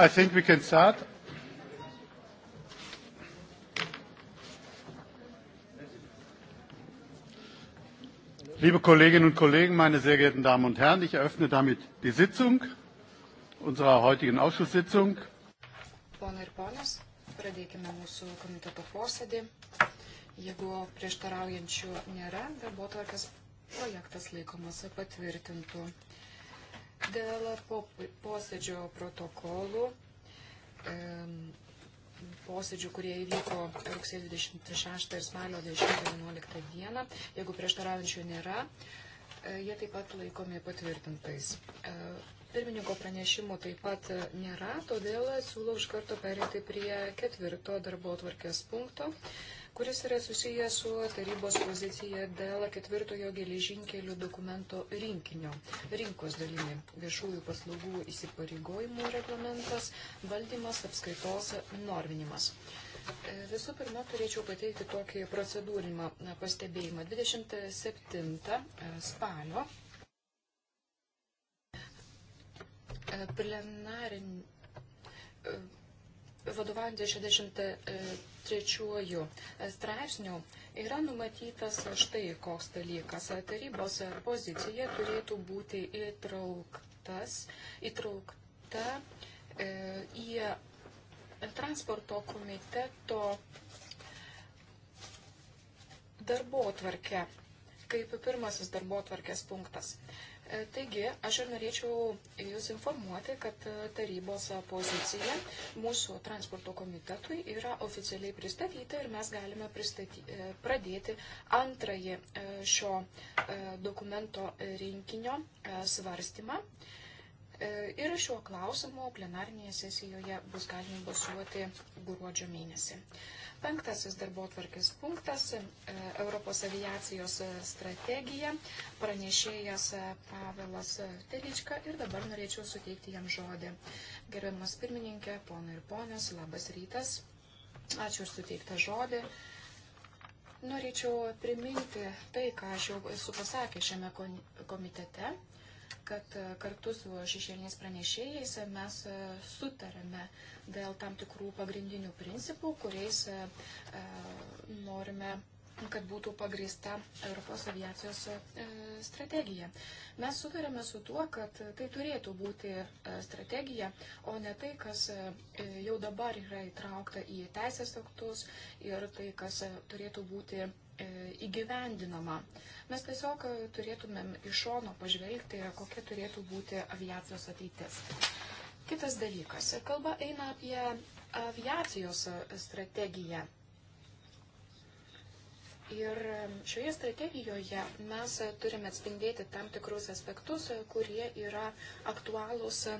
I think we can start. Liebe Kolleginnen und Kollegen, meine sehr geehrten Damen und Herren, ich eröffne damit die Sitzung unserer heutigen Ausschusssitzung. Pone ir ponas, pradėkime mūsų komiteto posėdį. Jeigu prieštaraujančių nėra, darbo tvarkės projektas laikomas patvirtintų. Dėl posėdžio protokolų, posėdžių, kurie įvyko rugsėjo 26 ir spalio 10-11 dieną, jeigu prieštaraujančių nėra, e, jie taip pat laikomi patvirtintais. E, Pirmininko pranešimų taip pat nėra, todėl siūlau iš karto perėti prie ketvirto darbo atvarkės punkto, kuris yra susijęs su tarybos pozicija dėl ketvirtojo geležinkelių dokumento rinkinio, rinkos dalimi, viešųjų paslaugų įsipareigojimų reglamentas, valdymas, apskaitos, norminimas. Visų pirma, turėčiau pateikti tokį procedūrimą pastebėjimą. 27 spalio E, plenarin, e, vadovaujant 63 e, straipsnių, yra numatytas štai koks dalykas. Tarybos pozicija turėtų būti įtrauktas, įtraukta į transporto komiteto darbo tvarkę kaip pirmasis darbo tvarkės punktas. E, taigi, aš ir norėčiau Jūs informuoti, kad e, tarybos pozicija mūsų transporto komitetui yra oficialiai pristatyta ir mes galime pristaty, e, pradėti antrąjį šio dokumento rinkinio svarstymą. Ir šiuo klausimu plenarinėje sesijoje bus galima balsuoti gruodžio mėnesį. Penktasis darbo tvarkės punktas - e, Europos aviacijos strategija. Pranešėjas e, Pavelas Telička ir dabar norėčiau suteikti jam žodį. Gerbiamas pirmininkė, ponai ir ponios, labas rytas. Ačiū už suteiktą žodį. Norėčiau priminti tai, ką aš jau esu pasakęs šiame komitete kad e, kartu su šešėliniais pranešėjais e, mes e, sutarėme dėl tam tikrų pagrindinių principų, kuriais norime kad būtų pagrįsta Europos aviacijos strategija. Mes sutarėme su tuo, kad tai turėtų būti strategija, o ne tai, kas jau dabar yra įtraukta į teisės aktus ir tai, kas turėtų būti E, įgyvendinama. Mes tiesiog e, turėtumėm iš šono pažvelgti, kokia turėtų būti aviacijos ateitis. Kitas dalykas. Kalba eina apie aviacijos strategiją. Ir šioje strategijoje mes turime atspindėti tam tikrus aspektus, kurie yra aktualūs e,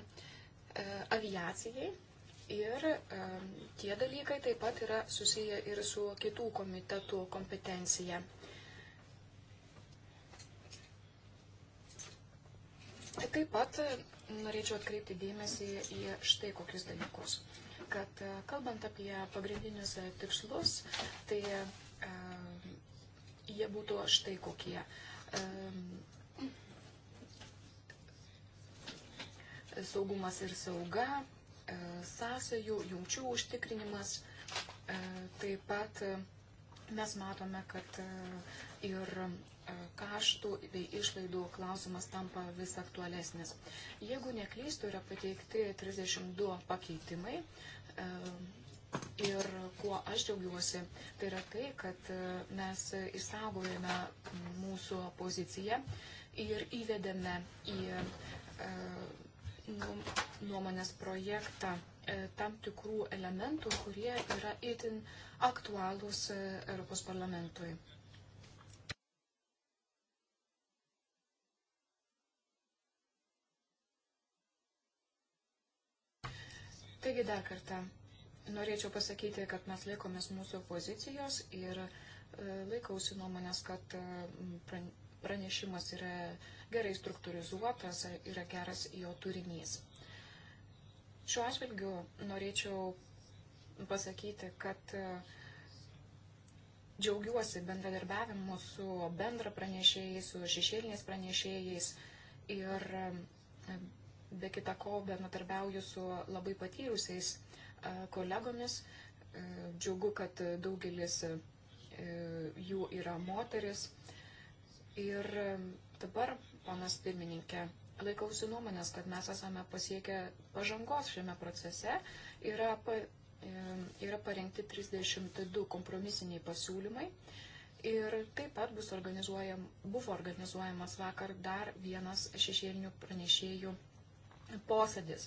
aviacijai Ir tie dalykai taip pat yra susiję ir su kitų komitetų kompetencija. Taip pat norėčiau atkreipti dėmesį į štai kokius dalykus. Kad e, kalbant apie pagrindinius e, tikslus, tai e, jie būtų štai kokie. E, saugumas ir sauga, E, sąsajų, jungčių užtikrinimas. E, taip pat e, mes matome, kad ir kaštų bei išlaidų klausimas tampa vis aktualesnis. Jeigu neklystų, yra pateikti 32 pakeitimai. Ir kuo aš džiaugiuosi, tai yra tai, kad mes įsaugojame mūsų poziciją ir įvedėme į nuomonės projektą e, tam tikrų elementų, kurie yra itin aktualūs e, Europos parlamentui. Taigi dar kartą norėčiau pasakyti, kad mes laikomės mūsų pozicijos ir e, laikausi nuomonės, kad pranešimas yra gerai struktūrizuotas, yra geras jo turinys. Šiuo atžvilgiu norėčiau pasakyti, kad e, džiaugiuosi bendradarbiavimu su bendra pranešėjais, su šešėliniais pranešėjais ir e, be kita ko bendradarbiauju su labai patyrusiais e, kolegomis. Džiaugu, kad daugelis jų yra moteris. Ir dabar ponas pirmininkė. Laikausi nuomonės, kad mes esame pasiekę pažangos šiame procese. Yra, pa, yra parengti 32 kompromisiniai pasiūlymai. Ir taip pat bus organizuojam, buvo organizuojamas vakar dar vienas šešėlinių pranešėjų posėdis.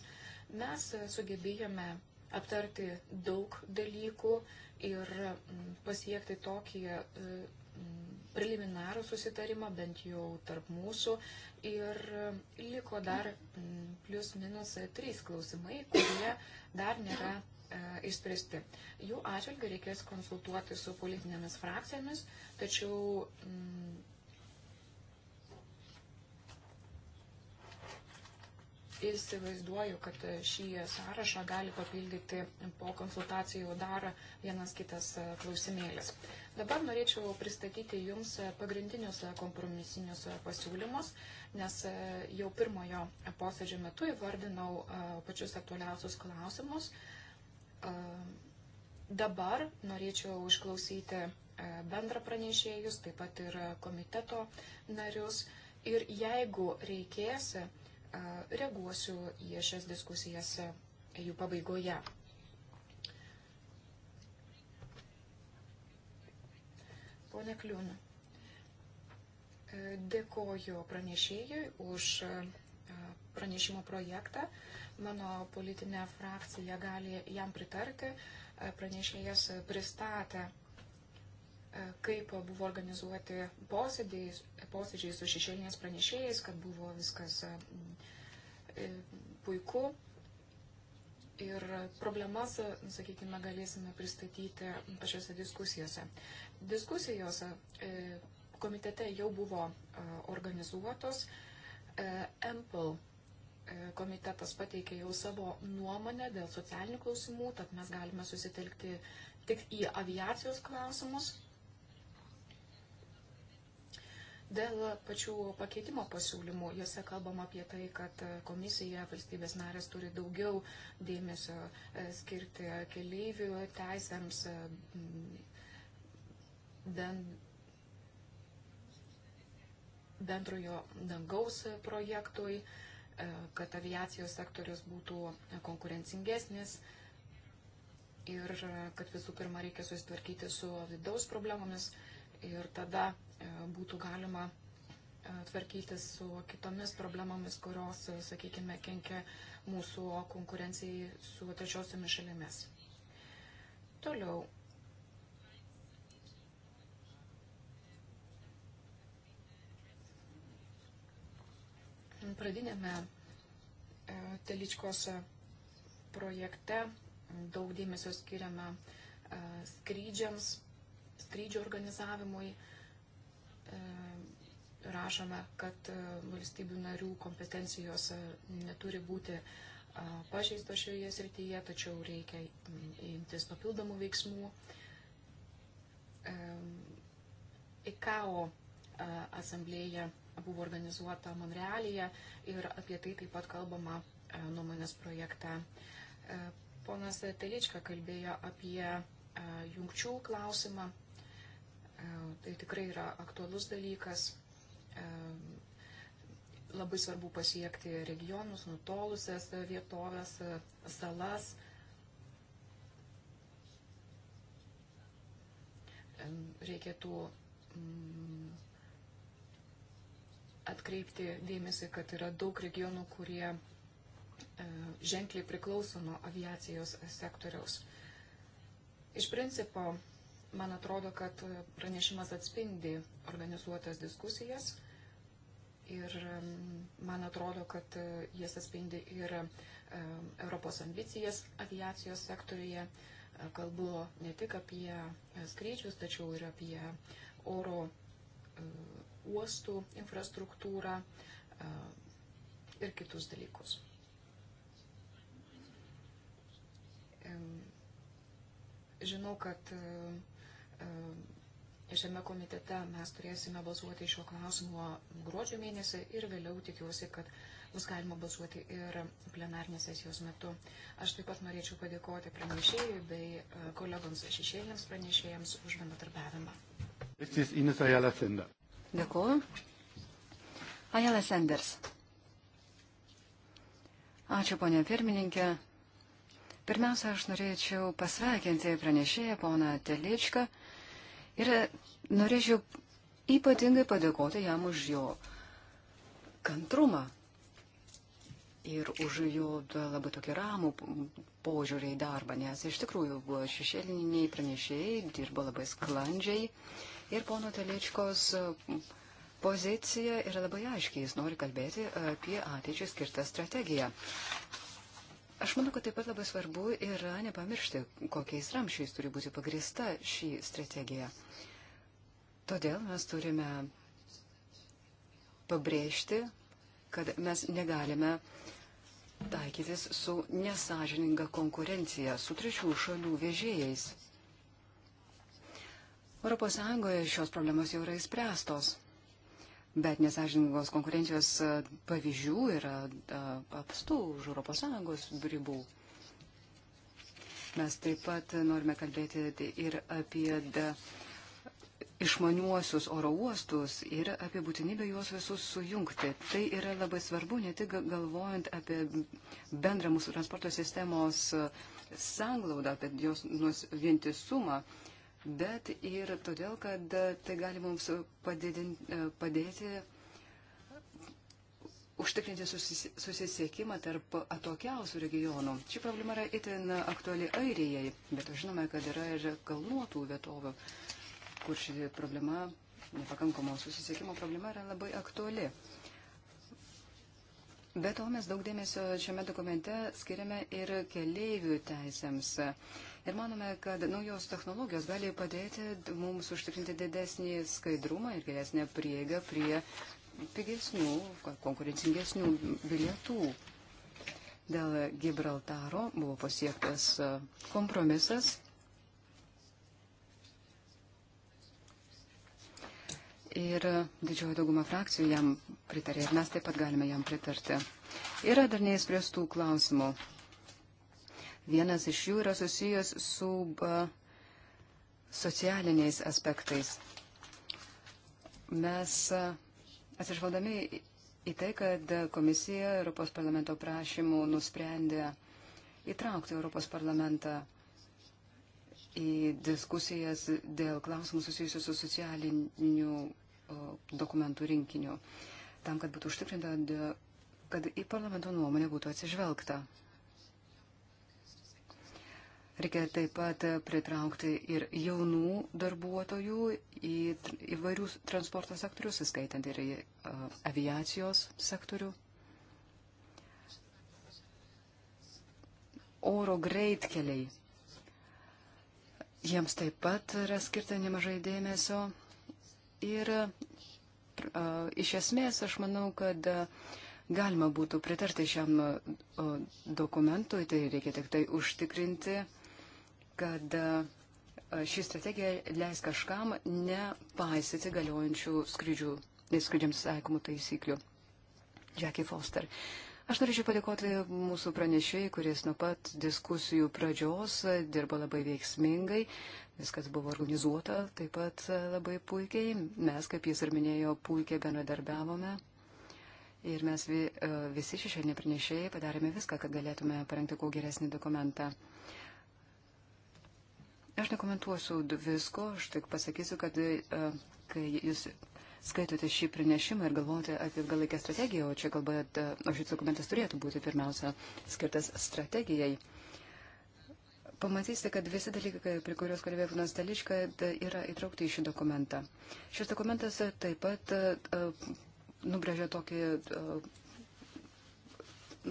Mes sugebėjome aptarti daug dalykų ir pasiekti tokį e, preliminarų susitarimą, bent jau tarp mūsų. Ir liko dar mm, plus minus trys klausimai, kurie dar nėra e, išspręsti. Jų atžvilgių reikės konsultuoti su politinėmis frakcijomis, tačiau mm, įsivaizduoju, kad šį sąrašą gali papildyti po konsultacijų dar vienas kitas e, klausimėlis. Dabar norėčiau pristatyti Jums pagrindinius kompromisinius pasiūlymus, nes e, jau pirmojo posėdžio metu įvardinau e, pačius aktualiausius klausimus. E, dabar norėčiau išklausyti bendra pranešėjus, taip pat ir komiteto narius. Ir jeigu reikės, reaguosiu į šias diskusijas jų pabaigoje. Pone Kliūna, e, dėkoju pranešėjui už e, pranešimo projektą. Mano politinė frakcija gali jam pritarti. E, pranešėjas pristatė, kaip buvo organizuoti posėdžiai, posėdžiai su šešėlinės pranešėjais, kad buvo viskas puiku ir problemas, sakykime, galėsime pristatyti pačiose diskusijose. Diskusijose e, komitete jau buvo e, organizuotos. E, Ample komitetas pateikė jau savo nuomonę dėl socialinių klausimų, tad mes galime susitelkti tik į aviacijos klausimus. Dėl pačių pakeitimo pasiūlymų, juose kalbama apie tai, kad komisija, valstybės narės turi daugiau dėmesio e, skirti keleivių teisėms, e, ben, bendrojo dangaus projektui, e, kad aviacijos sektorius būtų konkurencingesnis ir kad visų pirma reikia susitvarkyti su vidaus problemomis ir tada E, būtų galima e, tvarkytis su kitomis problemomis, kurios, e, sakykime, kenkia mūsų konkurencijai su trečiosiomis šalimis. Toliau. Pradinėme Teličkos projekte daug dėmesio skiriame skrydžiams, skrydžio organizavimui, E, rašome, kad e, valstybių narių kompetencijos e, neturi būti pažeisto šioje srityje, tačiau reikia imtis papildomų veiksmų. ICAO asamblėje buvo organizuota Monrealėje ir apie tai taip pat kalbama nuomonės projekte. Ponas Telička kalbėjo apie jungčių klausimą E, tai tikrai yra aktualus dalykas. E, labai svarbu pasiekti regionus, nutolusias vietovės, salas. E, reikėtų mm, atkreipti dėmesį, kad yra daug regionų, kurie ženkliai priklauso nuo aviacijos sektoriaus. Iš principo, Man atrodo, kad pranešimas atspindi organizuotas diskusijas ir man atrodo, kad e, jas atspindi ir Europos ambicijas aviacijos sektoriuje. E, kalbu ne tik apie e, skrydžius, tačiau ir apie oro uostų infrastruktūrą ir kitus dalykus. Žinau, kad Ehm, šiame komitete mes turėsime balsuoti šio klausimo gruodžio mėnesį ir vėliau tikiuosi, kad bus galima balsuoti ir plenarnės sesijos metu. Aš taip pat norėčiau padėkoti pranešėjai bei e, kolegoms šešėlėms pranešėjams už bendradarbiavimą. Dėkuoju. Ajala Sanders. Ačiū, ponė pirmininkė. Pirmiausia, aš norėčiau pasveikinti pranešėją poną Teličką Ir norėčiau ypatingai padėkoti jam už jo kantrumą ir už jo labai tokį ramų požiūrį į darbą, nes iš tikrųjų šešėliniai pranešėjai dirbo labai sklandžiai ir pono Telečkos pozicija yra labai aiškiai, jis nori kalbėti apie ateičiai skirtą strategiją. Aš manau, kad taip pat labai svarbu yra nepamiršti, kokiais ramšiais turi būti pagrįsta šį strategiją. Todėl mes turime pabrėžti, kad mes negalime taikytis su nesažininga konkurencija, su trečių šalių vežėjais. ES šios problemos jau yra įspręstos. Bet nesažiningos konkurencijos e, pavyzdžių yra e, apstų už ES ribų. Mes taip pat norime kalbėti tai ir apie e, išmaniuosius oro uostus ir apie būtinybę juos visus sujungti. Tai yra labai svarbu ne tik galvojant apie bendrą mūsų transporto sistemos sanglaudą, apie jos vientisumą, bet ir todėl, kad tai gali mums padėti užtikrinti susisiekimą tarp atokiausių regionų. Ši problema yra itin aktuali Airijai, bet žinome, kad yra ir kalnuotų vietovių, kur ši problema, nepakankamo susisiekimo problema yra labai aktuali. Be to mes daug dėmesio šiame dokumente skiriame ir keleivių teisėms. Ir manome, kad naujos technologijos gali padėti mums užtikrinti didesnį skaidrumą ir geresnę prieigą prie pigesnių, konkurencingesnių bilietų. Dėl Gibraltaro buvo pasiektas kompromisas ir didžioji dauguma frakcijų jam pritarė ir mes taip pat galime jam pritarti. Yra dar neįspręstų klausimų. Vienas iš jų yra susijęs su socialiniais aspektais. Mes atsižvaldami į tai, kad komisija Europos parlamento prašymų nusprendė įtraukti Europos parlamentą į diskusijas dėl klausimų susijusių su socialiniu E, dokumentų rinkiniu, tam, kad būtų užtikrinta, kad į parlamento nuomonę būtų atsižvelgta. Reikia taip pat pritraukti ir jaunų darbuotojų į įvairius transporto sektorius, įskaitant ir į uh, aviacijos sektorių. Oro greitkeliai Jiems taip pat yra skirta nemažai dėmesio. Ir iš esmės aš manau, kad galima būtų pritarti šiam dokumentui, tai reikia tik tai užtikrinti, kad ši strategija leis kažkam nepaisyti galiojančių skrydžių, skrydžiams taikomų taisyklių. Jackie Foster. Aš norėčiau padėkoti mūsų pranešėjai, kuris nuo pat diskusijų pradžios dirbo labai veiksmingai. Viskas buvo organizuota taip pat labai puikiai. Mes, kaip jis ir minėjo, puikiai bendradarbiavome. Ir mes vi, e, visi šešėlinė pranešėjai padarėme viską, kad galėtume parengti kuo geresnį dokumentą. Aš nekomentuosiu visko, aš tik pasakysiu, kad e, kai jūs skaitote šį pranešimą ir galvojate apie ilgalaikę strategiją, o čia kalbate, o šis dokumentas turėtų būti pirmiausia skirtas strategijai pamatysite, kad visi dalykai, prie kuriuos kalbėjo Vinas Dališka, yra įtraukti į šį dokumentą. Šis dokumentas e, taip pat e, e, nubrėžė tokį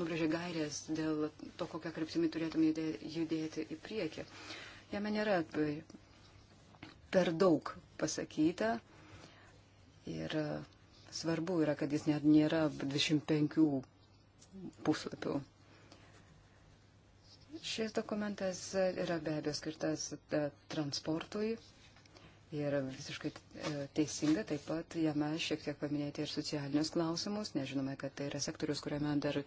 nubrėžė gairės dėl to, kokią kryptimį turėtume judėti į priekį. Jame nėra per daug pasakyta ir svarbu yra, kad jis net nėra 25 puslapių Šis dokumentas yra be abejo skirtas e, transportui ir visiškai e, teisinga taip pat jame šiek tiek paminėti ir socialinius klausimus. Nežinome, kad tai yra sektorius, kuriame dar e,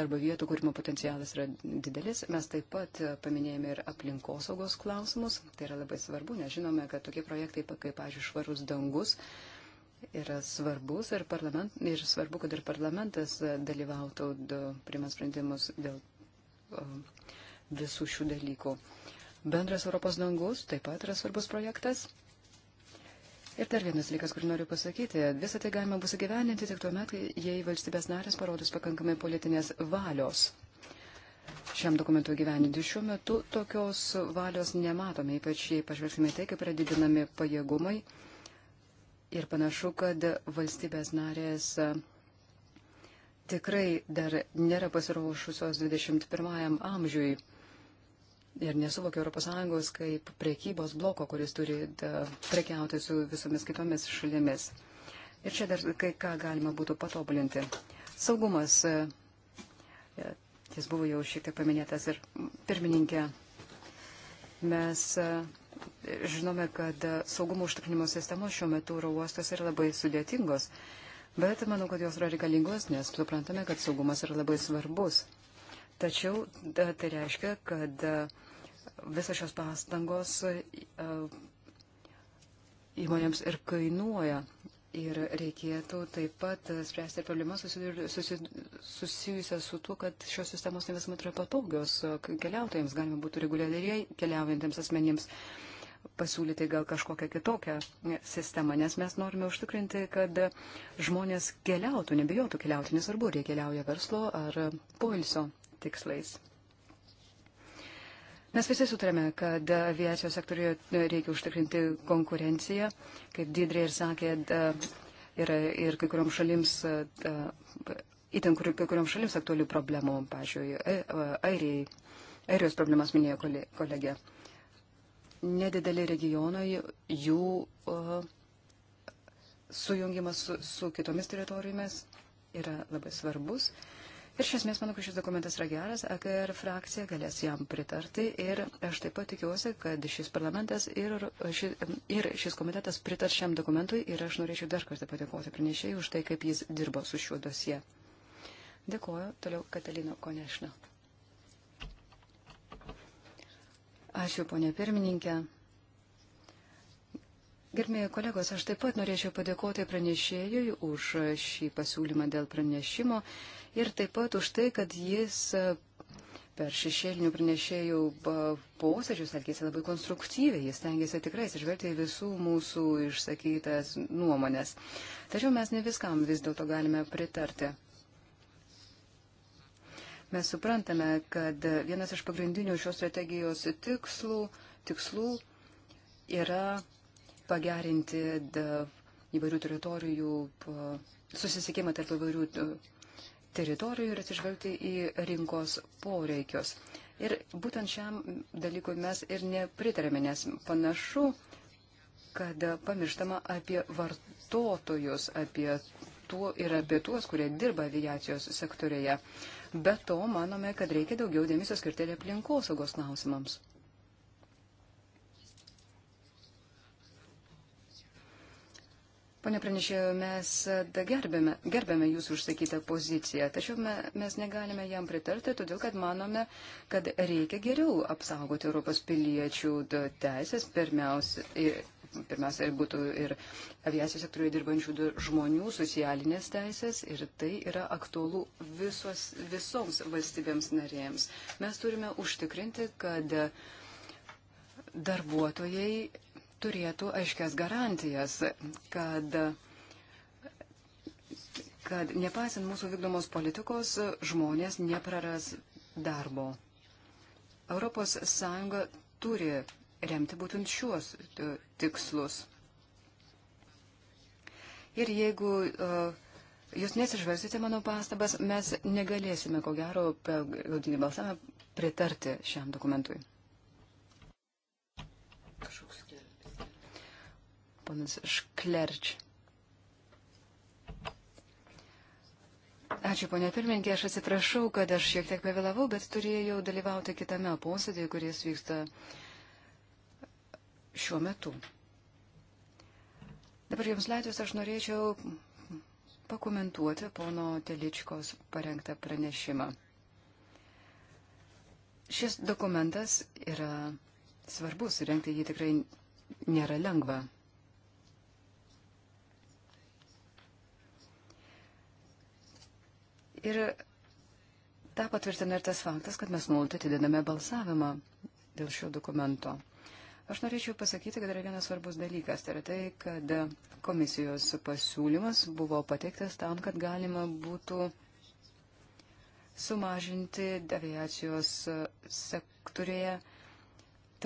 darbo vietų kūrimo potencialas yra didelis. Mes taip pat paminėjome ir aplinkosaugos klausimus. Tai yra labai svarbu, nes žinome, kad tokie projektai, kaip, pavyzdžiui, švarus dangus, yra svarbus ir, ir svarbu, kad ir parlamentas dalyvautų primant sprendimus dėl Um, visų šių dalykų. Bendras Europos dangus taip pat yra svarbus projektas. Ir dar vienas dalykas, kurį noriu pasakyti, visą tai galima bus įgyveninti tik tuo metu, jei valstybės narės parodys pakankamai politinės valios. Šiam dokumentui gyveninti šiuo metu tokios valios nematome, ypač jei pažvelgsime tai, kaip yra didinami pajėgumai. Ir panašu, kad valstybės narės tikrai dar nėra pasiruošusios 21 amžiui ir nesuvokia ES kaip priekybos bloko, kuris turi prekiauti su visomis kitomis šalimis. Ir čia dar kai ką galima būtų patobulinti. Saugumas, e, jis buvo jau šiek tiek paminėtas ir pirmininkė. Mes e, žinome, kad e, saugumo užtikrinimo sistemos šiuo metu oro uostos yra labai sudėtingos bet manau, kad jos yra reikalingos, nes suprantame, kad saugumas yra labai svarbus. Tačiau tai reiškia, kad visos šios pastangos įmonėms ir kainuoja. Ir reikėtų taip pat spręsti problemas susijusią su tuo, kad šios sistemos ne visuomet yra patogios keliautojams, galima būtų reguliariai keliaujantiems asmenims. Uh, pasiūlyti gal kažkokią kitokią sistemą, nes mes norime užtikrinti, kad žmonės keliautų, nebijotų keliauti, nesvarbu, ar jie keliauja verslo ar poilsio tikslais. Mes visi sutarėme, kad aviacijos sektoriuje reikia užtikrinti konkurenciją, kaip Didrė ir sakė, yra ir kai kuriuom šalims įtin kai kuriuom šalims aktualių problemų, pažiūrėjau, airiai, airijos problemas minėjo kolegė nedideli regionai, jų uh, sujungimas su, su kitomis teritorijomis yra labai svarbus. Ir iš esmės manau, kad šis dokumentas yra geras, AKR frakcija galės jam pritarti ir aš taip pat tikiuosi, kad šis parlamentas ir, ši, ir šis komitetas pritars šiam dokumentui ir aš norėčiau dar kartą padėkoti pranešėjai už tai, kaip jis dirbo su šiuo dosie. Dėkuoju, toliau Katalino Konešna. Ačiū, ponė pirmininkė. Gerbėjai kolegos, aš taip pat norėčiau padėkoti pranešėjui už šį pasiūlymą dėl pranešimo ir taip pat už tai, kad jis per šešėlinių pranešėjų posėdžius elgėsi labai konstruktyviai, jis tengiasi tikrai atsižvelgti į visų mūsų išsakytas nuomonės. Tačiau mes ne viskam vis dėlto galime pritarti. Mes suprantame, kad vienas iš pagrindinių šios strategijos tikslų, tikslų yra pagerinti įvairių teritorijų susisiekimą tarp įvairių teritorijų ir atsižvelgti į rinkos poreikius. Ir būtent šiam dalykui mes ir nepritarėme, nes panašu, kad pamirštama apie vartotojus, apie tuo ir apie tuos, kurie dirba aviacijos sektorėje. Be to, manome, kad reikia daugiau dėmesio skirti aplinkosaugos klausimams. Pone pranešėjo, mes gerbėme, gerbėme jūsų užsakytą poziciją, tačiau mes negalime jam pritarti, todėl kad manome, kad reikia geriau apsaugoti Europos piliečių teisės, pirmiausia, pirmiausia, būtų ir aviacijos sektoriuje dirbančių žmonių socialinės teisės ir tai yra aktualu visos, visoms valstybėms narėms. Mes turime užtikrinti, kad darbuotojai turėtų aiškias garantijas, kad kad nepaisant mūsų vykdomos politikos, žmonės nepraras darbo. Europos Sąjunga turi remti būtent šiuos e, tikslus. Ir jeigu uh, jūs nesižvelgsite mano pastabas, mes negalėsime, ko gero, per galutinį balsavimą pritarti šiam dokumentui. Ponas Šklerč. Ačiū, ponia pirmininkė, aš atsiprašau, kad aš šiek tiek pavėlavau, bet turėjau dalyvauti kitame posėdėje, kuris vyksta uh, šiuo metu. Dabar jums leidus aš norėčiau pakomentuoti pono Teličkos parengtą pranešimą. Šis dokumentas yra svarbus, rengti jį tikrai nėra lengva. Ir tą patvirtina ir tas faktas, kad mes nuolat atidedame balsavimą dėl šio dokumento. Aš norėčiau pasakyti, kad yra vienas svarbus dalykas. Tai yra tai, kad komisijos pasiūlymas buvo pateiktas tam, kad galima būtų sumažinti aviacijos sektorėje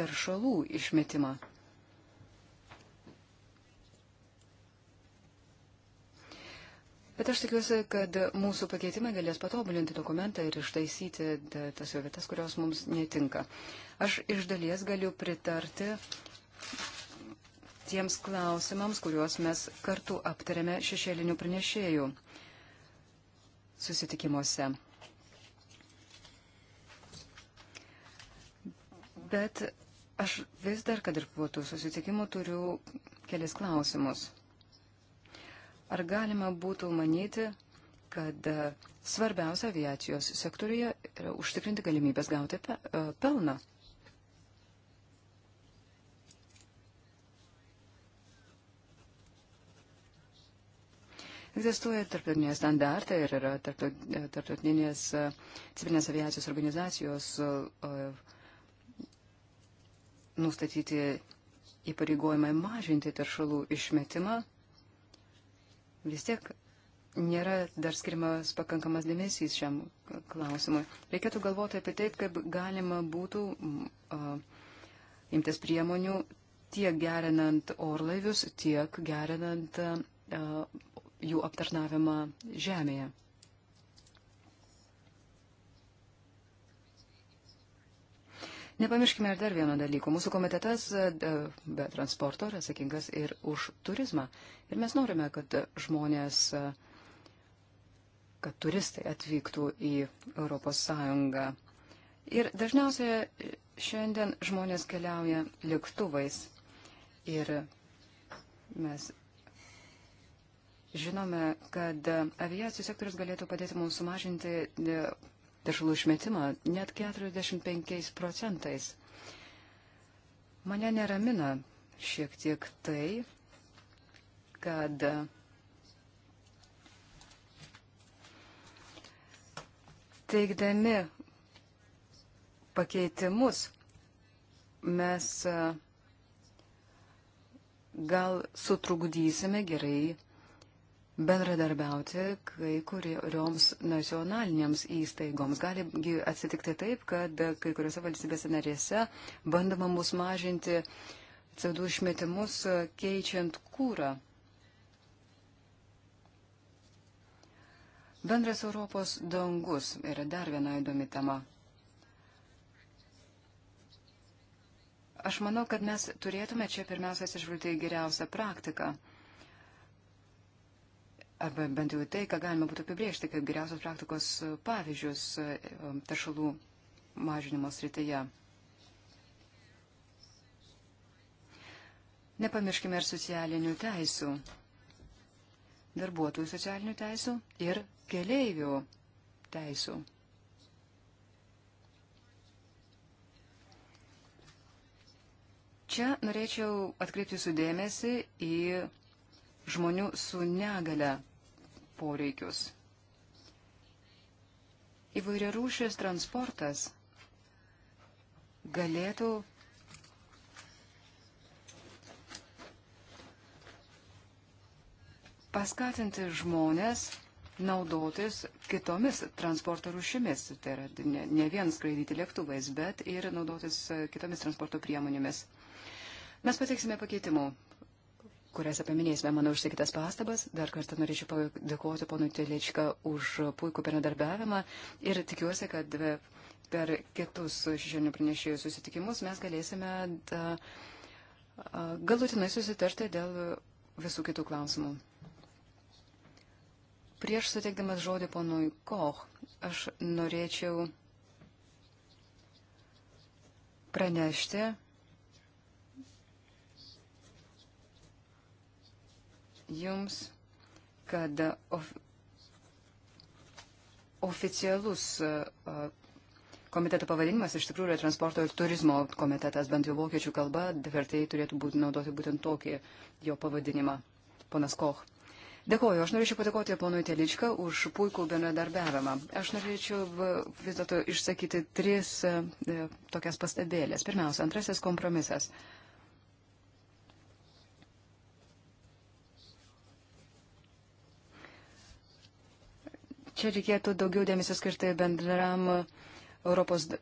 taršalų išmetimą. Bet aš tikiuosi, kad mūsų pakeitimai galės patobulinti dokumentą ir ištaisyti tas jo vietas, kurios mums netinka. Aš iš dalies galiu pritarti tiems klausimams, kuriuos mes kartu aptarėme šešėlinių pranešėjų susitikimuose. Bet aš vis dar, kad ir po tų susitikimų, turiu kelis klausimus. Ar galima būtų manyti, kad e, svarbiausia aviacijos sektorija yra užtikrinti galimybės gauti pe, e, pelną? Egzistuoja tarptautiniai standartai ir yra e, tarptautinės civilinės aviacijos organizacijos nustatyti įpareigojimai mažinti taršalų išmetimą vis tiek nėra dar skirimas pakankamas dėmesys šiam klausimui. Reikėtų galvoti apie tai, kaip galima būtų uh, imtis priemonių tiek gerinant orlaivius, tiek gerinant uh, jų aptarnavimą žemėje. Nepamirškime ir dar vieno dalyko. Mūsų komitetas be transporto yra atsakingas ir už turizmą. Ir mes norime, kad žmonės, kad turistai atvyktų į ES. Ir dažniausiai šiandien žmonės keliauja lėktuvais. Ir mes žinome, kad aviacijos sektorius galėtų padėti mums sumažinti e, teršalų išmetimą net 45 procentais. Mane neramina šiek tiek tai, kad teikdami pakeitimus mes e, gal sutrukdysime gerai bendradarbiauti kai kurioms nacionalinėms įstaigoms. Gali atsitikti taip, kad kai kuriuose valstybėse narėse bandoma mus mažinti CO2 išmetimus e, keičiant kūrą. Bendras Europos dangus yra dar viena įdomi tema. Aš manau, kad mes turėtume čia pirmiausia atsižvelgti į geriausią praktiką. Arba bent jau tai, ką galima būtų apibriežti kaip geriausios praktikos pavyzdžius um, taršalų mažinimo srityje. Nepamirškime ir socialinių teisų, darbuotojų socialinių teisų ir keleivių teisų. Čia norėčiau atkreipti sudėmėsi į žmonių su negale poreikius. Įvairiarūšės transportas galėtų paskatinti žmonės naudotis kitomis transporto rušimis, tai yra ne, ne vien skraidyti lėktuvais, bet ir naudotis e, kitomis transporto priemonėmis. Mes pateiksime pakeitimų kurias apiminėsime mano užsakytas pastabas. Dar kartą norėčiau padėkoti ponui Telečką už puikų bendradarbiavimą ir tikiuosi, kad per kitus šešėlinių pranešėjų susitikimus mes galėsime da, e, e, galutinai susitarti dėl visų kitų klausimų. Prieš suteikdamas žodį ponui Koch, aš norėčiau pranešti, jums, kad of, oficialus uh, komiteto pavadinimas iš tikrųjų yra transporto ir turizmo komitetas, bent jau vokiečių kalba, vertėjai turėtų būti naudoti būtent tokį jo pavadinimą, ponas Koch. Dėkoju, aš norėčiau padėkoti ponui Teličką už puikų bendradarbiavimą. Aš norėčiau vis dėlto išsakyti tris e, tokias pastabėlės. Pirmiausia, antrasis kompromisas. Čia reikėtų daugiau dėmesio skirti bendram Europos e,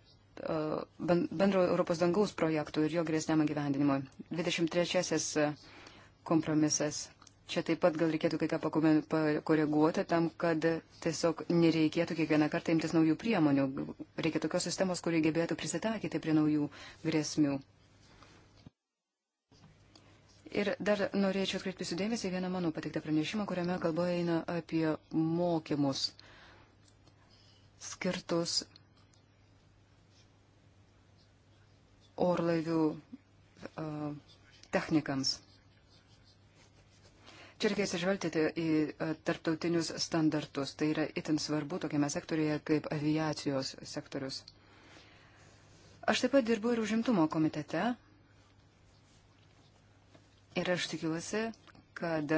bendro Europos dangaus projektų ir jo grėsniam gyvendinimui. 23 e, kompromisas. Čia taip pat gal reikėtų kai ką pakoreguoti tam, kad tiesiog nereikėtų kiekvieną kartą imtis naujų priemonių. Reikia tokios sistemos, kuri gebėtų prisitaikyti prie naujų grėsmių. Ir dar norėčiau atkreipti sudėmėsi vieną mano patiktą pranešimą, kuriame kalba eina apie mokymus skirtus orlaivių uh, technikams. Čia reikia atsižvelgti tai į e, tarptautinius standartus. Tai yra itin svarbu tokiame sektorėje kaip aviacijos sektorius. Aš taip pat dirbu ir užimtumo komitete. Ir aš tikiuosi, kad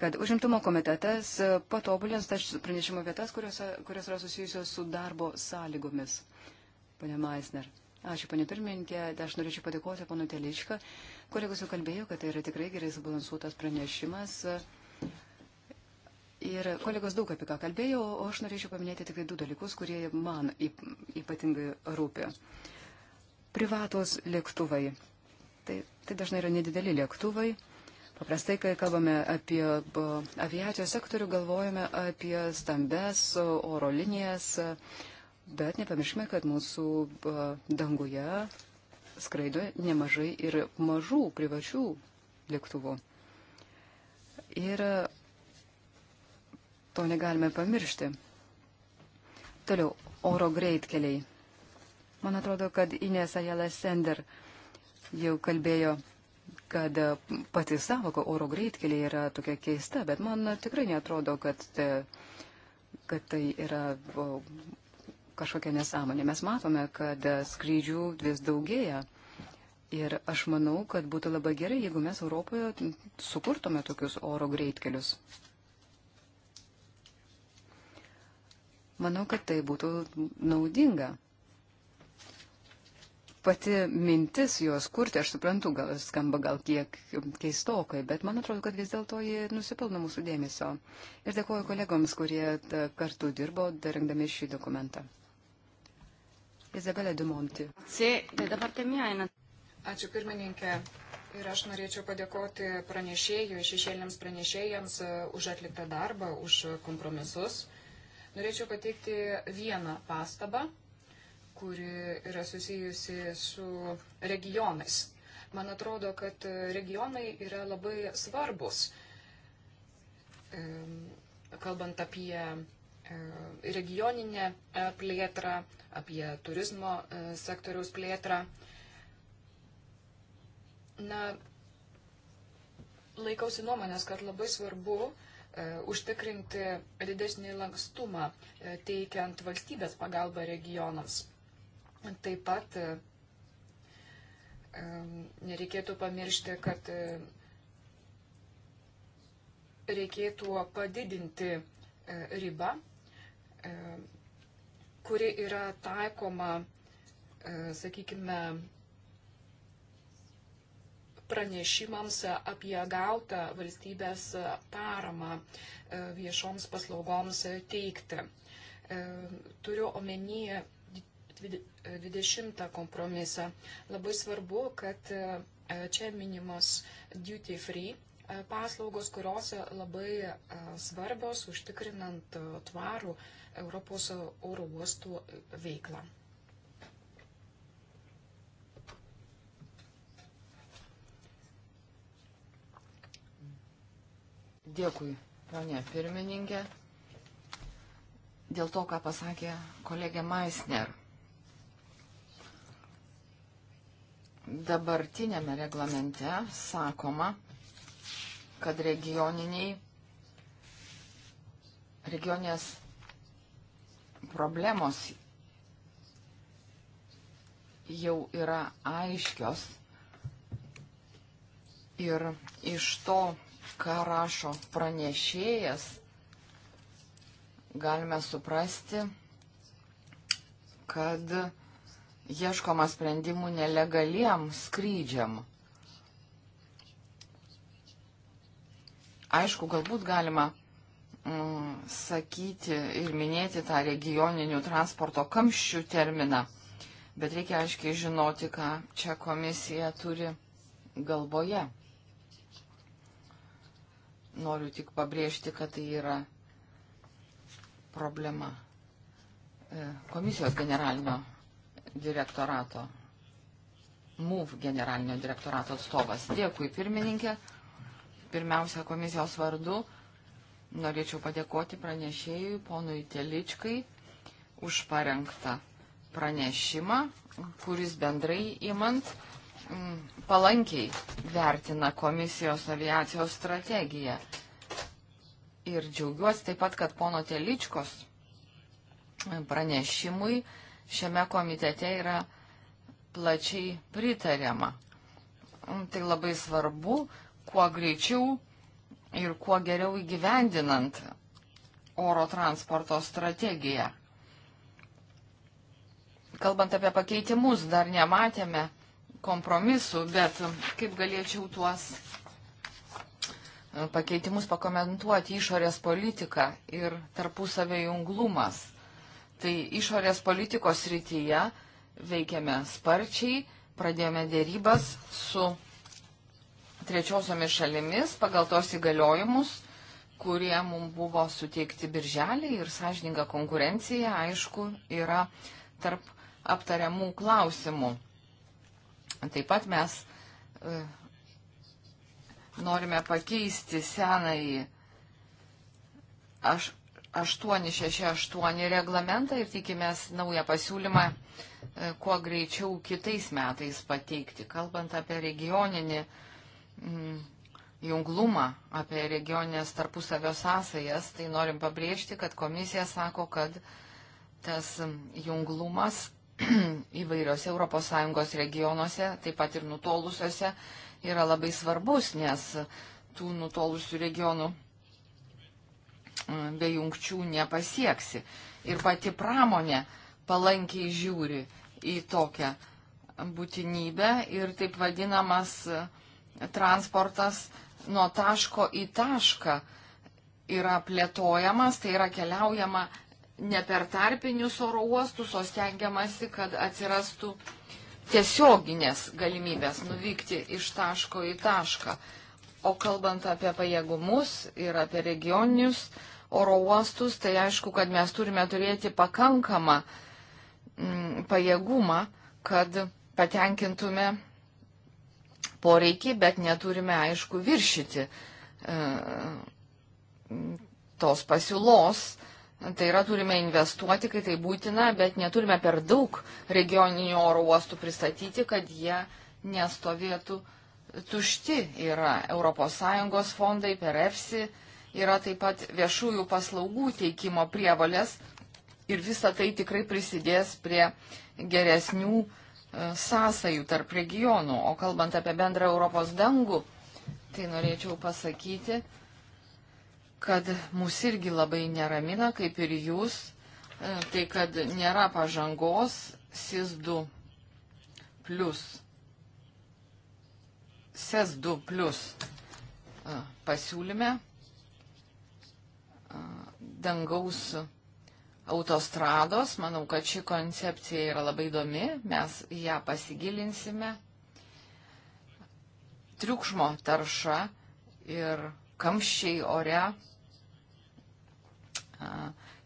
kad užimtumo komitetas e, patobulins tas pranešimo vietas, kurios, kurios yra susijusios su darbo sąlygomis. Pane Maisner. Ačiū, pane pirmininkė. Aš norėčiau padėkoti panu Telišką Kolegos jau kalbėjo, kad tai yra tikrai gerai subalansuotas pranešimas. Ir kolegos daug apie ką kalbėjo, o aš norėčiau paminėti tik tai du dalykus, kurie man ypatingai rūpia. Privatos lėktuvai. Tai, tai dažnai yra nedideli lėktuvai. Paprastai, kai kalbame apie aviacijos sektorių, galvojame apie stambes oro linijas, bet nepamirškime, kad mūsų danguje skraido nemažai ir mažų privačių lėktuvų. Ir to negalime pamiršti. Toliau, oro greitkeliai. Man atrodo, kad Inės Ajala Sender jau kalbėjo, kad pati savoka oro greitkeliai yra tokia keista, bet man tikrai netrodo, kad, kad tai yra kažkokia nesąmonė. Mes matome, kad skrydžių vis daugėja. Ir aš manau, kad būtų labai gerai, jeigu mes Europoje sukurtume tokius oro greitkelius. Manau, kad tai būtų naudinga. Pati mintis juos kurti, aš suprantu, gal skamba gal kiek keistokai, bet man atrodo, kad vis dėlto jie nusipelno mūsų dėmesio. Ir dėkoju kolegoms, kurie kartu dirbo, rengdami šį dokumentą. Izabelė Dumonti. Tai tai Ačiū pirmininkė. Ir aš norėčiau padėkoti pranešėjų, šešėliams pranešėjams e, už atliktą darbą, už kompromisus. Norėčiau pateikti vieną pastabą, kuri yra susijusi su regionais. Man atrodo, kad regionai yra labai svarbus, kalbant apie E, regioninę e, plėtrą, apie turizmo e, sektoriaus plėtrą. Na, laikausi nuomonės, kad labai svarbu užtikrinti didesnį lankstumą, teikiant valstybės pagalbą regionams. Taip pat nereikėtų pamiršti, kad reikėtų padidinti ribą E, kuri yra taikoma, e, sakykime, pranešimams apie gautą valstybės paramą e, viešoms paslaugoms teikti. Turiu omenyje 20 kompromisą. Labai svarbu, kad čia minimos duty free paslaugos, kurios labai svarbios užtikrinant tvarų Europos oro uostų veiklą. Dėkui, ponė pirmininkė, dėl to, ką pasakė kolegė Maisner. Dabartinėme reglamente sakoma, kad regioniniai, regionės problemos jau yra aiškios ir iš to, ką rašo pranešėjas, galime suprasti, kad ieškoma sprendimų nelegaliem skrydžiam. Aišku, galbūt galima Mm, sakyti ir minėti tą regioninių transporto kamščių terminą, bet reikia aiškiai žinoti, ką čia komisija turi galvoje. Noriu tik pabrėžti, kad tai yra problema e, komisijos generalinio direktorato, MUV generalinio direktorato atstovas. Dėkui pirmininkė, pirmiausia komisijos vardu Norėčiau padėkoti pranešėjui, ponui Teličkai, už parengtą pranešimą, kuris bendrai įmant mm, palankiai vertina komisijos aviacijos strategiją. Ir džiaugiuosi taip pat, kad pono Teličkos pranešimui šiame komitete yra plačiai pritariama. Tai labai svarbu, kuo greičiau ir kuo geriau įgyvendinant oro transporto strategiją. Kalbant apie pakeitimus, dar nematėme kompromisų, bet kaip galėčiau tuos e, pakeitimus pakomentuoti išorės politiką ir tarpusavio junglumas. Tai išorės politikos rytyje veikiame sparčiai, pradėjome dėrybas su trečiosiomis šalimis pagal tos įgaliojimus, kurie mums buvo suteikti birželį ir sąžininga konkurencija, aišku, yra tarp aptariamų klausimų. Taip pat mes e, norime pakeisti senąjį 868 reglamentą ir tikimės naują pasiūlymą e, kuo greičiau kitais metais pateikti, kalbant apie regioninį uh, Mm, junglumą, apie regioninės tarpusavio sąsajas, tai norim pabrėžti, kad komisija sako, kad tas junglumas įvairiose ES regionuose, taip pat ir nutolusiuose, yra labai svarbus, nes tų nutolusių regionų mm, be jungčių nepasieksi. Ir pati pramonė palankiai žiūri į tokią būtinybę ir taip vadinamas uh, transportas nuo taško į tašką yra plėtojamas, tai yra keliaujama ne per tarpinius oro uostus, o stengiamasi, kad atsirastų tiesioginės galimybės nuvykti iš taško į tašką. O kalbant apie pajėgumus ir apie regioninius oro uostus, tai aišku, kad mes turime turėti pakankamą m, mm, pajėgumą, kad patenkintume poreikį, bet neturime, aišku, viršyti e, tos pasiūlos. Tai yra, turime investuoti, kai tai būtina, bet neturime per daug regioninių oro uostų pristatyti, kad jie nestovėtų tušti. Yra ES fondai per EFSI, yra taip pat viešųjų paslaugų teikimo prievalės ir visa tai tikrai prisidės prie geresnių uh, sąsajų tarp regionų. O kalbant apie bendrą Europos dangų, tai norėčiau pasakyti, kad mus irgi labai neramina, kaip ir jūs, e, tai kad nėra pažangos SIS2 plus. SES2 plus e, pasiūlyme e, dangaus autostrados. Manau, kad ši koncepcija yra labai įdomi, mes ją pasigilinsime. Triukšmo tarša ir kamščiai ore.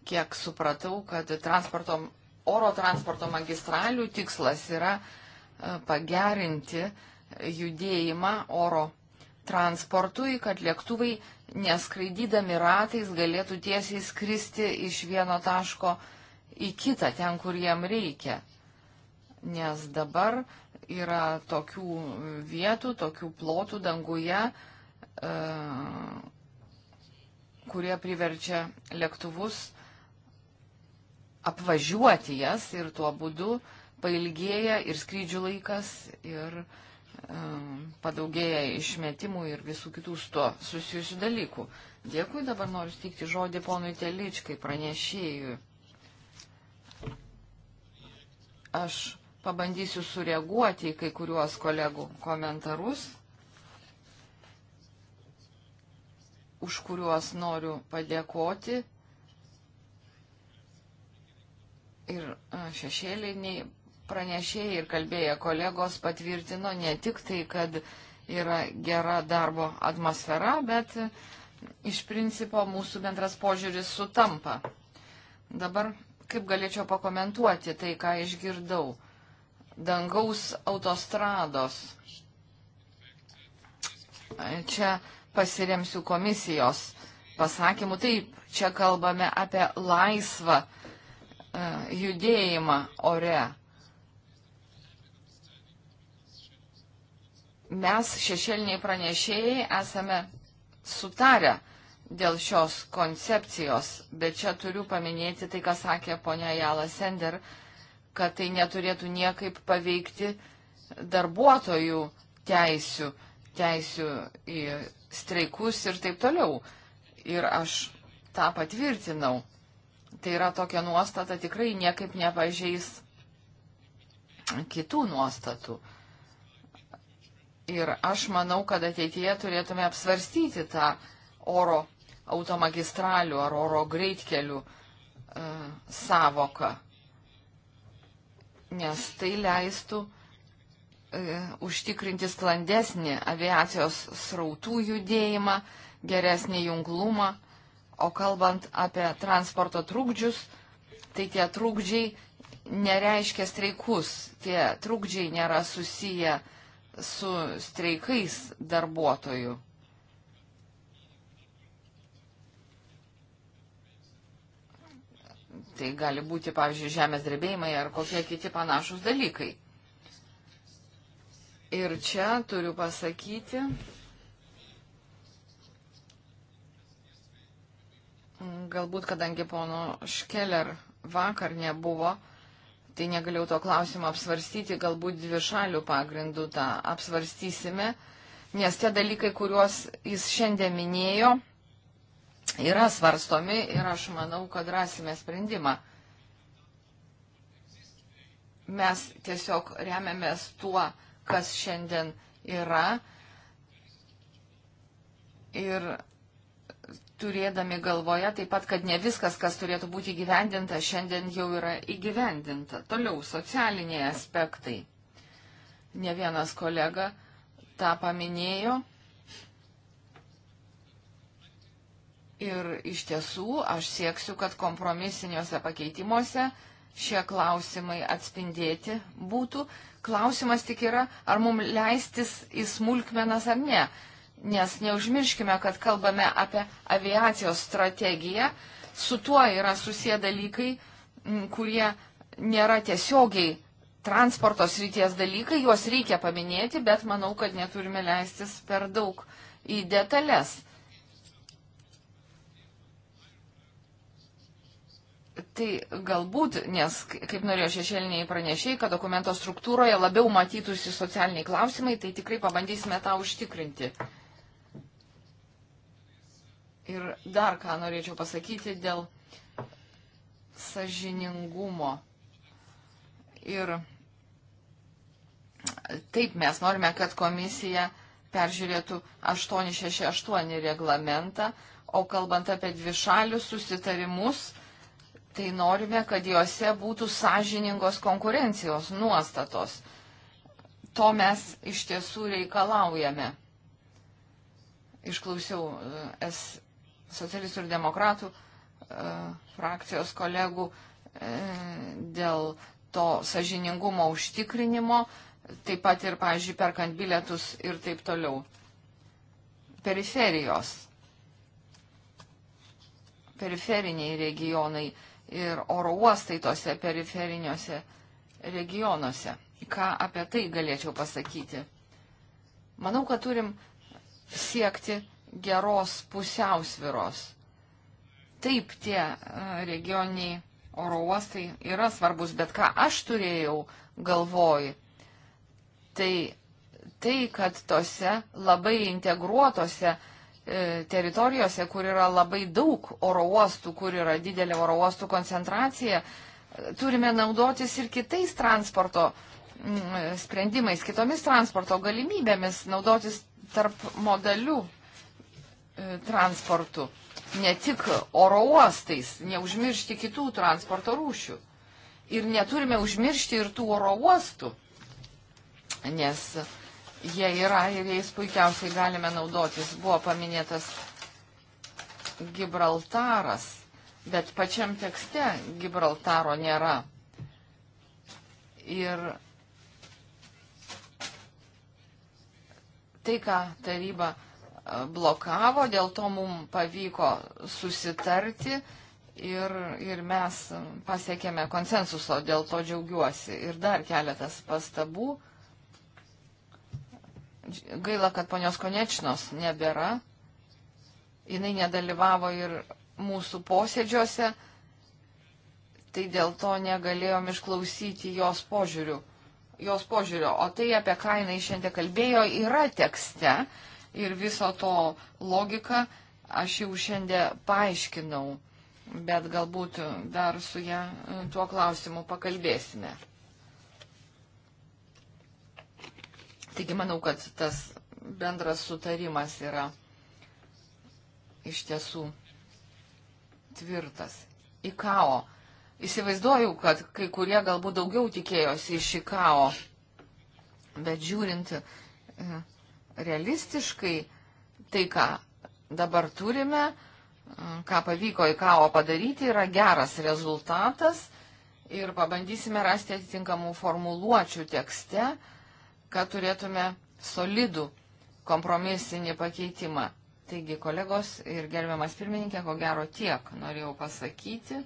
Kiek supratau, kad transporto, oro transporto magistralių tikslas yra pagerinti judėjimą oro transportui, kad lėktuvai neskraidydami ratais galėtų tiesiai skristi iš vieno taško į kitą, ten, kur jam reikia. Nes dabar yra tokių vietų, tokių plotų danguje, e, kurie priverčia lėktuvus apvažiuoti jas ir tuo būdu pailgėja ir skrydžių laikas, ir padaugėja išmetimų ir visų kitų su to susijusių dalykų. Dėkui, dabar noriu stikti žodį ponui Teličkai, pranešėjui. Aš pabandysiu sureaguoti į kai kuriuos kolegų komentarus, už kuriuos noriu padėkoti ir šešėliniai pranešėjai ir kalbėję kolegos patvirtino ne tik tai, kad yra gera darbo atmosfera, bet iš principo mūsų bendras požiūris sutampa. Dabar kaip galėčiau pakomentuoti tai, ką išgirdau. Dangaus autostrados. Čia pasiremsiu komisijos pasakymu. Taip, čia kalbame apie laisvą e, judėjimą ore. mes šešėliniai pranešėjai esame sutarę dėl šios koncepcijos, bet čia turiu paminėti tai, ką sakė ponia Jala Sender, kad tai neturėtų niekaip paveikti darbuotojų teisių, teisių į streikus ir taip toliau. Ir aš tą patvirtinau. Tai yra tokia nuostata tikrai niekaip nepažeis kitų nuostatų. Ir aš manau, kad ateityje turėtume apsvarstyti tą oro automagistralių ar oro greitkelių e, savoką, nes tai leistų e, užtikrinti sklandesnį aviacijos srautų judėjimą, geresnį junglumą, o kalbant apie transporto trūkdžius, tai tie trūkdžiai nereiškia streikus, tie trūkdžiai nėra susiję su su streikais darbuotojų. Tai gali būti, pavyzdžiui, žemės drebėjimai ar kokie kiti panašus dalykai. Ir čia turiu pasakyti, galbūt kadangi pono Škeller vakar nebuvo, tai negalėjau to klausimo apsvarstyti, galbūt dvi šalių pagrindų tą apsvarstysime, nes tie dalykai, kuriuos jis šiandien minėjo, yra svarstomi ir aš manau, kad rasime sprendimą. Mes tiesiog remiamės tuo, kas šiandien yra ir turėdami galvoje taip pat, kad ne viskas, kas turėtų būti įgyvendinta, šiandien jau yra įgyvendinta. Toliau socialiniai aspektai. Ne vienas kolega tą paminėjo. Ir iš tiesų aš sieksiu, kad kompromisiniuose pakeitimuose šie klausimai atspindėti būtų. Klausimas tik yra, ar mums leistis į smulkmenas ar ne nes neužmirškime, kad kalbame apie aviacijos strategiją, su tuo yra susiję dalykai, kurie nėra tiesiogiai transporto srities dalykai, juos reikia paminėti, bet manau, kad neturime leistis per daug į detalės. Tai galbūt, nes kaip norėjo šešėliniai pranešiai, kad dokumento struktūroje labiau matytųsi socialiniai klausimai, tai tikrai pabandysime tą užtikrinti. Ir dar ką norėčiau pasakyti dėl sažiningumo. Ir taip mes norime, kad komisija peržiūrėtų 868 reglamentą, o kalbant apie dvišalius susitarimus, tai norime, kad juose būtų sąžiningos konkurencijos nuostatos. To mes iš tiesų reikalaujame. Išklausiau e, S socialistų ir demokratų e, frakcijos kolegų e, dėl to sažiningumo užtikrinimo, taip pat ir, pažiūrėjau, perkant bilietus ir taip toliau. Periferijos, periferiniai regionai ir oro uostai tose periferiniuose regionuose. Ką apie tai galėčiau pasakyti? Manau, kad turim siekti geros pusiausviros. Taip, tie e, regioniai oro uostai yra svarbus, bet ką aš turėjau galvoj, tai tai, kad tose labai integruotose e, teritorijose, kur yra labai daug oro uostų, kur yra didelė oro uostų koncentracija, e, turime naudotis ir kitais transporto mm, sprendimais, kitomis transporto galimybėmis, naudotis tarp modalių E, transportu, ne tik oro uostais, neužmiršti kitų transporto rūšių. Ir neturime užmiršti ir tų oro uostų, nes jie yra ir jais puikiausiai galime naudotis. Buvo paminėtas Gibraltaras, bet pačiam tekste Gibraltaro nėra. Ir tai, ką taryba blokavo, dėl to mums pavyko susitarti ir, ir mes pasiekėme konsensuso, dėl to džiaugiuosi. Ir dar keletas pastabų. Gaila, kad ponios Konečnos nebėra. Jis nedalyvavo ir mūsų posėdžiuose, tai dėl to negalėjom išklausyti jos požiūrių. Jos požiūrio, o tai, apie ką jinai šiandien kalbėjo, yra tekste ir viso to logiką aš jau šiandien paaiškinau, bet galbūt dar su ją e, tuo klausimu pakalbėsime. Taigi manau, kad tas bendras sutarimas yra iš tiesų tvirtas. Ikao. Įsivaizduoju, kad kai kurie galbūt daugiau tikėjosi iš Ikao, bet žiūrint e, realistiškai tai, ką dabar turime, ką pavyko į ką padaryti, yra geras rezultatas ir pabandysime rasti atitinkamų formuluočių tekste, kad turėtume solidų kompromisinį pakeitimą. Taigi, kolegos ir gerbiamas pirmininkė, ko gero tiek norėjau pasakyti.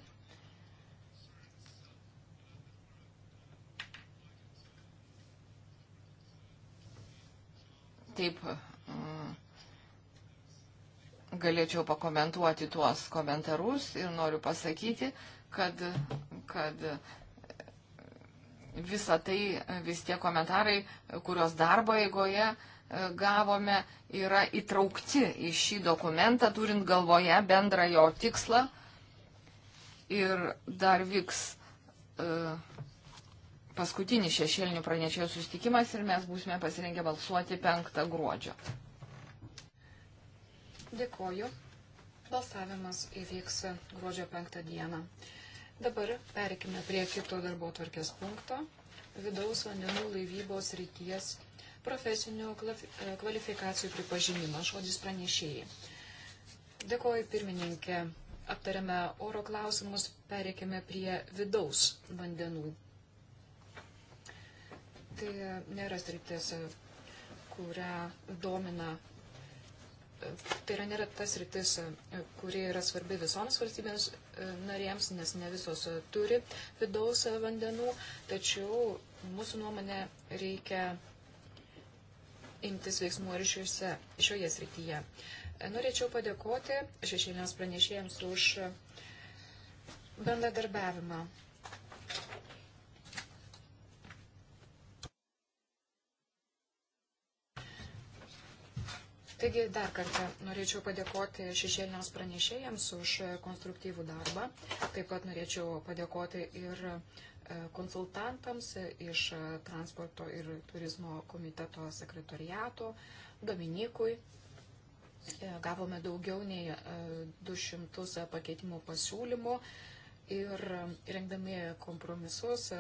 Taip mm, galėčiau pakomentuoti tuos komentarus ir noriu pasakyti, kad, kad visa tai, vis tie komentarai, kurios darbo eigoje e, gavome, yra įtraukti į šį dokumentą, turint galvoje bendrą jo tikslą. Ir dar vyks uh, paskutinis šešėlinių pranešėjų sustikimas ir mes būsime pasirengę balsuoti 5 gruodžio. Dėkoju. Balsavimas įvyks gruodžio 5 dieną. Dabar perikime prie kito darbo tvarkės punkto - vidaus vandenų laivybos ryties profesinių kvalifikacijų pripažinimą. Žodis pranešėjai. Dėkoju pirmininkė. Aptarėme oro klausimus, perikime prie vidaus vandenų Tai nėra sritis, kurią domina. Tai yra nėra tas rytis, kuri yra svarbi visoms valstybėms e, narėms, nes ne visos turi vidaus vandenų, tačiau mūsų nuomonė reikia imtis veiksmų ir šiuose, šioje srityje. Norėčiau padėkoti šešėlėms pranešėjams už bendradarbiavimą. Taigi dar kartą norėčiau padėkoti šešėliniams pranešėjams už konstruktyvų darbą. Taip pat norėčiau padėkoti ir e, konsultantams iš transporto ir turizmo komiteto sekretoriato, Dominikui. E, gavome daugiau nei 200 e, pakeitimų pasiūlymų ir rengdami kompromisus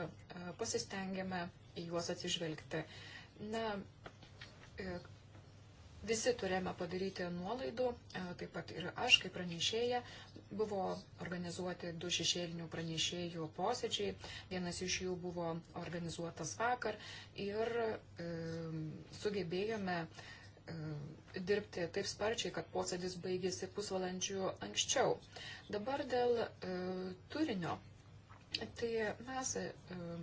pasistengėme į juos atsižvelgti. Na, Visi turėjome padaryti nuolaidų, e, taip pat ir aš kaip pranešėja. Buvo organizuoti du šešėlinių pranešėjų posėdžiai, vienas iš jų buvo organizuotas vakar ir e, sugebėjome e, dirbti taip sparčiai, kad posėdis baigėsi pusvalandžių anksčiau. Dabar dėl e, turinio Tai mes e,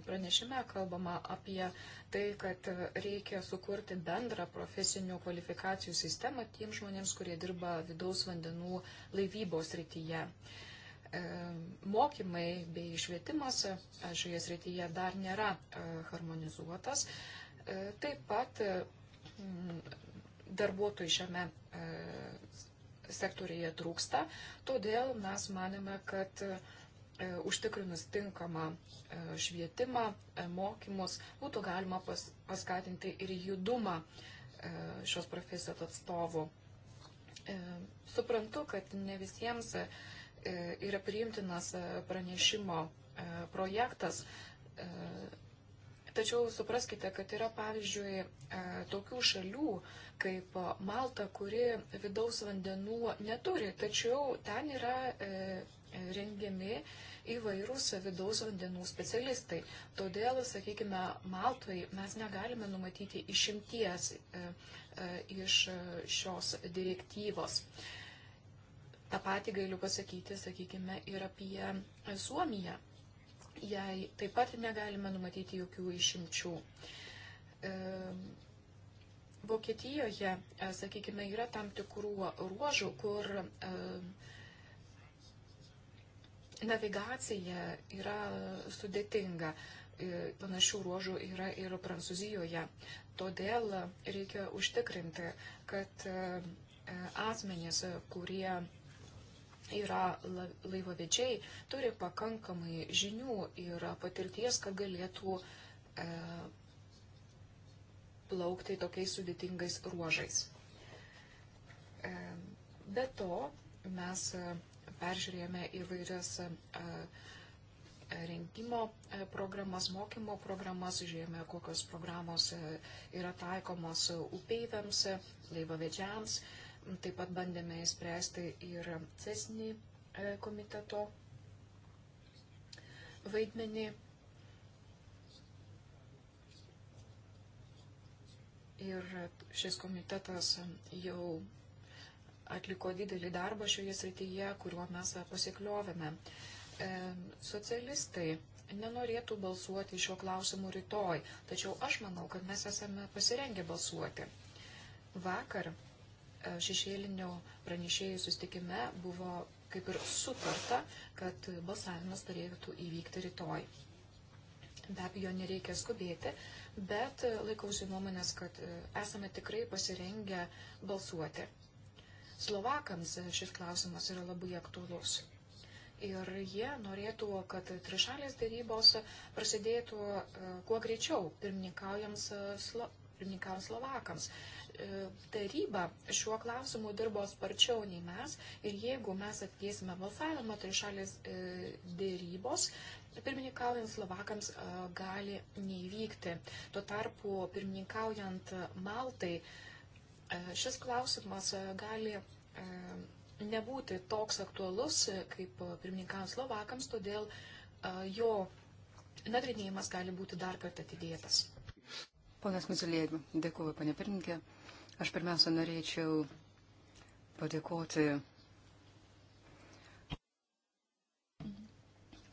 pranešime kalbama apie tai, kad reikia sukurti bendrą profesinių kvalifikacijų sistemą tiem žmonėms, kurie dirba vidaus vandenų laivybos rytyje. E, mokymai bei švietimas e, šioje srityje dar nėra harmonizuotas. Taip pat darbuotojų šiame sektorėje trūksta, todėl mes manėme, kad E, užtikrinus tinkamą e, švietimą, e, mokymus, būtų galima pas, paskatinti ir judumą šios profesijos atstovų. Suprantu, kad ne visiems yra priimtinas pranešimo projektas, tačiau supraskite, kad yra pavyzdžiui tokių šalių kaip Malta, kuri vidaus vandenų neturi, tačiau ten yra rengiami įvairūs vidaus vandenų specialistai. Todėl, sakykime, Maltoj mes negalime numatyti išimties e, e, iš šios direktyvos. Ta pati galiu pasakyti, sakykime, ir apie Suomiją. Jei taip pat negalime numatyti jokių išimčių. E, Vokietijoje, e, sakykime, yra tam tikrų ruožų, kur e, Navigacija yra sudėtinga, e, panašių ruožų yra ir Prancūzijoje. Todėl reikia užtikrinti, kad e, asmenys, kurie yra laivavedžiai, turi pakankamai žinių ir patirties, kad galėtų e, plaukti tokiais sudėtingais ruožais. Be to, mes peržiūrėjome įvairias rengimo programas, mokymo programas, žiūrėjome, kokios programos yra taikomos upeiviams, laivavedžiams. Taip pat bandėme įspręsti ir cesnį komiteto vaidmenį. Ir šis komitetas jau atliko didelį darbą šioje srityje, kuriuo mes pasikliovėme. E, socialistai nenorėtų balsuoti šiuo klausimu rytoj, tačiau aš manau, kad mes esame pasirengę balsuoti. Vakar e, šešėlinio pranešėjų sustikime buvo kaip ir sutarta, kad balsavimas turėtų įvykti rytoj. Be abejo, nereikia skubėti, bet laikausi nuomonės, kad e, esame tikrai pasirengę balsuoti. Slovakams šis klausimas yra labai aktuolus. Ir jie norėtų, kad trišalės dėrybos prasidėtų e, kuo greičiau pirmininkaujams e, Slo pirmininkams Slovakams. E, taryba šiuo klausimu dirbo sparčiau nei mes ir jeigu mes atidėsime balsavimą, tai šalės dėrybos pirmininkaujant Slovakams gali neįvykti. Tuo tarpu pirmininkaujant Maltai E, šis klausimas e, gali e, nebūti toks aktualus kaip pirmininkams Slovakams, todėl jo nagrinėjimas gali būti dar kartą atidėtas. Ponas Mizulėgiu, dėkuoju, ponė pirmininkė. Aš pirmiausia norėčiau padėkoti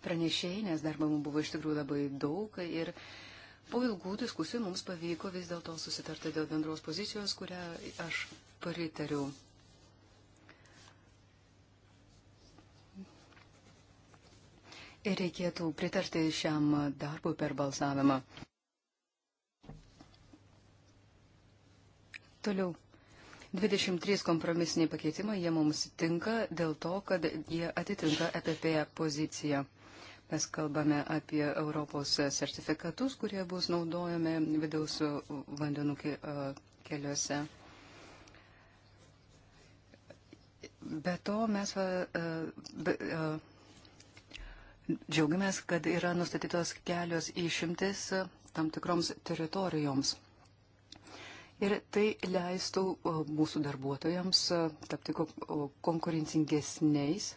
pranešėjai, nes darbo mums buvo iš tikrųjų labai daug ir uh, Po ilgų diskusijų mums pavyko vis dėlto susitarti dėl bendros pozicijos, kurią aš paritariau. Ir reikėtų pritarti šiam darbui per balsavimą. Toliau. 23 kompromisiniai pakeitimai, jie mums tinka dėl to, kad jie atitinka EPP poziciją. Mes kalbame apie Europos sertifikatus, kurie bus naudojami vidaus vandenų keliuose. Be to mes be, džiaugiamės, kad yra nustatytos kelios išimtis tam tikroms teritorijoms. Ir tai leistų mūsų darbuotojams tapti konkurencingesniais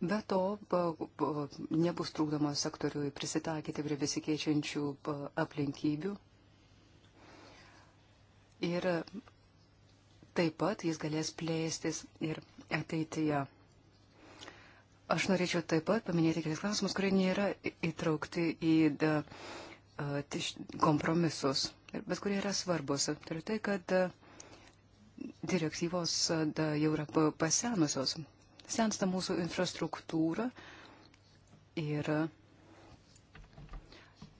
Be to, nebus trūkdama sektoriui prisitaikyti prie besikeičiančių aplinkybių. Ir taip pat jis galės plėstis ir ateityje. Aš norėčiau taip pat paminėti kelias klausimus, kurie nėra įtraukti į kompromisus, bet kurie yra svarbus. Tai yra tai, kad direktyvos jau yra pasenusios sensta mūsų infrastruktūra ir,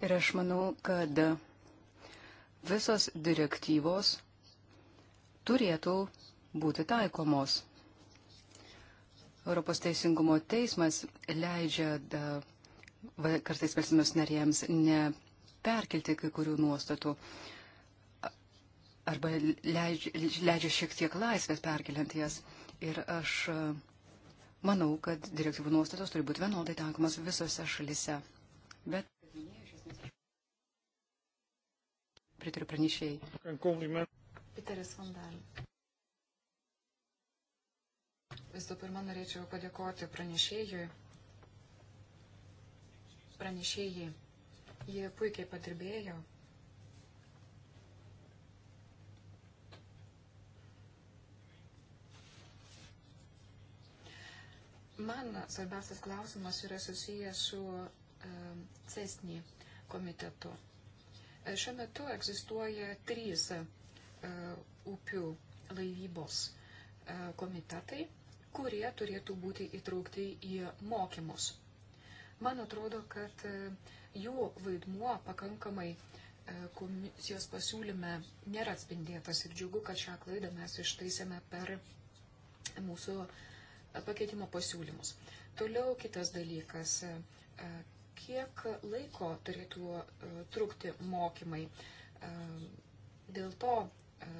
ir aš manau, kad visos direktyvos turėtų būti taikomos. Europos teisingumo teismas leidžia da, kartais valstybės narėms neperkelti kai kurių nuostatų arba leidžia, leidžia šiek tiek laisvės perkeliant jas. Ir aš Manau, kad direktyvų nuostatos turi būti vienodai taikomas visose šalise. Bet pritariu pranešėjai. Piteris Vandal. Visų pirma, norėčiau padėkoti pranešėjui. Pranešėjai. Jie puikiai padirbėjo Man svarbiausias klausimas yra susijęs su CESNI komitetu. E, šiuo metu egzistuoja trys e, upių laivybos e, komitetai, kurie turėtų būti įtraukti į mokymus. Man atrodo, kad jų vaidmuo pakankamai komisijos pasiūlyme nėra atspindėtas ir džiugu, kad šią klaidą mes ištaisėme per mūsų pakeitimo pasiūlymus. Toliau kitas dalykas, e, kiek laiko turėtų e, trukti mokymai. E, dėl to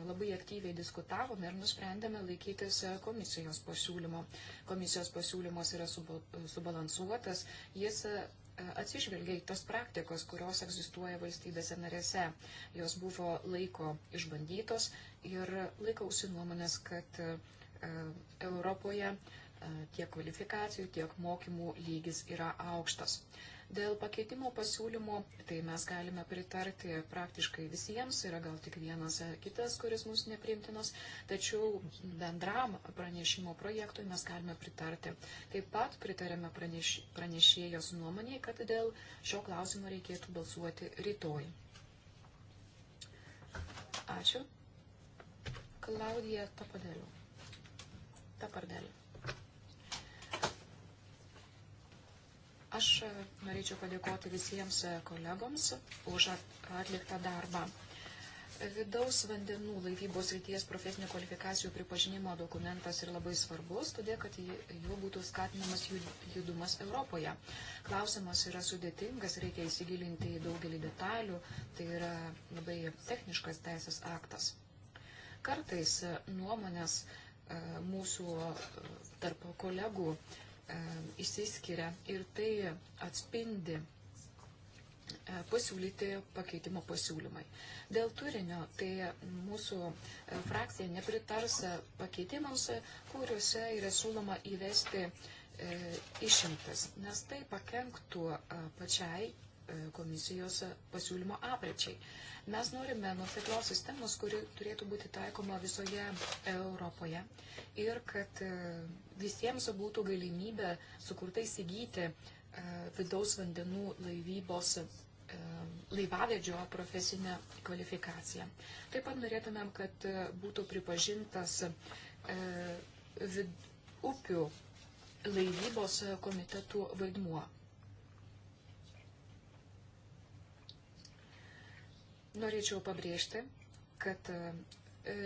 labai aktyviai diskutavome ir nusprendėme laikytis komisijos pasiūlymo. Komisijos pasiūlymas yra subalansuotas, jis atsižvelgia į tas praktikos, kurios egzistuoja valstybėse narėse. Jos buvo laiko išbandytos ir laikausi nuomonės, kad E, Europoje e, tiek kvalifikacijų, tiek mokymų lygis yra aukštas. Dėl pakeitimo pasiūlymų, tai mes galime pritarti praktiškai visiems, yra gal tik vienas kitas, kuris mums neprimtinas, tačiau bendram pranešimo projektui mes galime pritarti. Taip pat pritarėme praneš, pranešėjos nuomonėje, kad dėl šio klausimo reikėtų balsuoti rytoj. Ačiū. Klaudija Tapadeliu. Tapardel. Aš norėčiau padėkoti visiems kolegoms už atliktą darbą. Vidaus vandenų laivybos ryties profesinių kvalifikacijų pripažinimo dokumentas ir labai svarbus, todėl kad juo būtų skatinamas judumas Europoje. Klausimas yra sudėtingas, reikia įsigilinti į daugelį detalių, tai yra labai techniškas teisės aktas. Kartais nuomonės E, mūsų e, tarp kolegų e, išsiskiria ir tai atspindi pasiūlyti pakeitimo pasiūlymai. Dėl turinio, tai mūsų frakcija nepritars pakeitimams, kuriuose yra siūloma įvesti išimtas, nes tai pakenktų pačiai E, komisijos pasiūlymo aprečiai. Mes norime nuseklios sistemos, kuri turėtų būti taikoma visoje Europoje ir kad e, visiems būtų galimybė sukurtai įsigyti e, vidaus vandenų laivybos laivavedžio profesinę kvalifikaciją. Taip pat norėtumėm, kad būtų pripažintas vid, upių laivybos komitetų vaidmuo. Norėčiau pabrėžti, kad e,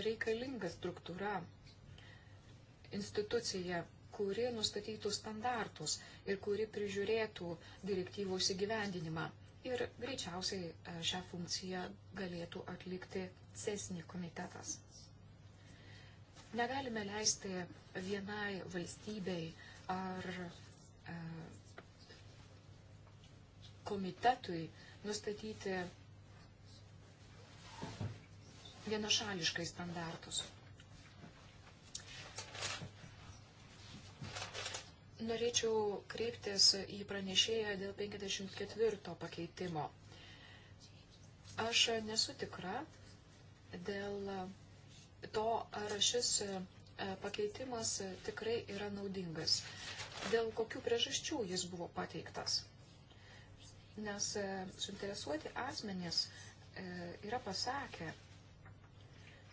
reikalinga struktūra, institucija, kuri nustatytų standartus ir kuri prižiūrėtų direktyvų įsigyvendinimą. Ir greičiausiai e, šią funkciją galėtų atlikti CESNI komitetas. Negalime leisti vienai valstybei ar e, komitetui nustatyti vienašališkai standartus. Norėčiau kreiptis į pranešėją dėl 54 pakeitimo. Aš nesu tikra dėl to, ar šis e, pakeitimas tikrai yra naudingas. Dėl kokių priežasčių jis buvo pateiktas. Nes e, suinteresuoti asmenys E, yra pasakę,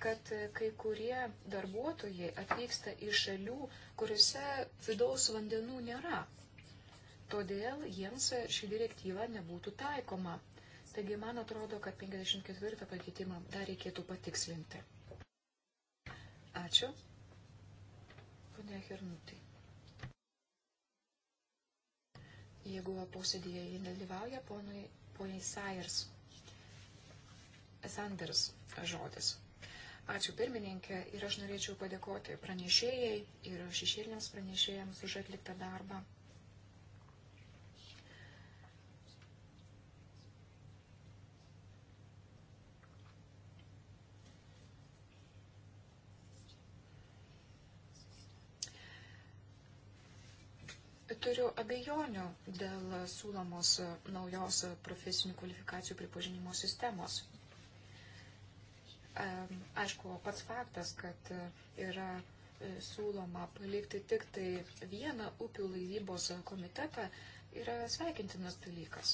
kad kai kurie darbuotojai atvyksta iš šalių, kuriuose vidaus vandenų nėra. Todėl jiems ši direktyva nebūtų taikoma. Taigi, man atrodo, kad 54 pakeitimą dar reikėtų patikslinti. Ačiū. Pane Hernutai. Jeigu posėdėje jį dalyvauja, ponui, poniai Sayers. Sanders žodis. Ačiū pirmininkė ir aš norėčiau padėkoti pranešėjai ir šešėlėms pranešėjams už atliktą darbą. turiu abejonių dėl siūlomos naujos profesinių kvalifikacijų pripažinimo sistemos. Aišku, pats faktas, kad e, yra e, siūloma palikti tik tai vieną upių laivybos komitetą, yra sveikintinas dalykas.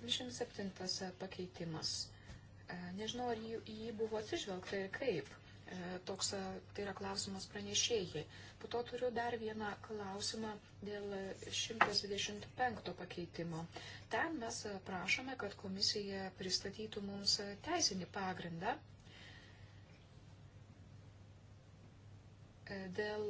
77 e, pakeitimas. Nežinau, ar į jį buvo atsižvelgta ir kaip. E, toks e, tai yra klausimas pranešėjai. Po to turiu dar vieną klausimą dėl 125 pakeitimo. Ten mes e, prašome, kad komisija pristatytų mums teisinį pagrindą dėl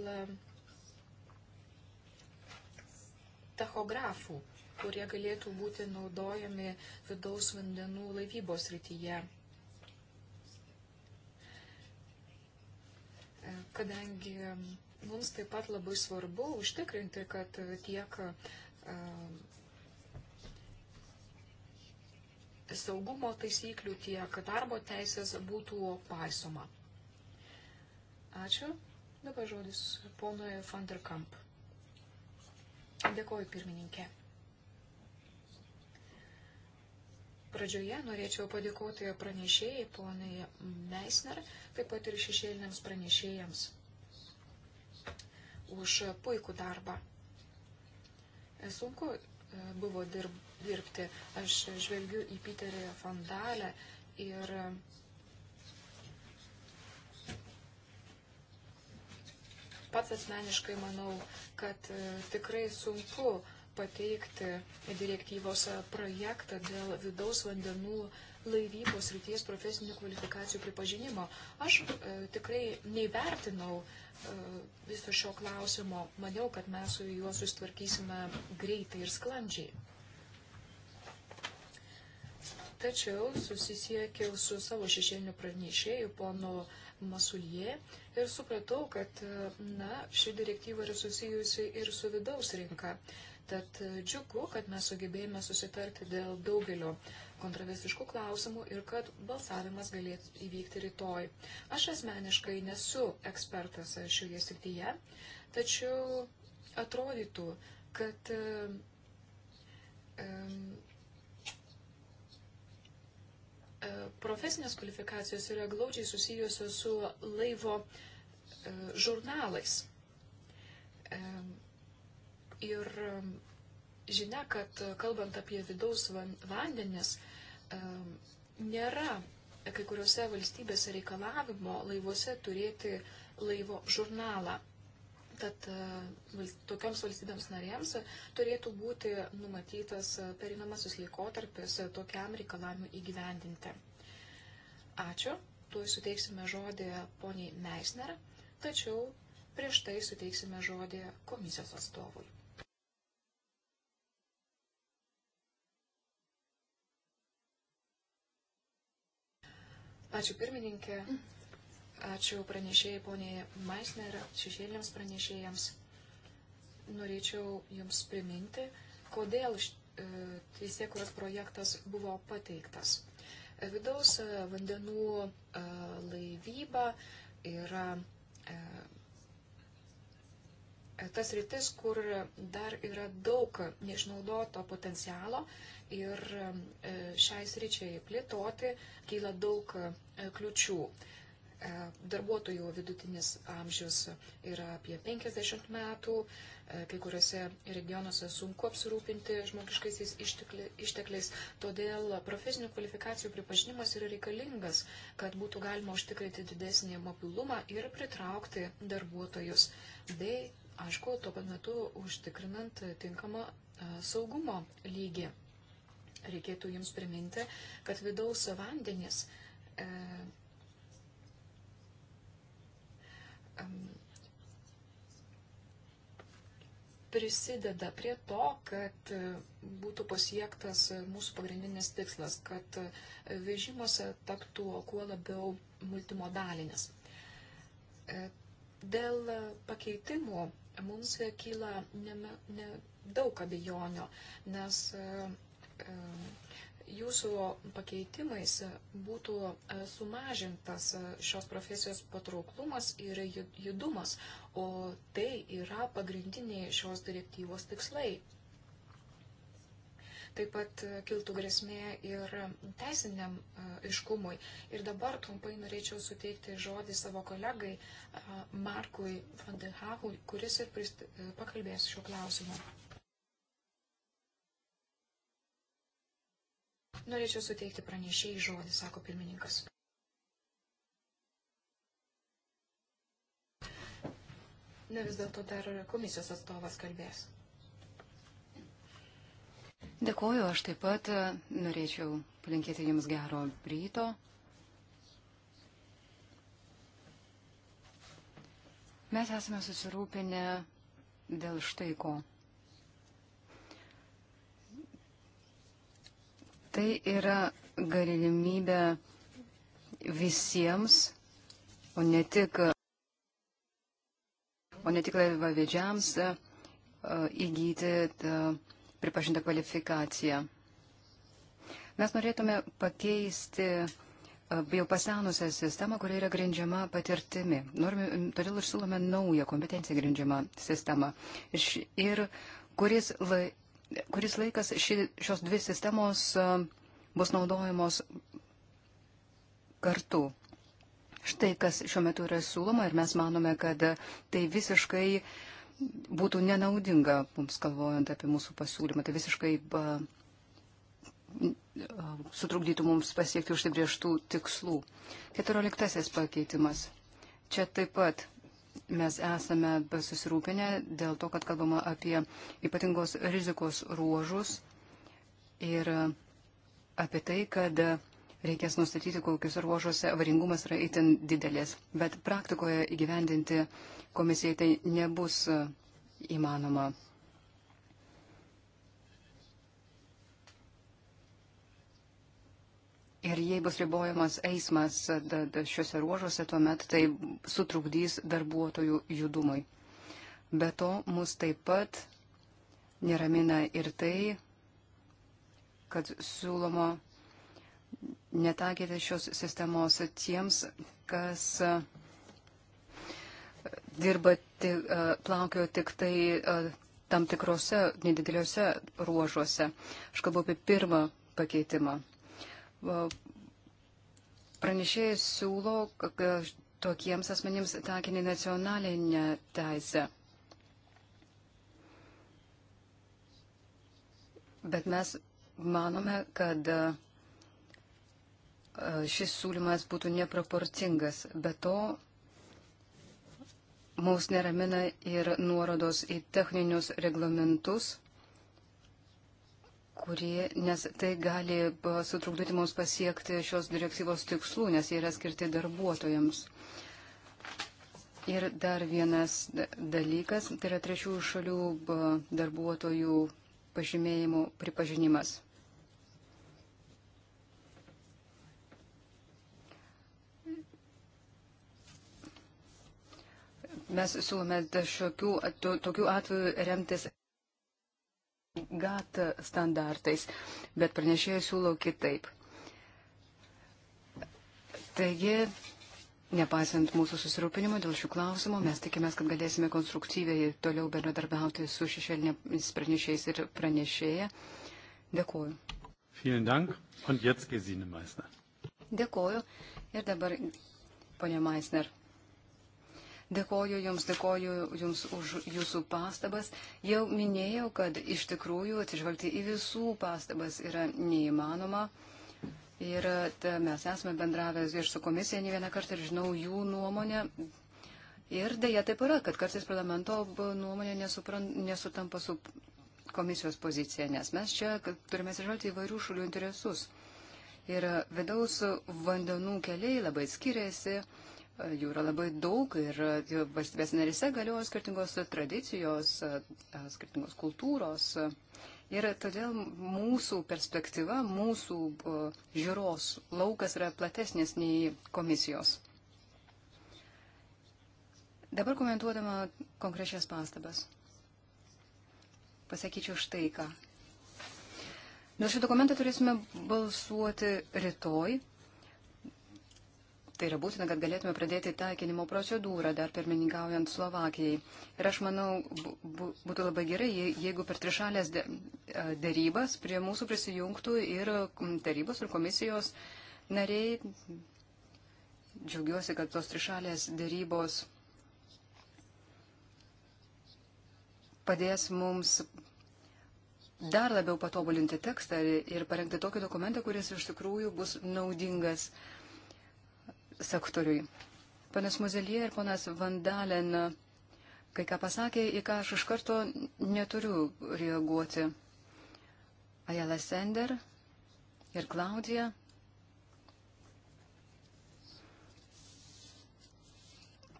tachografų, kurie galėtų būti naudojami vidaus vandenų laivybos rytyje. kadangi mums taip pat labai svarbu užtikrinti, kad tiek saugumo taisyklių, tiek darbo teisės būtų paisoma. Ačiū. Dabar žodis ponui Fanderkamp. Dėkoju pirmininkė. Pradžioje norėčiau padėkoti pranešėjai, ponai Meisner, taip pat ir šešėliniams pranešėjams už puikų darbą. E, sunku e, buvo dirb, dirbti. Aš žvelgiu į Piterį Fondalę ir e, pats asmeniškai manau, kad tikrai sunku pateikti direktyvos projektą dėl vidaus vandenų laivybos ryties profesinių kvalifikacijų pripažinimo. Aš e, tikrai neįvertinau e, viso šio klausimo. Maniau, kad mes su juo sustvarkysime greitai ir sklandžiai. Tačiau susisiekiau su savo šešėliniu pranešėju, ponu Masulie, ir supratau, kad e, na, ši direktyva yra susijusi ir su vidaus rinka. E, Tad džiugu, kad mes sugebėjome susitarti dėl daugelio kontroversiškų klausimų ir kad balsavimas galėtų įvykti rytoj. Aš asmeniškai nesu ekspertas šioje srityje, tačiau atrodytų, kad e, profesinės kvalifikacijos yra glaudžiai susijusios su laivo e, žurnalais. Ir um, žinia, kad uh, kalbant apie vidaus vandenis, um, nėra kai kuriuose valstybėse reikalavimo laivuose turėti laivo žurnalą. Tad uh, tokioms valstybėms narėms uh, turėtų būti numatytas perinamasis laikotarpis tokiam reikalavimui įgyvendinti. Ačiū, tuoj suteiksime žodį poniai Meisner, tačiau prieš tai suteiksime žodį komisijos atstovui. Ačiū pirmininkė, ačiū pranešėjai poniai Maisner, šešėlėms pranešėjams. Norėčiau Jums priminti, kodėl e, teisėkuros projektas buvo pateiktas. Vidaus e, vandenų e, laivyba yra tas rytis, kur dar yra daug neišnaudoto potencialo ir e, šiai sričiai plėtoti kyla daug e, kliučių. E, darbuotojų vidutinis amžius yra apie 50 metų, kai kuriuose regionuose sunku apsirūpinti žmogiškaisiais ištekliais, todėl profesinių kvalifikacijų pripažinimas yra reikalingas, kad būtų galima užtikrinti didesnį mobilumą ir pritraukti darbuotojus bei aišku, tuo pat metu užtikrinant tinkamą e, saugumo lygį. Reikėtų jums priminti, kad vidaus vandenis e, prisideda prie to, kad e, būtų pasiektas mūsų pagrindinis tikslas, kad e, vežimuose taptų kuo labiau multimodalinis. Dėl pakeitimų Mums kyla nedaug ne, ne abejonių, nes e, e, jūsų pakeitimais būtų e, sumažintas šios profesijos patrauklumas ir judumas, o tai yra pagrindiniai šios direktyvos tikslai. Taip pat kiltų grėsmė ir teisiniam e, aiškumui. Ir dabar trumpai norėčiau suteikti žodį savo kolegai e, Markui van de Hahu, kuris ir prist... E, pakalbės šiuo klausimu. Norėčiau suteikti pranešėjai žodį, sako pirmininkas. Ne vis dėlto dar komisijos atstovas kalbės. Dėkuoju, aš taip pat e, norėčiau palinkėti Jums gero ryto. Mes esame susirūpinę dėl štai ko. Tai yra galimybė visiems, o ne tik, o ne tik laivavedžiams e, įgyti tą e, pripažinta kvalifikacija. Mes norėtume pakeisti jau pasenusią sistemą, kuri yra grindžiama patirtimi. Norime, todėl ir siūlome naują kompetenciją grindžiamą sistemą. Ir, ir kuris, lai, kuris laikas ši, šios dvi sistemos bus naudojamos kartu. Štai kas šiuo metu yra siūloma ir mes manome, kad tai visiškai uh, būtų nenaudinga mums kalvojant apie mūsų pasiūlymą. Tai visiškai sutrukdytų mums pasiekti užsibrieštų tikslų. Keturioliktasis pakeitimas. Čia taip pat mes esame susirūpinę dėl to, kad kalbama apie ypatingos rizikos ruožus ir apie tai, kad reikės nustatyti, kokius ruožuose avaringumas yra itin didelis. Bet praktikoje įgyvendinti komisijai tai nebus e, įmanoma. Ir jei bus ribojamas eismas e, šiuose ruožuose, tuomet tai sutrukdys darbuotojų judumui. Be to, mus taip pat neramina ir tai, kad siūloma netakėte šios sistemos tiems, kas e, dirba, e, plaukio tik tai e, tam tikrose nedideliuose ruožuose. Aš kalbu apie pirmą pakeitimą. Pranešėjas siūlo tokiems asmenims takinį nacionalinę teisę. Bet mes manome, kad šis siūlymas būtų neproporcingas. Be to, mums neramina ir nuorodos į techninius reglamentus, kurie, nes tai gali sutrukdyti mums pasiekti šios direktyvos tikslų, nes jie yra skirti darbuotojams. Ir dar vienas dalykas, tai yra trečiųjų šalių darbuotojų pažymėjimų pripažinimas. mes siūlome šiokių, to, tokių atvejų remtis GAT standartais, bet pranešėjas siūlo kitaip. Taigi, nepaisant mūsų susirūpinimo dėl šių klausimų, mes tikimės, kad galėsime konstruktyviai toliau bendradarbiauti su šešėlinėmis pranešėjais ir pranešėja. Dėkuoju. Vielen Dank. Und jetzt Gesine Meissner. Dėkuoju. Ir dabar, ponia Meissner. Dėkoju Jums, dėkoju Jums už Jūsų pastabas. Jau minėjau, kad iš tikrųjų atsižvelgti į visų pastabas yra neįmanoma. Ir ta, mes esame bendravę ir su komisija ne vieną kartą ir žinau jų nuomonę. Ir dėja taip yra, kad kartais parlamento nuomonė nesupran, nesutampa su komisijos pozicija, nes mes čia turime atsižvelgti įvairių šalių interesus. Ir vidaus vandenų keliai labai skiriasi. Jų yra labai daug ir e, valstybės narise galioja skirtingos tradicijos, e, e, skirtingos kultūros. Ir todėl mūsų perspektyva, mūsų žiūros laukas yra platesnis nei komisijos. Dabar komentuodama konkrečias pastabas. Pasakyčiau štai ką. Dėl šio dokumento turėsime balsuoti rytoj Tai yra būtina, kad galėtume pradėti taikinimo procedūrą dar pirmininkaujant Slovakijai. Ir aš manau, būtų labai gerai, jeigu per trišalės darybas prie mūsų prisijungtų ir tarybos ir komisijos nariai. Džiaugiuosi, kad tos trišalės darybos padės mums dar labiau patobulinti tekstą ir parengti tokį dokumentą, kuris iš tikrųjų bus naudingas uh, sektoriui. Panas Muzelie ir panas Vandalen kai ką pasakė, į ką aš iš karto neturiu reaguoti. Ajala Sender ir Klaudija.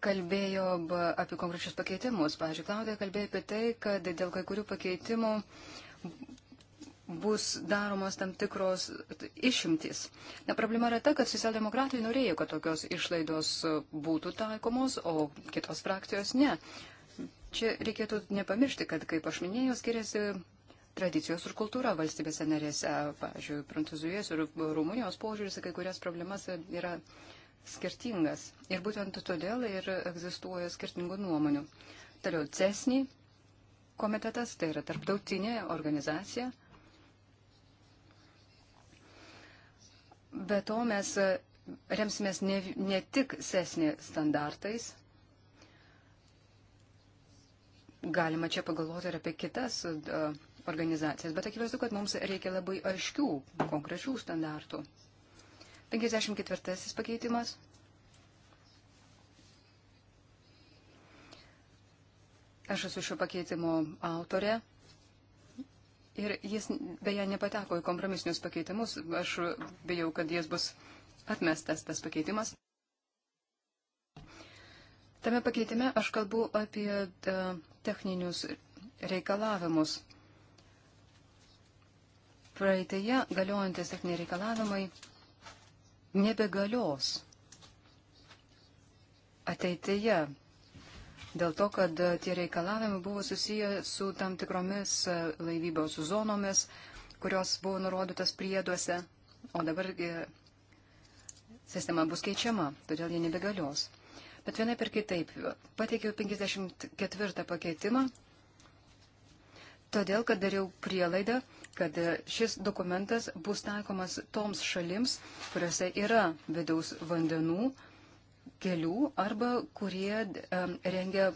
Kalbėjo apie konkrečius pakeitimus. Pavyzdžiui, Klaudija kalbėjo apie tai, kad dėl kai kurių pakeitimų bus daromos tam tikros išimtis. Na, problema yra ta, kad socialdemokratai norėjo, kad tokios išlaidos būtų taikomos, o kitos frakcijos ne. Čia reikėtų nepamiršti, kad, kaip aš minėjau, skiriasi tradicijos ir kultūra valstybėse narėse. Pavyzdžiui, Prancūzijos ir Rumunijos požiūris į kai kurias problemas yra skirtingas. Ir būtent todėl ir egzistuoja skirtingų nuomonių. Toliau CESNI komitetas, tai yra tarptautinė organizacija Be to mes e, remsimės ne, ne tik sesnė standartais. Galima čia pagalvoti ir apie kitas e, organizacijas, bet akivaizdu, kad mums reikia labai aiškių, konkrečių standartų. 54 pakeitimas. Aš esu šio pakeitimo autorė. Ir jis beje nepateko į kompromisinius pakeitimus. Aš bijau, kad jis bus atmestas tas pakeitimas. Tame pakeitime aš kalbu apie e, techninius reikalavimus. Praeitėje galiojantis techniniai reikalavimai nebegalios ateityje dėl to, kad e, tie reikalavimai buvo susiję su tam tikromis e, laivybos zonomis, kurios buvo nurodytas prieduose, o dabar e, sistema bus keičiama, todėl jie nebegalios. Bet vienaip ir kitaip, pateikiau 54 pakeitimą, todėl, kad dariau prielaidą, kad šis dokumentas bus taikomas toms šalims, kuriuose yra vidaus vandenų, uh, kelių arba kurie rengia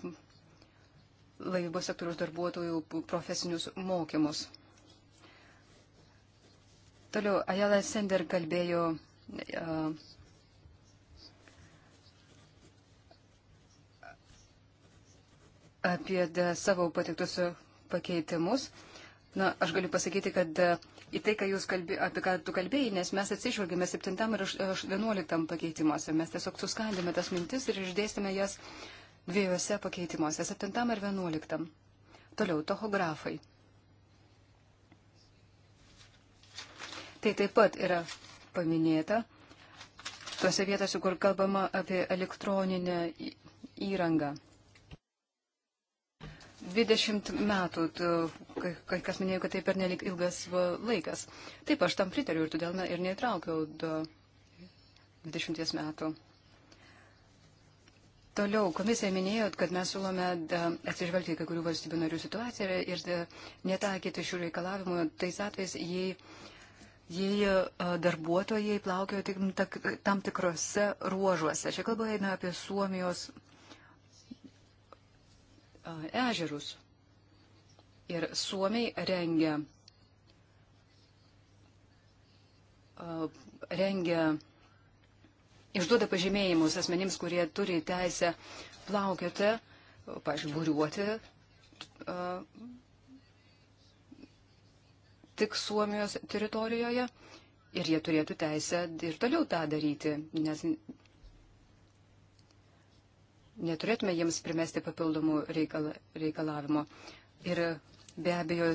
laivybos sektoriaus darbuotojų profesinius mokymus. Toliau, Ajala Sender kalbėjo apie savo patiktus pakeitimus. Na, aš galiu pasakyti, kad į tai, ką jūs kalbė, apie ką tu kalbėjai, nes mes atsižvelgėme 7 ir 11 pakeitimuose. Mes tiesiog suskandėme tas mintis ir išdėstėme jas dviejose pakeitimuose - 7 ir 11. Toliau tohografai. Tai taip pat yra paminėta tuose vietose, kur kalbama apie elektroninę įrangą. 20 metų, kai kas minėjo, kad tai per nelik ilgas laikas. Taip, aš tam pritariu ir todėl ir neįtraukiau 20 metų. Toliau, komisija minėjot, kad mes siūlome atsižvelgti kai kurių valstybių narių situaciją ir netakyti šių reikalavimų tais atvejais, jei, jei darbuotojai plaukiojo tik, tam tikrose ruožuose. Čia kalba eina apie Suomijos ežerus. Ir Suomiai rengia, rengia, išduoda pažymėjimus asmenims, kurie turi teisę plaukioti, pažiūriuoti tik Suomijos teritorijoje ir jie turėtų teisę ir toliau tą daryti, nes neturėtume jiems primesti papildomų reikala, reikalavimų. Ir be abejo,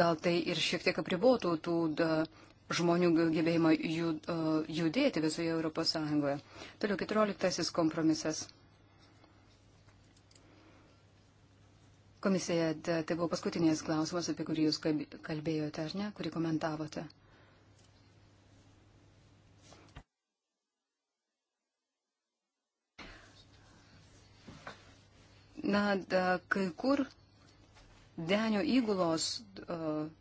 gal tai ir šiek tiek apribotų tų da, žmonių gebėjimą jud, judėti visoje Europos Sąjungoje. Toliau, keturioliktasis kompromisas. Komisija, tai buvo paskutinės klausimas, apie kurį jūs kalbėjote, ar ne, kurį komentavote. na, da, kai kur Denio įgulos uh,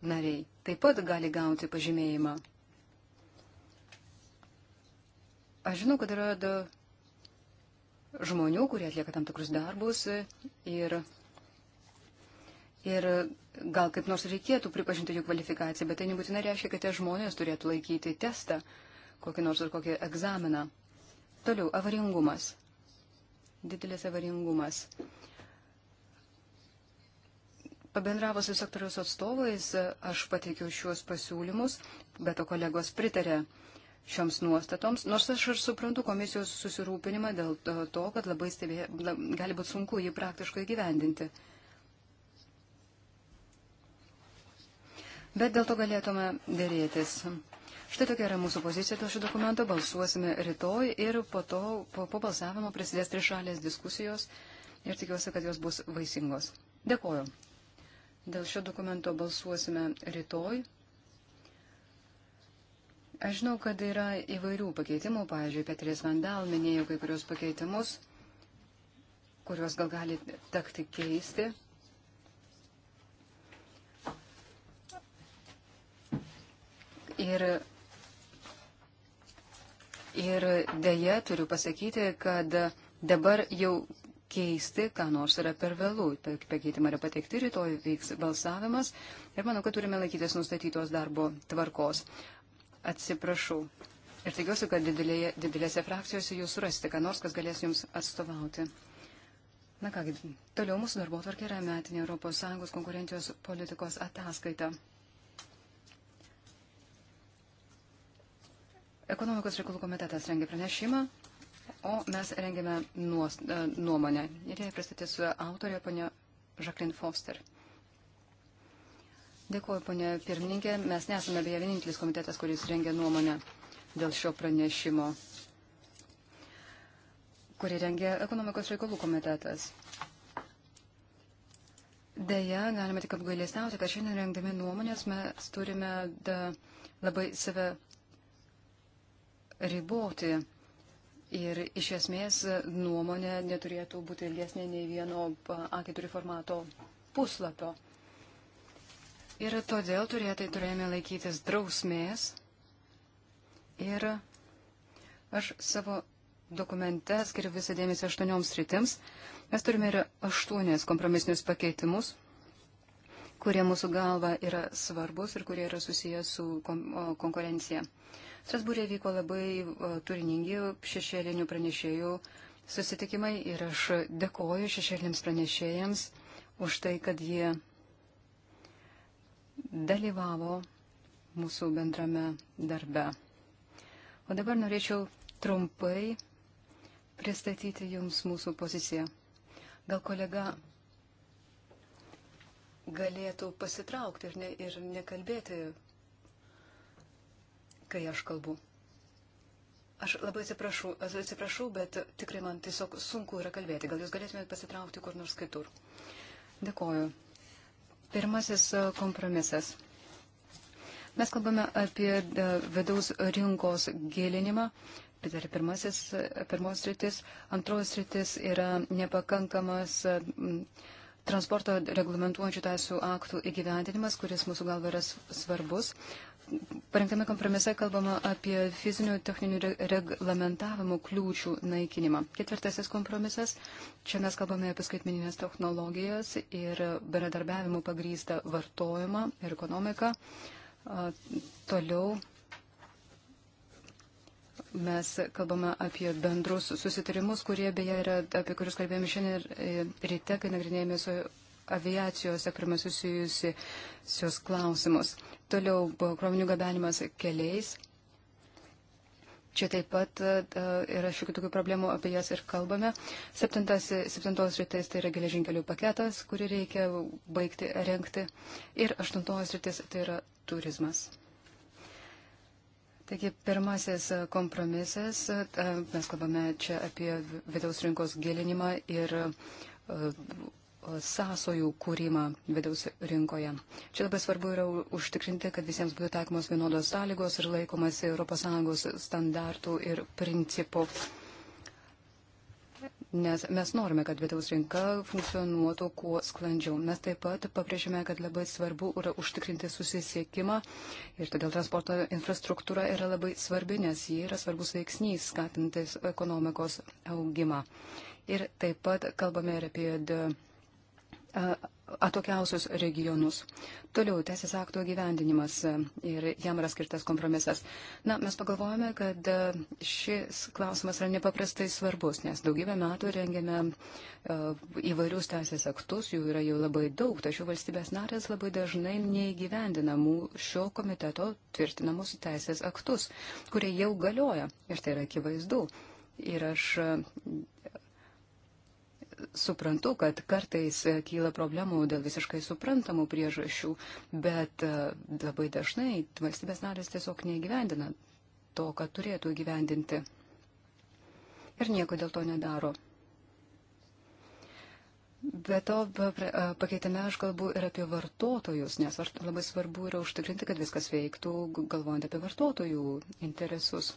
nariai taip pat gali gauti pažymėjimą. Aš žinau, kad yra da, žmonių, kurie atlieka tam tikrus darbus ir, ir gal kaip nors reikėtų pripažinti jų kvalifikaciją, bet tai nebūtinai reiškia, kad tie žmonės turėtų laikyti testą, kokį nors ar kokį egzaminą. Toliau, avaringumas. Didelis avaringumas. Uh, Pabendravo su sektoriaus atstovais, aš pateikiau šiuos pasiūlymus, bet to kolegos pritarė šioms nuostatoms, nors aš ir suprantu komisijos susirūpinimą dėl to, kad labai stebė, gali būti sunku jį praktiškai gyvendinti. Bet dėl to galėtume dėrėtis. Štai tokia yra mūsų pozicija dėl šio dokumento. Balsuosime rytoj ir po to, po, po balsavimo prasidės trišalės diskusijos ir tikiuosi, kad jos bus vaisingos. Dėkuoju. Dėl šio dokumento balsuosime rytoj. Aš žinau, kad yra įvairių pakeitimų. Pavyzdžiui, Petris Vandal minėjo kai kurios pakeitimus, kuriuos gal gali tekti keisti. Ir, ir dėje turiu pasakyti, kad dabar jau keisti, ką nors yra per vėlų. Pakeitimą yra pateikti, rytoj vyks balsavimas ir manau, kad turime laikytis nustatytos darbo tvarkos. Atsiprašau. Ir tikiuosi, kad didelėje, didelėse frakcijose jūs surasite, ką nors, kas galės jums atstovauti. Na kągi, toliau mūsų darbo tvarkė yra metinė ES konkurencijos politikos ataskaita. Ekonomikos reikalų komitetas rengia pranešimą, o mes rengiame nuos, e, nuomonę. Ir ją pristatys autorė ponia Žaklin Foster. Dėkuoju, ponia pirmininkė. Mes nesame beje vienintelis komitetas, kuris rengia nuomonę dėl šio pranešimo, kurį rengia ekonomikos reikalų komitetas. Deja, galime tik apgailėsniauti, kad šiandien rengdami nuomonės mes turime da, labai save riboti. Ir iš esmės nuomonė neturėtų būti ilgesnė nei vieno A4 formato puslapio. Ir todėl turėtai turėjome laikytis drausmės. Ir aš savo dokumente skiriu visą dėmesį aštuonioms rytims. Mes turime ir aštuonės kompromisinius pakeitimus, kurie mūsų galva yra svarbus ir kurie yra susijęs su konkurencija. Uh, Strasbūrė vyko labai e, turiningi šešėlinių pranešėjų susitikimai ir aš dėkoju šešėliniams pranešėjams už tai, kad jie dalyvavo mūsų bendrame darbe. O dabar norėčiau trumpai pristatyti Jums mūsų poziciją. Gal kolega galėtų pasitraukti ir, ne, ir nekalbėti kai aš kalbu. Aš labai atsiprašau, atsiprašau, bet tikrai man tiesiog sunku yra kalbėti. Gal jūs galėtumėte pasitraukti kur nors kitur. Dėkoju. Pirmasis e, kompromisas. Mes kalbame apie e, vidaus rinkos gilinimą. Tai yra pirmasis, e, pirmos rytis. Antros rytis yra nepakankamas transporto reglamentuojančių teisų aktų įgyvendinimas, kuris mūsų galva yra svarbus parengtame kompromise kalbama apie fizinių techninių reglamentavimo kliūčių naikinimą. Ketvirtasis kompromisas. Čia mes kalbame apie skaitmeninės technologijas ir bendradarbiavimų pagrystą vartojimą ir ekonomiką. Toliau mes kalbame apie bendrus susitarimus, kurie beje yra, apie kurius kalbėjome šiandien e, ryte, kai nagrinėjome su aviacijos sektoriumi susijusius klausimus. Toliau krovinių gabenimas keliais. Čia taip pat e, e, yra šiokių tokių problemų, apie jas ir kalbame. Septintas, septintos rytis tai yra geležinkelių paketas, kurį reikia baigti renkti. Ir aštuntos rytis tai yra turizmas. Taigi pirmasis kompromisas, e, mes kalbame čia apie vidaus rinkos gilinimą ir sąsojų kūrimą vidaus rinkoje. Čia labai svarbu yra užtikrinti, kad visiems būtų taikomos vienodos sąlygos ir laikomas ES standartų ir principų. Nes mes norime, kad vidaus rinka funkcionuotų kuo sklandžiau. Mes taip pat pabrėžime, kad labai svarbu yra užtikrinti susisiekimą ir todėl transporto infrastruktūra yra labai svarbi, nes ji yra svarbus veiksnys skatintis ekonomikos augimą. Ir taip pat kalbame ir apie atokiausius regionus. Toliau teisės akto gyvendinimas e, ir jam yra skirtas kompromisas. Na, mes pagalvojame, kad e, šis klausimas yra nepaprastai svarbus, nes daugybę metų rengiame e, įvairius teisės aktus, jų yra jau labai daug, tačiau valstybės narės labai dažnai neįgyvendinamų šio komiteto tvirtinamus teisės aktus, kurie jau galioja. Ir tai yra akivaizdu. Ir aš suprantu, kad kartais e, kyla problemų dėl visiškai suprantamų priežasčių, bet e, labai dažnai valstybės narės tiesiog neįgyvendina to, ką turėtų įgyvendinti. Ir nieko dėl to nedaro. Be to, e, pakeitime aš kalbu ir apie vartotojus, nes labai svarbu yra užtikrinti, kad viskas veiktų, galvojant apie vartotojų interesus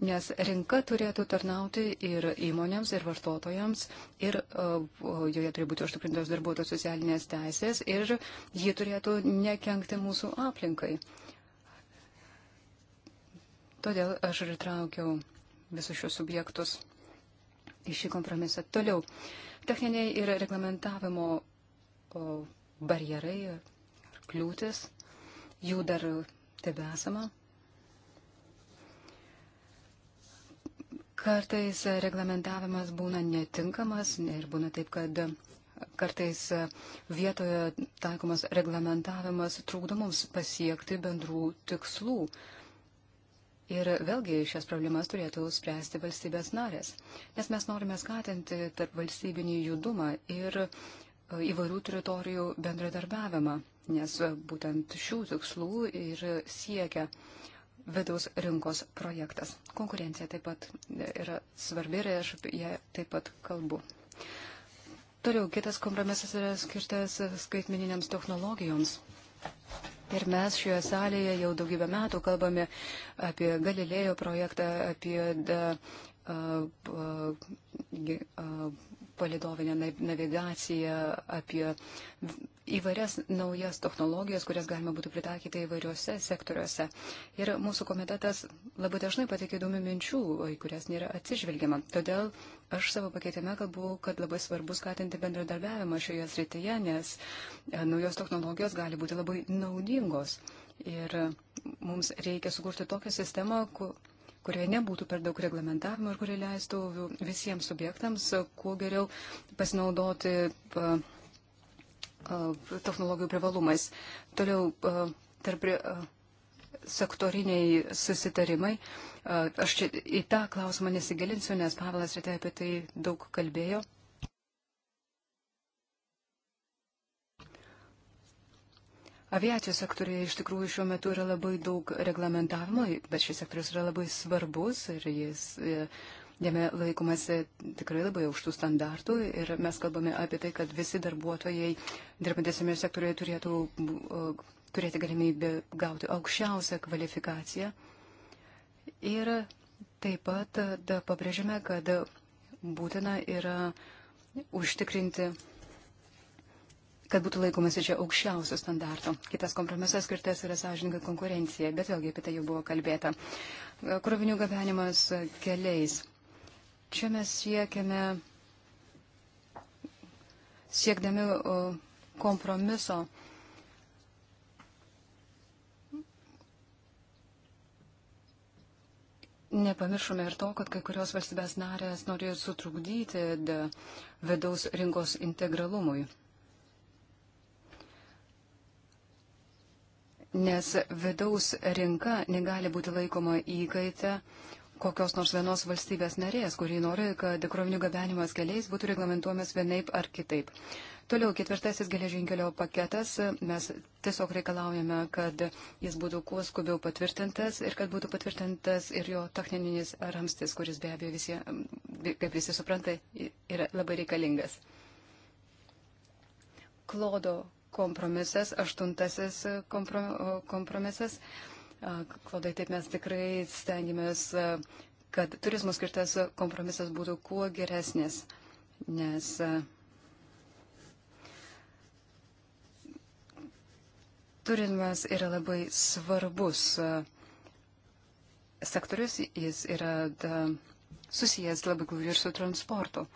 nes rinka turėtų tarnauti ir įmonėms, ir vartotojams, ir joje turi būti užtikrintos darbuotojų socialinės teisės, ir ji turėtų nekenkti mūsų aplinkai. Todėl aš ir traukiau visus šios subjektus į šį kompromisą. Toliau, techniniai ir reglamentavimo barjerai, kliūtis, jų dar tebesama. Kartais reglamentavimas būna netinkamas ir būna taip, kad kartais vietoje taikomas reglamentavimas trukdo mums pasiekti bendrų tikslų. Ir vėlgi šias problemas turėtų spręsti valstybės narės, nes mes norime skatinti tarp valstybinį judumą ir e, įvairių teritorijų bendradarbiavimą, nes būtent šių tikslų ir siekia vidaus rinkos projektas. Konkurencija taip pat yra svarbi ir aš apie ją taip pat kalbu. Toliau kitas kompromisas yra skirtas skaitmeniniams technologijoms. Ir mes šioje salėje jau daugybę metų kalbame apie Galilėjo projektą, apie da, a, a, a, palidovinę navigaciją, apie įvairias naujas technologijas, kurias galima būtų pritaikyti įvairiuose sektoriuose. Ir mūsų komitetas labai dažnai patikė įdomių minčių, į kurias nėra atsižvelgiama. Todėl aš savo pakeitime kalbu, kad labai svarbu skatinti bendradarbiavimą šioje srityje, nes e, naujos technologijos gali būti labai naudingos. Ir mums reikia sukurti tokią sistemą, kur kurioje nebūtų per daug reglamentavimo ir kuri leistų visiems subjektams e, kuo geriau pasinaudoti e, e, technologijų privalumais. Toliau tarp sektoriniai susitarimai. Aš čia į tą klausimą nesigilinsiu, nes Pavelas ryte apie tai daug kalbėjo. Aviacijos sektorija iš tikrųjų šiuo metu yra labai daug reglamentavimo, bet šis sektorius yra labai svarbus ir jis, e, jame laikomasi tikrai labai aukštų standartų ir mes kalbame apie tai, kad visi darbuotojai dirbantys šiame sektoriuje turėtų e, turėti galimybę gauti aukščiausią kvalifikaciją. Ir taip pat e, da, pabrėžime, kad būtina yra užtikrinti kad būtų laikomasi čia aukščiausio standarto. Kitas kompromisas skirtas yra sąžininkai konkurencija, bet vėlgi apie tai jau buvo kalbėta. Krovinių gabenimas keliais. Čia mes siekiame, siekdami kompromiso. Nepamiršome ir to, kad kai kurios valstybės narės norėjo sutrukdyti vidaus rinkos integralumui. nes vidaus rinka negali būti laikoma įkaitę kokios nors vienos valstybės narės, kuri nori, kad krovinių gabenimas keliais būtų reglamentuojamas vienaip ar kitaip. Toliau ketvirtasis geležinkelio paketas. Mes tiesiog reikalaujame, kad jis būtų kuo skubiau patvirtintas ir kad būtų patvirtintas ir jo techninis ramstis, kuris be abejo visi, kaip visi supranta, yra labai reikalingas. Klodo kompromisas, aštuntasis kompromisas. Klaudai, taip mes tikrai stengiamės, kad turizmo skirtas kompromisas būtų kuo geresnis, nes turizmas yra labai svarbus sektorius, jis yra da, susijęs labai glaudžiai ir su transportu.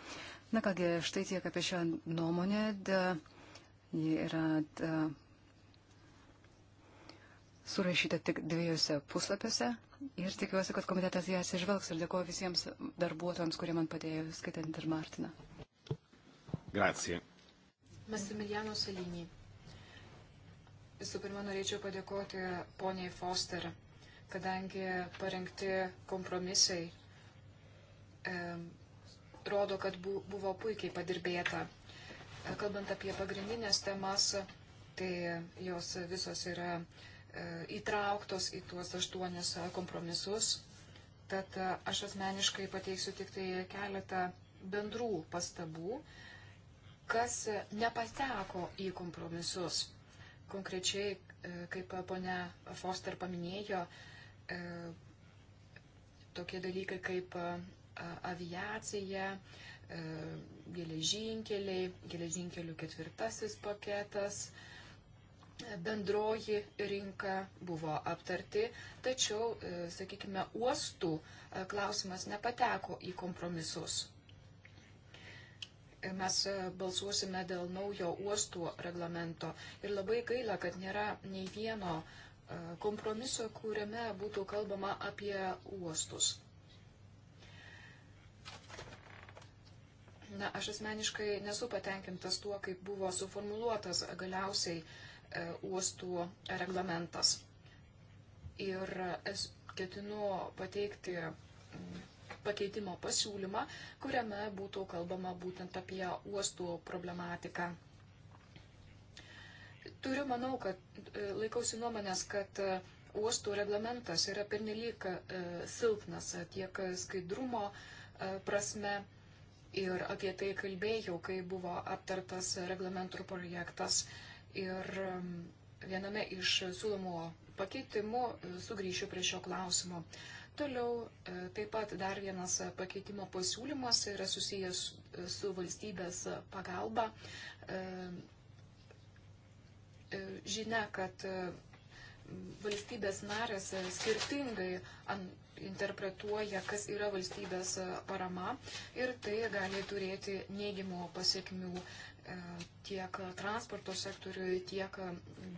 Na kągi, štai tiek apie šią nuomonę. Da, Ji yra ta, e, surašyta tik dviejose puslapiuose ir tikiuosi, kad komitetas jas išvelgs ir dėkoju visiems darbuotojams, kurie man padėjo, skaitant ir Martiną. Gracija. Massimiliano Salinį. Visų pirma, norėčiau padėkoti poniai Foster, kadangi parengti kompromisai e, rodo, kad bu, buvo puikiai padirbėta. Kalbant apie pagrindinės temas, tai jos visos yra e, įtrauktos į tuos aštuonis kompromisus. Tad e, aš asmeniškai pateiksiu tik tai keletą bendrų pastabų, kas nepateko į kompromisus. Konkrečiai, e, kaip ponia Foster paminėjo, tokie dalykai kaip aviacija, E, geležinkeliai, geležinkelių ketvirtasis paketas, bendroji rinka buvo aptarti, tačiau, e, sakykime, uostų e, klausimas nepateko į kompromisus. Mes balsuosime dėl naujo uostų reglamento ir labai gaila, kad nėra nei vieno kompromiso, kuriame būtų kalbama apie uostus. Na, aš asmeniškai nesu patenkintas tuo, kaip buvo suformuluotas galiausiai e, uostų reglamentas. Ir ketinu pateikti pakeitimo pasiūlymą, kuriame būtų kalbama būtent apie uostų problematiką. Turiu, manau, kad e, laikausi nuomonės, kad e, uostų reglamentas yra pernelyg e, silpnas tiek skaidrumo prasme, ir apie tai kalbėjau, kai buvo aptartas reglamentų projektas. Ir um, viename iš siūlomų pakeitimų e, sugrįšiu prie šio klausimo. Toliau e, taip pat dar vienas pakeitimo pasiūlymas yra susijęs e, su valstybės pagalba. Žinia, kad valstybės narės e, skirtingai interpretuoja, kas yra valstybės e, parama ir tai gali turėti neigiamų pasiekmių e, tiek transporto sektoriui, tiek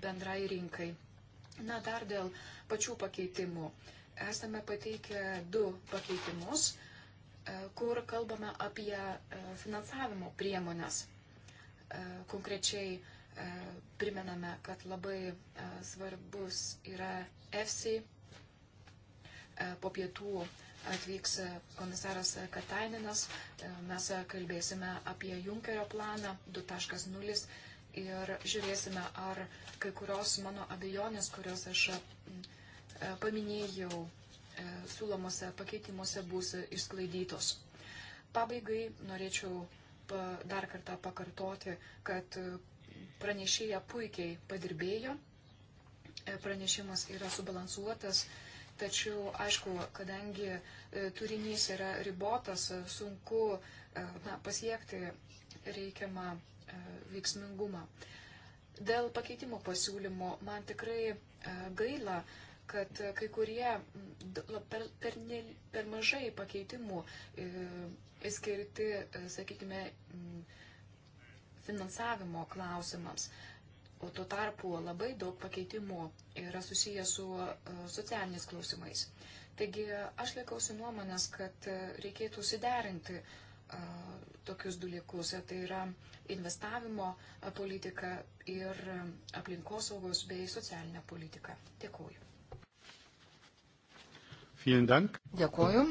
bendrai rinkai. Na, dar dėl pačių pakeitimų. Esame pateikę du pakeitimus, kur kalbame apie finansavimo priemonės. Konkrečiai E, primename, kad labai e, svarbus yra EFSI. Po pietų atvyks komisaras Katainenas. E, mes kalbėsime apie Junkerio planą 2.0 ir žiūrėsime, ar kai kurios mano abejonės, kurios aš paminėjau, siūlomose pakeitimuose bus išsklaidytos. Pabaigai norėčiau dar kartą pakartoti, kad Pranešėja puikiai padirbėjo, e, pranešimas yra subalansuotas, tačiau, aišku, kadangi e, turinys yra ribotas, e, sunku na, pasiekti reikiamą veiksmingumą. Dėl pakeitimo pasiūlymo man tikrai gaila, kad kai kurie per, per, ne, per mažai pakeitimų skirti, sakykime, m, finansavimo klausimams. O tuo tarpu labai daug pakeitimų yra susiję su e, socialiniais klausimais. Taigi aš laikausi nuomonės, kad e, reikėtų suderinti e, tokius dalykus, tai yra investavimo politika ir aplinkosaugos bei socialinė politika. Dėkuoju. Dėkuoju.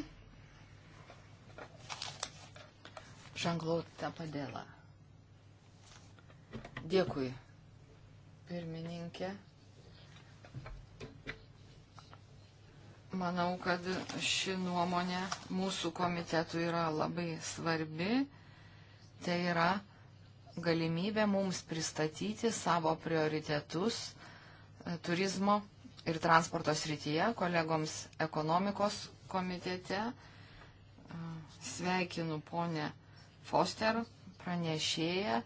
Žanglautą padėlą. Dėkui, pirmininkė. Manau, kad ši nuomonė mūsų komitetų yra labai svarbi. Tai yra galimybė mums pristatyti savo prioritetus e, turizmo ir transporto srityje, kolegoms ekonomikos komitete. E, sveikinu ponę Foster, pranešėją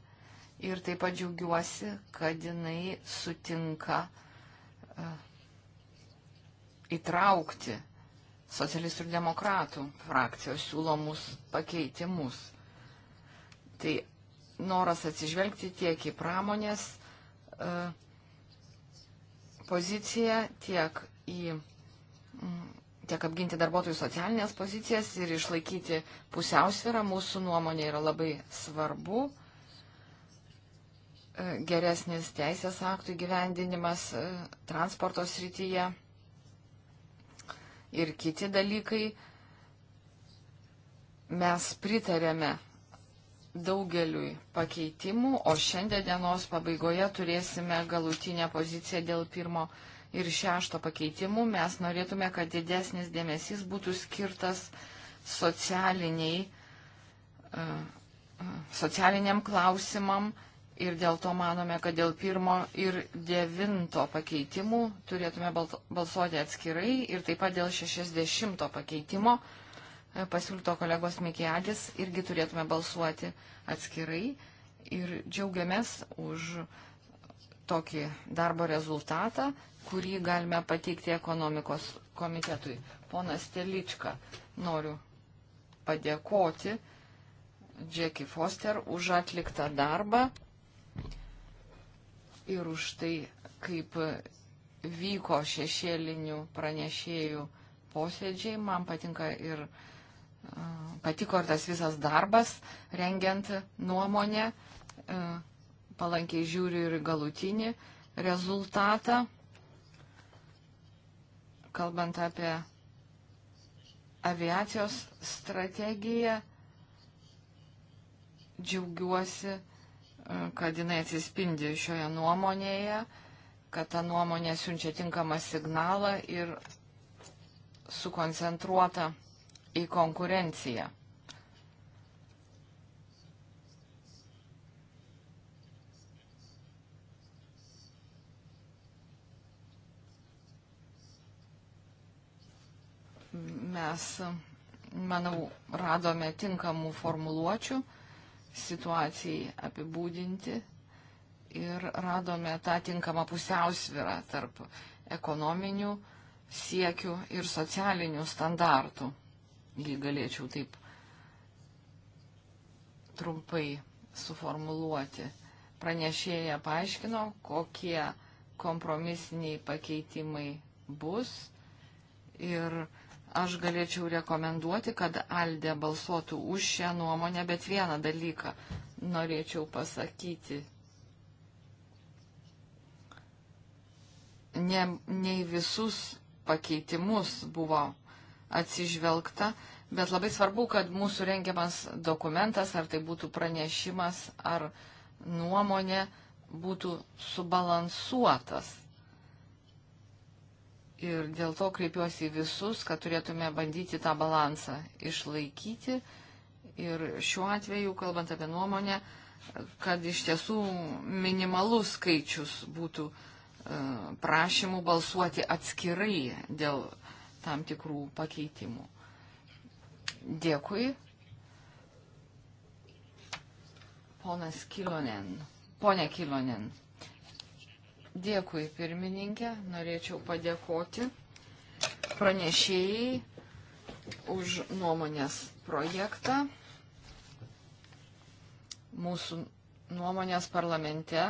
ir taip pat džiaugiuosi, kad jinai sutinka e, įtraukti socialistų ir demokratų frakcijos siūlomus pakeitimus. Tai noras atsižvelgti tiek į pramonės uh, poziciją, tiek, į, mm, tiek apginti darbuotojų socialinės pozicijas ir išlaikyti pusiausvyrą mūsų nuomonė yra labai svarbu. Uh, geresnis teisės aktų gyvendinimas e, transporto srityje ir kiti dalykai. Mes pritarėme daugeliui pakeitimų, o šiandienos pabaigoje turėsime galutinę poziciją dėl pirmo ir šešto pakeitimų. Mes norėtume, kad didesnis dėmesys būtų skirtas socialiniai, e, e, socialiniam klausimam, ir dėl to manome, kad dėl pirmo ir devinto pakeitimų turėtume balsuoti atskirai ir taip pat dėl šešdešimto pakeitimo e, pasiūlyto kolegos Mikėdis irgi turėtume balsuoti atskirai ir džiaugiamės už tokį darbo rezultatą, kurį galime pateikti ekonomikos komitetui. Ponas Telička, noriu padėkoti Džeki Foster už atliktą darbą ir už tai, kaip vyko šešėlinių pranešėjų posėdžiai. Man patinka ir patiko ir tas visas darbas, rengiant nuomonę, palankiai žiūri ir galutinį rezultatą, kalbant apie aviacijos strategiją. Džiaugiuosi, E, kad jinai atsispindi šioje nuomonėje, kad ta nuomonė siunčia tinkamą signalą ir sukoncentruota į konkurenciją. Mes, manau, radome tinkamų formuluočių situacijai apibūdinti ir radome tą tinkamą pusiausvyrą tarp ekonominių siekių ir socialinių standartų, jei galėčiau taip trumpai suformuluoti. Pranešėja paaiškino, kokie kompromisiniai pakeitimai bus ir aš galėčiau rekomenduoti, kad Aldė balsuotų už šią nuomonę, bet vieną dalyką norėčiau pasakyti. Ne, ne į visus pakeitimus buvo atsižvelgta, bet labai svarbu, kad mūsų rengiamas dokumentas, ar tai būtų pranešimas, ar nuomonė, būtų subalansuotas Ir dėl to kreipiuosi į visus, kad turėtume bandyti tą balansą išlaikyti. Ir šiuo atveju, kalbant apie nuomonę, kad iš tiesų minimalus skaičius būtų e, prašymų balsuoti atskirai dėl tam tikrų pakeitimų. Dėkui. Ponas Kilonen. Pone Kilonen. Dėkui, pirmininkė. Norėčiau padėkoti pranešėjai už nuomonės projektą. Mūsų nuomonės parlamente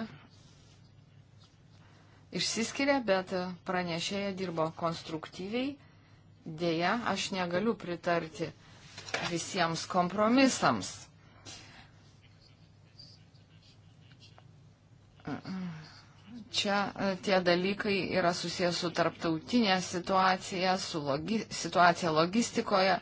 išsiskiria, bet pranešėja dirbo konstruktyviai. Deja, aš negaliu pritarti visiems kompromisams. Mm-mm čia e, tie dalykai yra susijęs su tarptautinė situacija, su logi, situacija logistikoje.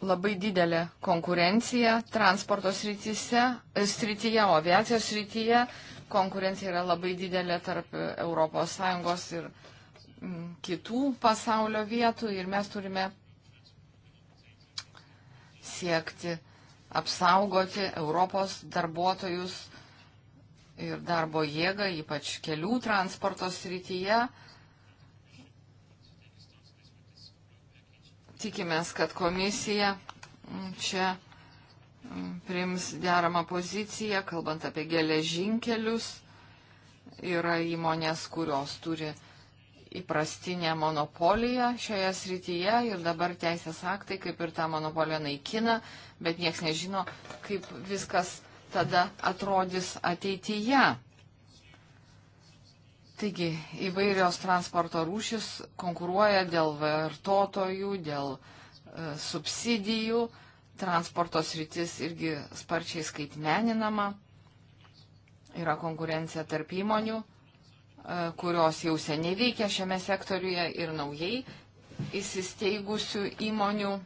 Labai didelė konkurencija transporto srityse, e, srityje, o aviacijos srityje konkurencija yra labai didelė tarp ES ir m, kitų pasaulio vietų ir mes turime siekti apsaugoti Europos darbuotojus ir darbo jėgą, ypač kelių transporto srityje. Tikimės, kad komisija mm, čia mm, priims deramą poziciją, kalbant apie geležinkelius. Yra įmonės, kurios turi įprastinę monopoliją šioje srityje ir dabar teisės aktai kaip ir tą monopoliją naikina, bet nieks nežino, kaip viskas tada atrodys ateityje. Taigi įvairios transporto rūšis konkuruoja dėl vartotojų, dėl e, subsidijų, transporto sritis irgi sparčiai skaitmeninama, yra konkurencija tarp įmonių, e, kurios jau seniai veikia šiame sektoriuje ir naujai įsisteigusių įmonių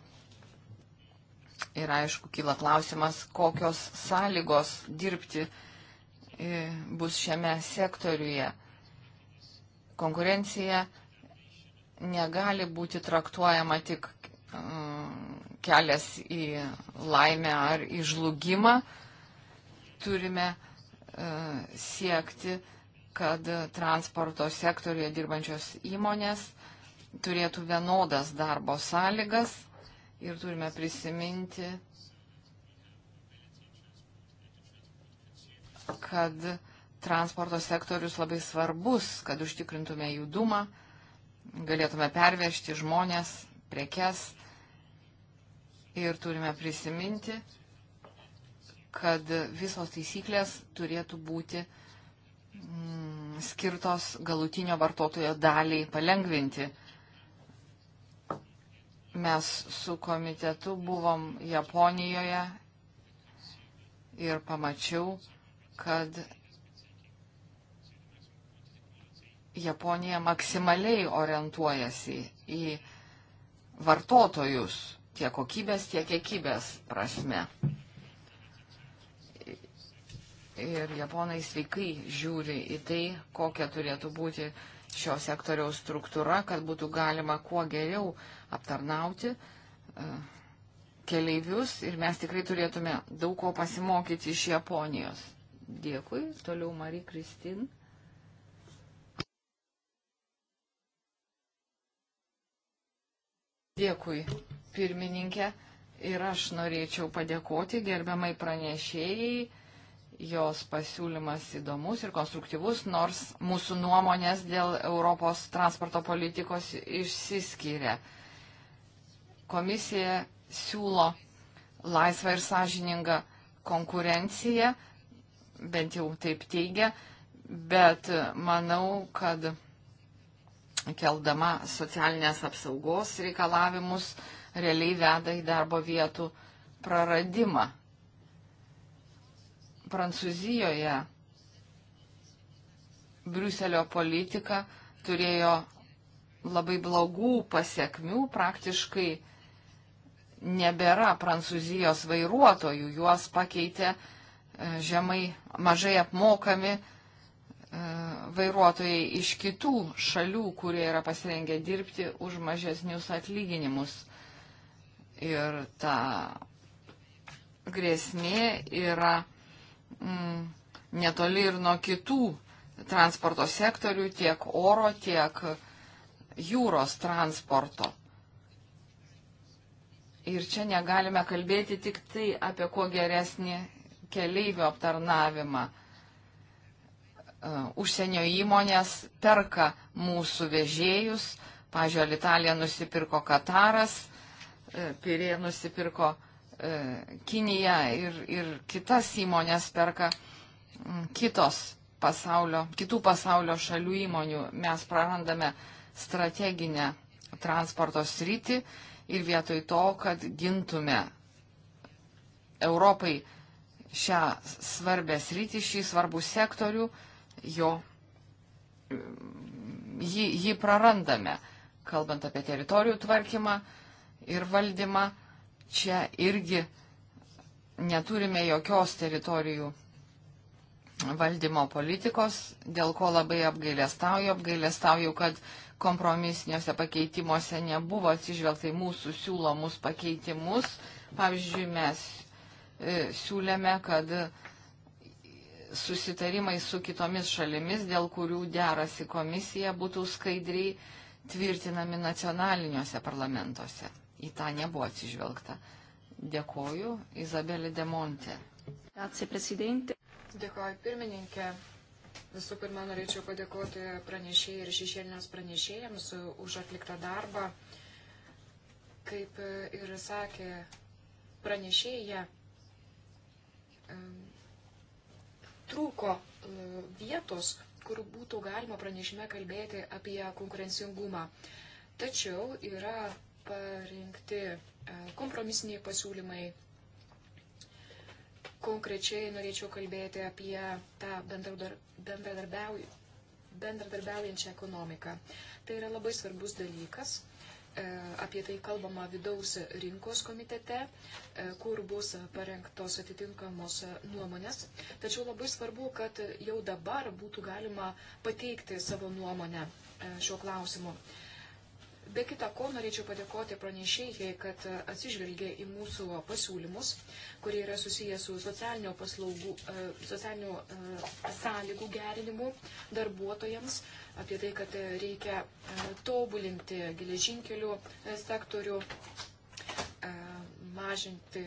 Ir aišku, kyla klausimas, kokios sąlygos dirbti e, bus šiame sektoriuje. Konkurencija negali būti traktuojama tik mm, kelias į laimę ar į žlugimą. Turime e, siekti, kad transporto sektoriuje dirbančios įmonės turėtų vienodas darbo sąlygas ir turime prisiminti, kad transporto sektorius labai svarbus, kad užtikrintume judumą, galėtume pervežti žmonės, prekes ir turime prisiminti, kad visos taisyklės turėtų būti mm, skirtos galutinio vartotojo daliai palengvinti Mes su komitetu buvom Japonijoje ir pamačiau, kad Japonija maksimaliai orientuojasi į vartotojus tiek kokybės, tiek kiekybės prasme. Ir japonai sveikai žiūri į tai, kokia turėtų būti šio sektoriaus struktūra, kad būtų galima kuo geriau aptarnauti e, keleivius ir mes tikrai turėtume daug ko pasimokyti iš Japonijos. Dėkui. Toliau Marija Kristin. Dėkui, pirmininkė. Ir aš norėčiau padėkoti gerbiamai pranešėjai. Jos pasiūlymas įdomus ir konstruktyvus, nors mūsų nuomonės dėl Europos transporto politikos išsiskiria. Komisija siūlo laisvą ir sąžiningą konkurenciją, bent jau taip teigia, bet manau, kad keldama socialinės apsaugos reikalavimus realiai veda į darbo vietų praradimą. Prancūzijoje Briuselio politika turėjo labai blogų pasiekmių, praktiškai nebėra prancūzijos vairuotojų, juos pakeitė e, žemai mažai apmokami e, vairuotojai iš kitų šalių, kurie yra pasirengę dirbti už mažesnius atlyginimus. Ir ta grėsmė yra mm, netoli ir nuo kitų transporto sektorių, tiek oro, tiek jūros transporto. Ir čia negalime kalbėti tik tai apie kuo geresnį keliaivių aptarnavimą. E, užsienio įmonės perka mūsų vežėjus. Pavyzdžiui, Italija nusipirko Kataras, e, Pirė nusipirko e, Kinija ir, ir kitas įmonės perka kitos pasaulio, kitų pasaulio šalių įmonių. Mes prarandame strateginę transporto sritį ir vietoj to, kad gintume Europai šią svarbę sritį, šį svarbų sektorių, jo, jį, jį prarandame, kalbant apie teritorijų tvarkymą ir valdymą. Čia irgi neturime jokios teritorijų valdymo politikos, dėl ko labai apgailestauju, apgailestauju, kad kompromisiniuose pakeitimuose nebuvo atsižvelgta į mūsų siūlomus pakeitimus. Pavyzdžiui, mes e, siūlėme, kad susitarimai su kitomis šalimis, dėl kurių derasi komisija, būtų skaidriai tvirtinami nacionaliniuose parlamentuose. Į tą nebuvo atsižvelgta. Dėkoju, Izabelė Demonte. Atsiprašydinti. Dėkoju, pirmininkė. Visų pirma, norėčiau padėkoti pranešėjai ir šešėlinės pranešėjams už atliktą darbą. Kaip ir sakė pranešėja, trūko e, vietos, kur būtų galima pranešime kalbėti apie konkurencingumą. Tačiau yra parinkti e, kompromisiniai pasiūlymai Konkrečiai norėčiau kalbėti apie tą bendradarbiaujančią ekonomiką. Tai yra labai svarbus dalykas. E, apie tai kalbama vidaus rinkos komitete, e, kur bus parengtos atitinkamos nuomonės. Tačiau labai svarbu, kad jau dabar būtų galima pateikti savo nuomonę e, šiuo klausimu. Be kita ko, norėčiau padėkoti pranešėjai, kad atsižvelgė į mūsų pasiūlymus, kurie yra susijęs su socialinio paslaugų, e, socialinių e, sąlygų gerinimu darbuotojams, apie tai, kad reikia e, tobulinti geležinkelių sektorių, mažinti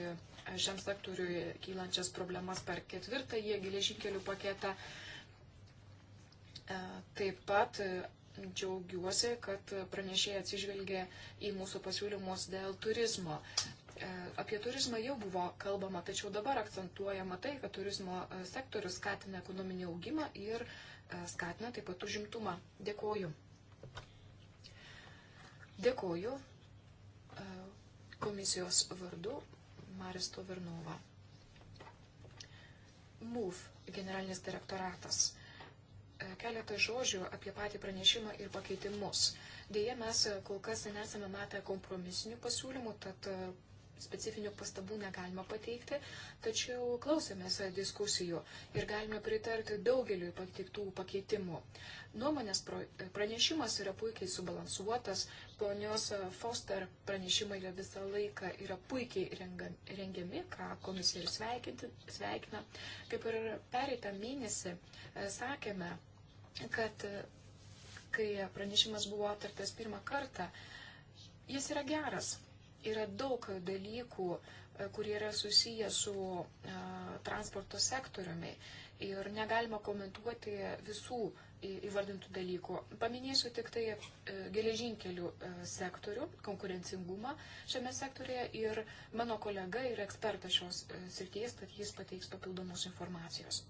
šiam sektoriui kylančias problemas per ketvirtąjį geležinkelių paketą. Taip pat džiaugiuosi, kad pranešėjai atsižvelgė į mūsų pasiūlymus dėl turizmo. E, apie turizmą jau buvo kalbama, tačiau dabar akcentuojama tai, kad turizmo e, sektorius skatina ekonominį augimą ir e, skatina taip pat užimtumą. Dėkoju. Dėkoju komisijos vardu Maris Tovernova. MUF generalinis direktoratas E, keletą žodžių apie patį pranešimą ir pakeitimus. Deja, mes e, kol kas nesame matę kompromisinių pasiūlymų, tad e, specifinių pastabų negalima pateikti, tačiau klausėmės diskusijų ir galime pritarti daugeliu pateiktų pakeitimų. Nuomonės pranešimas yra puikiai subalansuotas, ponios Foster pranešimai yra visą laiką yra puikiai rengiami, ką komisija ir sveikina. Kaip ir pereitą mėnesį sakėme, kad e, kai pranešimas buvo aptartas pirmą kartą, jis yra geras. Yra daug dalykų, e, kurie yra susiję su a, e, transporto sektoriumi ir negalima komentuoti visų įvardintų dalykų. Paminėsiu tik tai geležinkelių sektorių, konkurencingumą šiame sektorėje ir mano kolega yra ekspertas šios srities, tad jis pateiks papildomos informacijos.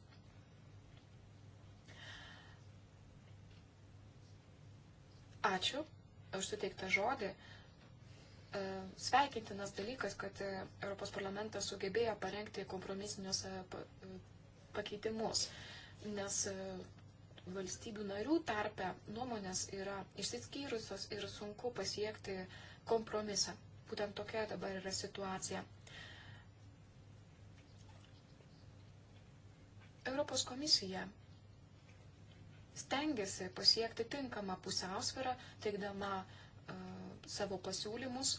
Ačiū už suteiktą žodį. E, sveikintinas dalykas, kad e, Europos parlamentas sugebėjo parengti kompromisinius e, pakeitimus, nes valstybių narių tarpe nuomonės yra išsiskyrusios ir sunku pasiekti kompromisą. Būtent tokia dabar yra situacija. Europos komisija stengiasi pasiekti tinkamą pusiausvyrą, teikdama uh, savo pasiūlymus.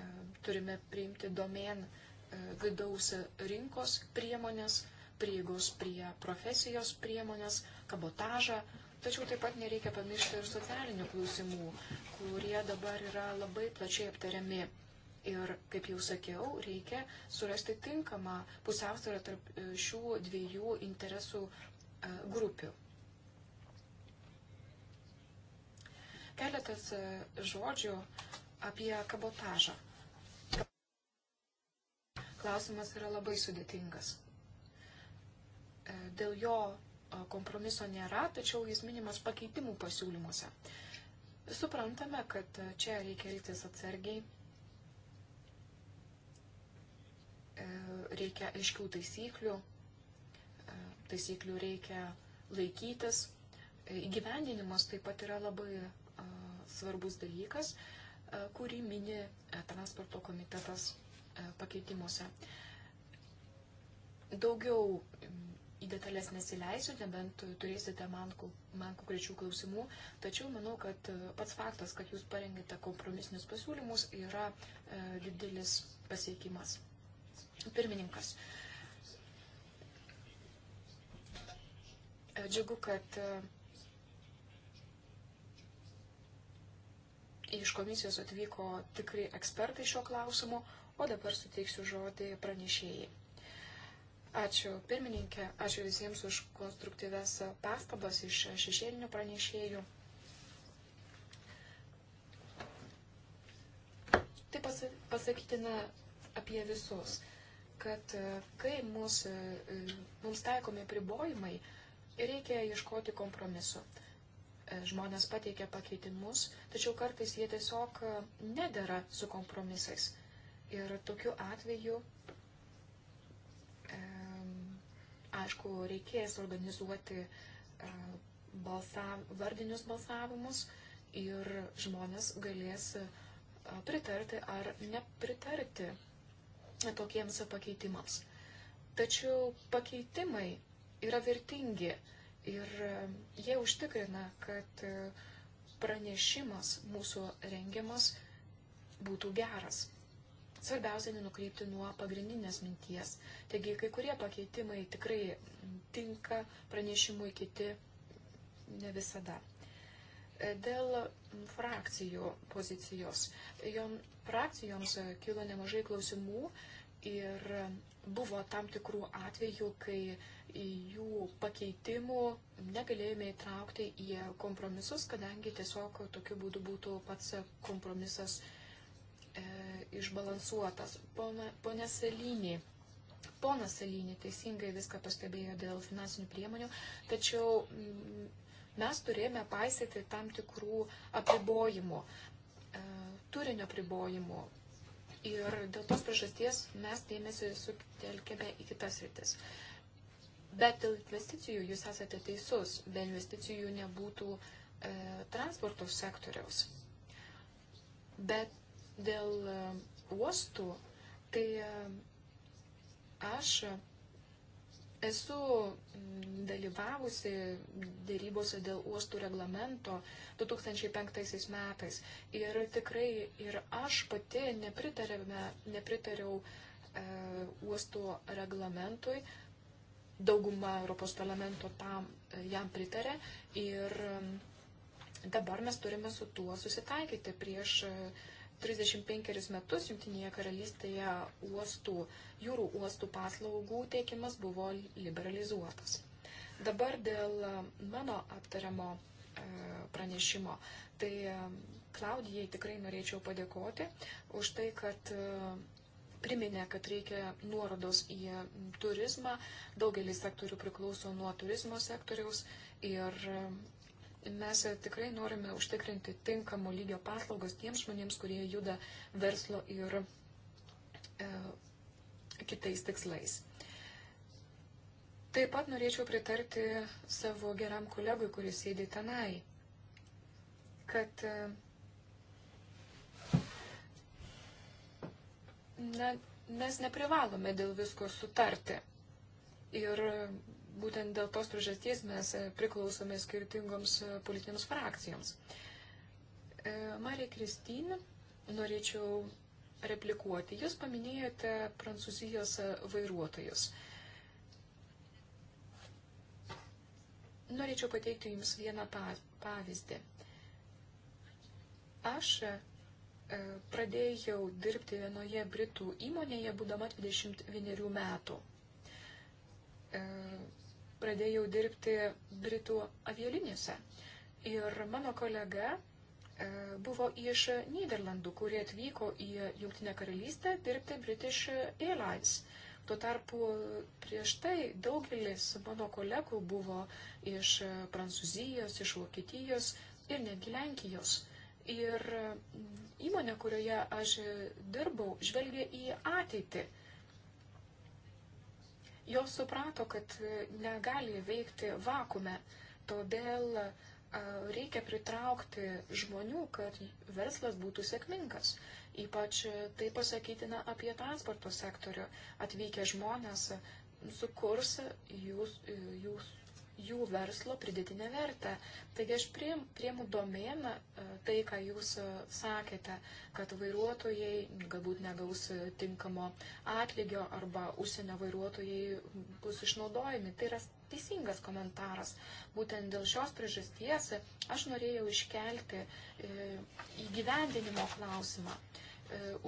Uh, turime priimti domen uh, vidaus rinkos priemonės, prieigos prie profesijos priemonės, kabotažą. Tačiau taip pat nereikia pamiršti ir socialinių klausimų, kurie dabar yra labai plačiai aptariami. Ir, kaip jau sakiau, reikia surasti tinkamą pusiausvyrą tarp šių dviejų interesų E, grupių. Keletas e, žodžių apie kabotažą. Klausimas yra labai sudėtingas. E, dėl jo kompromiso nėra, tačiau jis minimas pakeitimų pasiūlymuose. Suprantame, kad čia reikia elgtis atsargiai, reikia aiškių taisyklių, taisyklių reikia laikytis. Įgyvendinimas taip pat yra labai svarbus dalykas, kurį mini transporto komitetas pakeitimuose. Daugiau į detalės nesileisiu, nebent turėsite man, man konkrečių klausimų, tačiau manau, kad pats faktas, kad jūs parengėte kompromisinius pasiūlymus, yra e, didelis pasiekimas. Pirmininkas, Džiugu, kad e, iš komisijos atvyko tikrai ekspertai šio klausimu, o dabar suteiksiu žodį pranešėjai. Ačiū pirmininkė, ačiū visiems už konstruktyves pastabas iš šešėlinių pranešėjų. Tai pasakytina apie visus, kad e, kai mus, e, mums taikomi pribojimai, Reikia ieškoti kompromisu. E, žmonės pateikia pakeitimus, tačiau kartais jie tiesiog e, nedėra su kompromisais. Ir tokiu atveju, aišku, reikės organizuoti e, balsav, vardinius balsavimus ir žmonės galės pritarti ar nepritarti tokiems pakeitimams. Tačiau pakeitimai yra vertingi ir e, jie užtikrina, kad e, pranešimas mūsų rengiamas būtų geras. Svarbiausia nenukreipti nuo pagrindinės minties. Taigi, kai kurie pakeitimai tikrai tinka pranešimui, kiti ne visada. E, dėl frakcijų pozicijos. Jom frakcijoms kilo nemažai klausimų, Ir buvo tam tikrų atvejų, kai jų pakeitimų negalėjome įtraukti į kompromisus, kadangi tiesiog tokiu būdu būtų pats kompromisas e, išbalansuotas. Pone, pone Salinį. Ponas Salinį teisingai viską pastebėjo dėl finansinių priemonių, tačiau m, mm, mes turėjome paisyti tam tikrų apribojimų, e, turinio apribojimų, Ir dėl tos priežasties mes dėmesį sutelkėme į kitas rytis. Bet dėl investicijų jūs esate teisus, be investicijų nebūtų e, transporto sektoriaus. Bet dėl e, uostų, tai e, aš Esu mm, dalyvavusi dėrybose dėl uostų reglamento 2005 metais ir tikrai ir aš pati nepritariau e, uostų reglamentui. Dauguma Europos parlamento tam, e, jam pritarė ir mm, dabar mes turime su tuo susitaikyti prieš e, 35 metus Junktinėje karalystėje uostų, jūrų uostų paslaugų teikimas buvo liberalizuotas. Dabar dėl e, mano aptariamo e, pranešimo. Tai e, Klaudijai tikrai norėčiau padėkoti už tai, kad priminė, kad reikia nuorodos į turizmą. Daugelis sektorių priklauso nuo turizmo sektoriaus ir Mes tikrai norime užtikrinti tinkamo lygio paslaugos tiems žmonėms, kurie juda verslo ir e, kitais tikslais. Taip pat norėčiau pritarti savo geram kolegui, kuris sėdi tenai, kad e, na, mes neprivalome dėl visko sutarti. Ir būtent dėl tos priežasties mes e, priklausome skirtingoms e, politinėms frakcijoms. E, Marija Kristin, norėčiau replikuoti. Jūs paminėjote prancūzijos vairuotojus. Norėčiau pateikti Jums vieną pavyzdį. Aš pradėjau dirbti vienoje Britų įmonėje, būdama 21 metų pradėjau dirbti Britų avialinėse. Ir mano kolega e, buvo iš Niderlandų, kurie atvyko į Jungtinę karalystę dirbti British Airlines. Tuo tarpu e, prieš tai daugelis mano kolegų buvo iš e, Prancūzijos, iš Vokietijos ir netgi Lenkijos. Ir įmonė, kurioje aš dirbau, žvelgia į ateitį. Jos suprato, kad negali veikti vakume, todėl reikia pritraukti žmonių, kad verslas būtų sėkmingas. Ypač tai pasakytina apie transporto sektorių. Atvykę žmonės sukurs jūs, jūs jų verslo pridėtinę vertę. Taigi aš priemu, priemu domėną e, tai, ką jūs e, sakėte, kad vairuotojai galbūt negaus e, tinkamo atlygio arba užsienio vairuotojai bus išnaudojami. Tai yra teisingas komentaras. Būtent dėl šios priežasties aš norėjau iškelti įgyvendinimo klausimą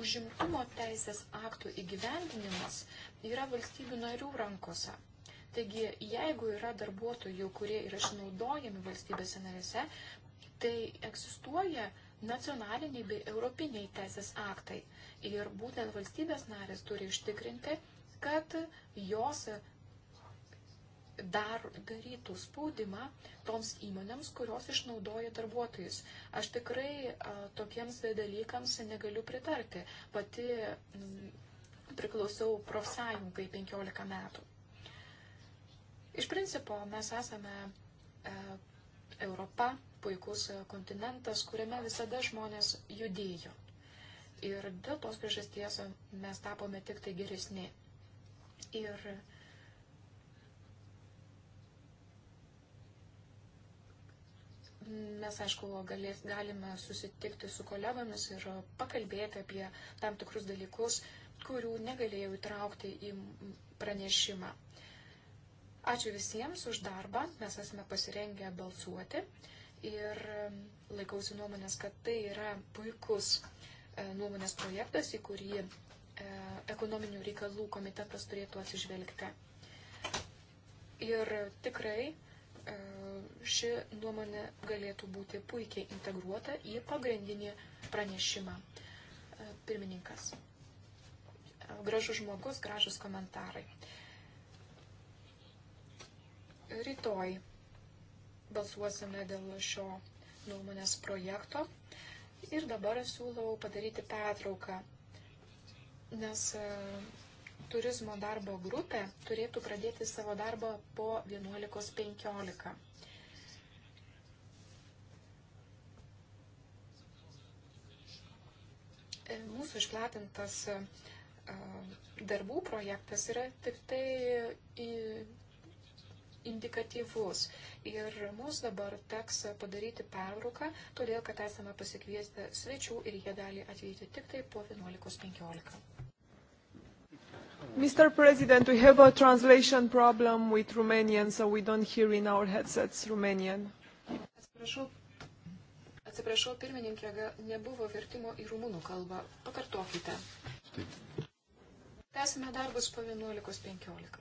užimtumo teisės aktų įgyvendinimas yra valstybių narių rankose. Taigi, jeigu yra darbuotojų, kurie yra išnaudojami valstybėse narėse, tai egzistuoja nacionaliniai bei europiniai teisės aktai. Ir būtent valstybės narės turi ištikrinti, kad jos dar darytų spaudimą toms įmonėms, kurios išnaudoja darbuotojus. Aš tikrai a, tokiems dalykams negaliu pritarti. Pati m, priklausiau profsąjungai 15 metų. Iš principo mes esame e, Europa, puikus kontinentas, kuriame visada žmonės judėjo. Ir dėl tos priežasties mes tapome tik tai geresni. Ir mes, aišku, galės, galime susitikti su kolegomis ir pakalbėti apie tam tikrus dalykus, kurių negalėjau įtraukti į pranešimą. Ačiū visiems už darbą, mes esame pasirengę balsuoti ir laikausi nuomonės, kad tai yra puikus e, nuomonės projektas, į kurį e, ekonominių reikalų komitetas turėtų atsižvelgti. Ir tikrai e, ši nuomonė galėtų būti puikiai integruota į pagrindinį pranešimą. Pirmininkas. Gražus žmogus, gražus komentarai. Rytoj balsuosime dėl šio nuomonės projekto ir dabar siūlau padaryti pertrauką, nes e, turizmo darbo grupė turėtų pradėti savo darbą po 11.15. E, mūsų išplatintas e, darbų projektas yra tik tai indikatyvus. Ir mums dabar teks padaryti perrauką, todėl kad esame pasikviesti svečių ir jie gali atvykti tik tai po 11.15. Mr. President, we have a translation problem with Romanian, so we don't hear in our headsets Romanian. Atsiprašau, atsiprašau pirmininkė, nebuvo vertimo į rumunų kalbą. Pakartokite. Tęsime darbus po 11.15.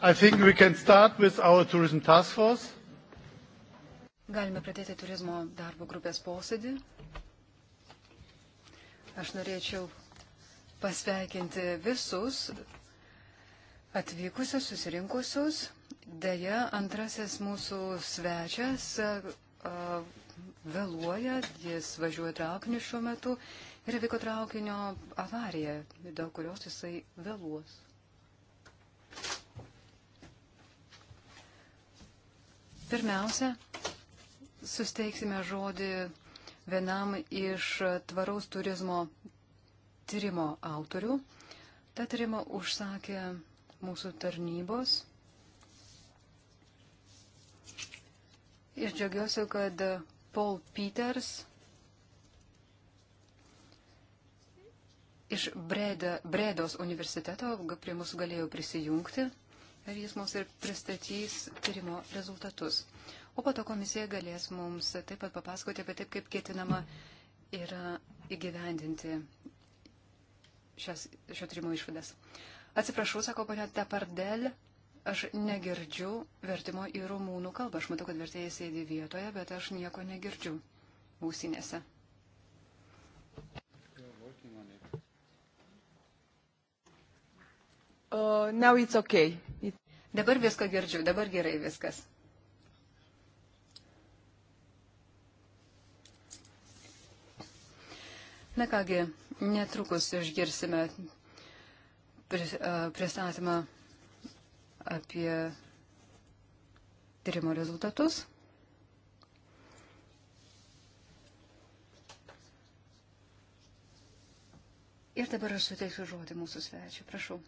I think we can start with our tourism task force. Galime pradėti turizmo darbo grupės posėdį. Aš norėčiau pasveikinti visus atvykusius, susirinkusius. Deja, antrasis mūsų svečias vėluoja, jis važiuoja traukiniu šiuo metu ir vyko traukinio avarija, dėl kurios jisai vėluos. Pirmiausia, susteiksime žodį vienam iš tvaraus turizmo tyrimo autorių. Ta tyrimą užsakė mūsų tarnybos. Ir džiaugiuosi, kad Paul Peters iš Breda, Bredos universiteto prie mūsų galėjo prisijungti narys mums ir pristatys tyrimo rezultatus. O po to komisija galės mums taip pat papasakoti apie taip, kaip ketinama yra įgyvendinti šios, šio tyrimo išvadas. Atsiprašau, sako ponia Tapardel, aš negirdžiu vertimo į rumūnų kalbą. Aš matau, kad vertėjai sėdi vietoje, bet aš nieko negirdžiu ausinėse. Uh, now it's okay. Dabar viską girdžiu, dabar gerai viskas. Na kągi, netrukus išgirsime pristatymą apie tyrimo rezultatus. Ir dabar aš suteiksiu žodį mūsų svečiu. Prašau.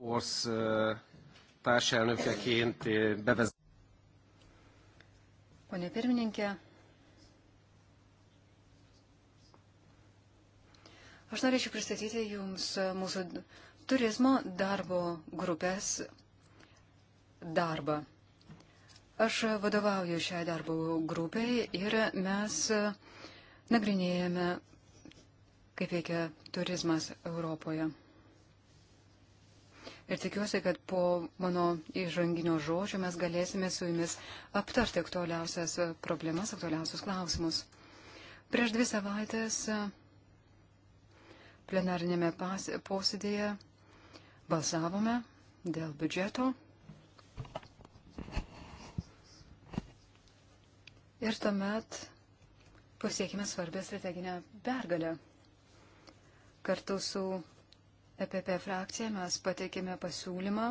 Orsz e, társelnökeként e, bevezet. Pone pirmininkė, aš norėčiau pristatyti Jums mūsų turizmo darbo grupės darbą. Aš vadovauju šiai darbo grupiai ir mes nagrinėjame, kaip veikia turizmas Europoje. Ir tikiuosi, kad po mano įžanginio žodžio mes galėsime su jumis aptarti aktualiausias problemas, aktualiausius klausimus. Prieš dvi savaitės e, plenarinėme posėdėje balsavome dėl biudžeto. Ir tuomet pasiekime svarbę strateginę pergalę. Kartu su EPP frakcija mes pateikėme pasiūlymą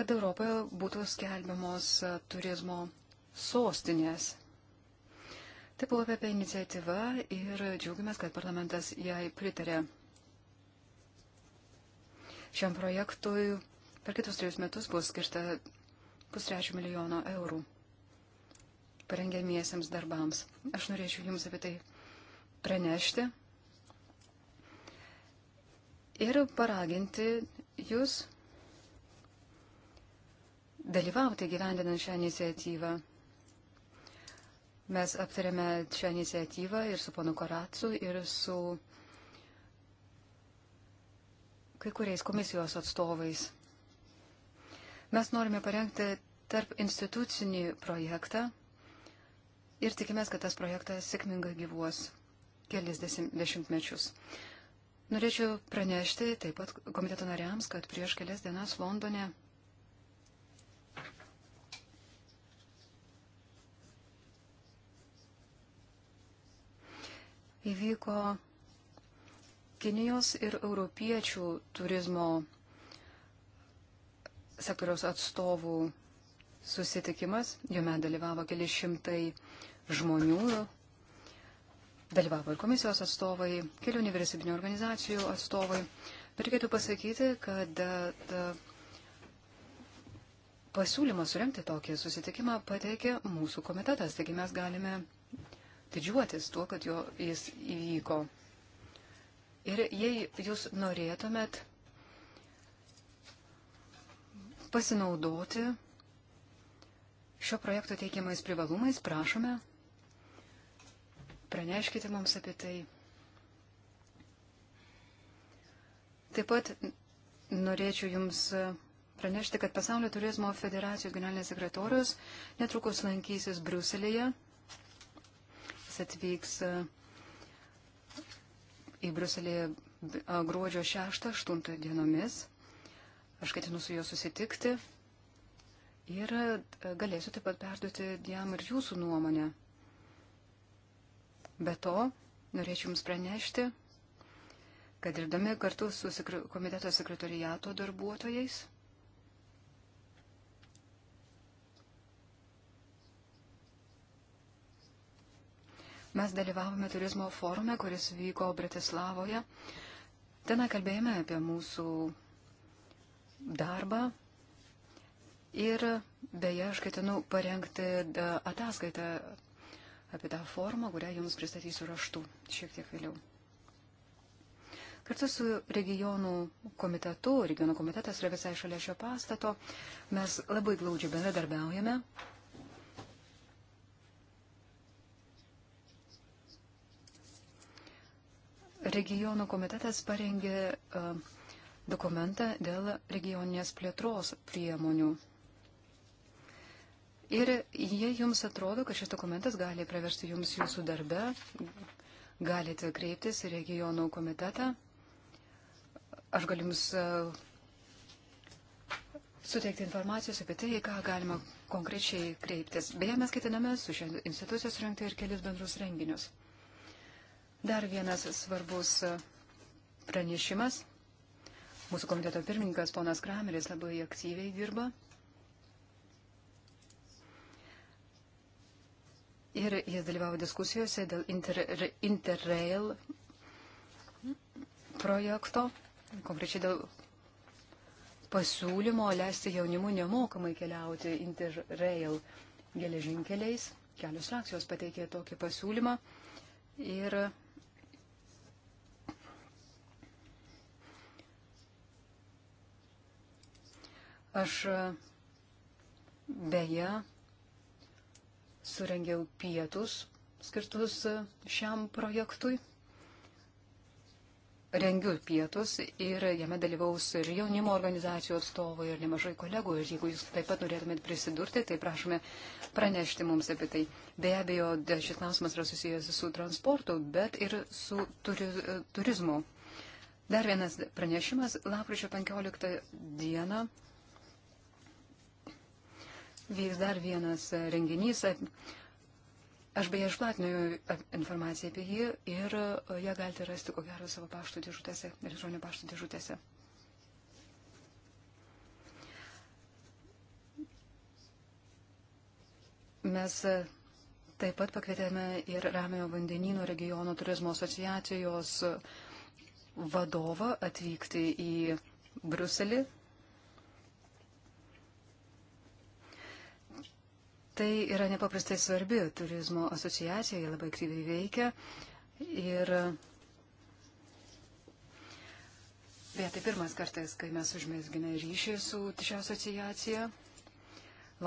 kad Europoje būtų skelbiamos e, turizmo sostinės. Tai buvo apie iniciatyvą ir džiaugiamės, kad parlamentas jai pritarė. Šiam projektui per kitus trejus metus bus skirta pustrečio milijono eurų parengiamiesiams darbams. Aš norėčiau Jums apie tai pranešti ir paraginti Jūs dalyvauti gyvendinant šią iniciatyvą. Mes aptarėme šią iniciatyvą ir su ponu Koracu, ir su kai kuriais komisijos atstovais. Mes norime parengti tarp institucinį projektą, ir tikimės, kad tas projektas sėkmingai gyvuos kelis dešimtmečius. Norėčiau pranešti taip pat komiteto nariams, kad prieš kelias dienas Londone įvyko Kinijos ir europiečių turizmo sektoriaus atstovų susitikimas, jame dalyvavo keli šimtai žmonių, dalyvavo ir komisijos atstovai, keli universitinių organizacijų atstovai. Reikėtų pasakyti, kad e, pasiūlymą suremti tokį susitikimą pateikė mūsų komitetas, taigi mes galime didžiuotis tuo, kad jo jis įvyko. Ir jei jūs norėtumėt pasinaudoti šio projekto teikiamais privalumais, prašome, praneškite mums apie tai. Taip pat norėčiau Jums pranešti, kad Pasaulio turizmo federacijos generalinės sekretorius netrukus lankysis Bruselėje. Jis atvyks e, į Bruselį e, gruodžio 6-8 dienomis. Aš ketinu su juo susitikti. Ir e, galėsiu taip pat perduoti jam ir jūsų nuomonę. Be to, norėčiau Jums pranešti, kad dirbdami kartu su komiteto sekretoriato darbuotojais, mes dalyvavome turizmo forume, kuris vyko Bratislavoje. Ten kalbėjome apie mūsų darbą Ir beje, aš ketinu parengti ataskaitą apie tą formą, kurią jums pristatysiu raštu šiek tiek vėliau. Kartu su regionų komitetu, regionų komitetas yra visai šalia šio pastato, mes labai glaudžiai bendradarbiaujame. Regionų komitetas parengė uh, dokumentą dėl regioninės plėtros priemonių. Ir jei jums atrodo, kad šis dokumentas gali praversti jums jūsų darbe, galite kreiptis į regionų komitetą. Aš galiu jums e, suteikti informacijos apie tai, ką galima konkrečiai kreiptis. Beje, mes ketiname su šią instituciją surinkti ir kelius bendrus renginius. Dar vienas svarbus e, pranešimas. Mūsų komiteto pirmininkas ponas Krameris labai aktyviai dirba ir jis dalyvavo diskusijose dėl inter, Interrail projekto, konkrečiai dėl pasiūlymo leisti jaunimu nemokamai keliauti Interrail geležinkeliais. Kelios frakcijos pateikė tokį pasiūlymą ir aš beje surengiau pietus skirtus šiam projektui. Rengiu pietus ir jame dalyvaus ir jaunimo organizacijų atstovai ir nemažai kolegų. Ir jeigu jūs taip pat norėtumėt prisidurti, tai prašome pranešti mums apie tai. Be abejo, šis klausimas yra susijęs su transportu, bet ir su turi, turizmu. Dar vienas pranešimas. Lapkričio 15 dieną vyks dar vienas e, renginys. Aš beje išplatinau informaciją apie jį ir e, ją galite rasti, ko gero, savo pašto dėžutėse, elektroninio pašto dėžutėse. Mes e, taip pat pakvietėme ir Ramiojo vandenino regiono turizmo asociacijos vadovą atvykti į Bruselį Tai yra nepaprastai svarbi turizmo asociacija, jie labai aktyviai veikia. Ir beje, tai pirmas kartas, kai mes užmėsgime ryšį su šią asociaciją.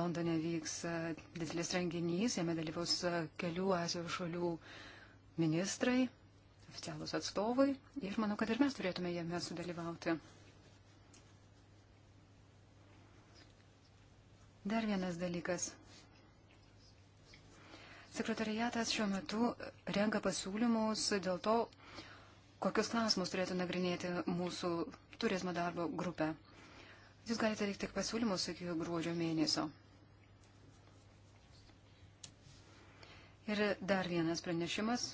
Londone vyks e, didelis renginys, jame dalyvaus e, kelių Azijos šalių ministrai, oficialūs atstovai ir manau, kad ir mes turėtume jame sudalyvauti. Dar vienas dalykas. Sekretariatas šiuo metu renka pasiūlymus dėl to, kokius klausimus turėtų nagrinėti mūsų turizmo darbo grupė. Jūs galite teikti tik pasiūlymus iki gruodžio mėnesio. Ir dar vienas pranešimas.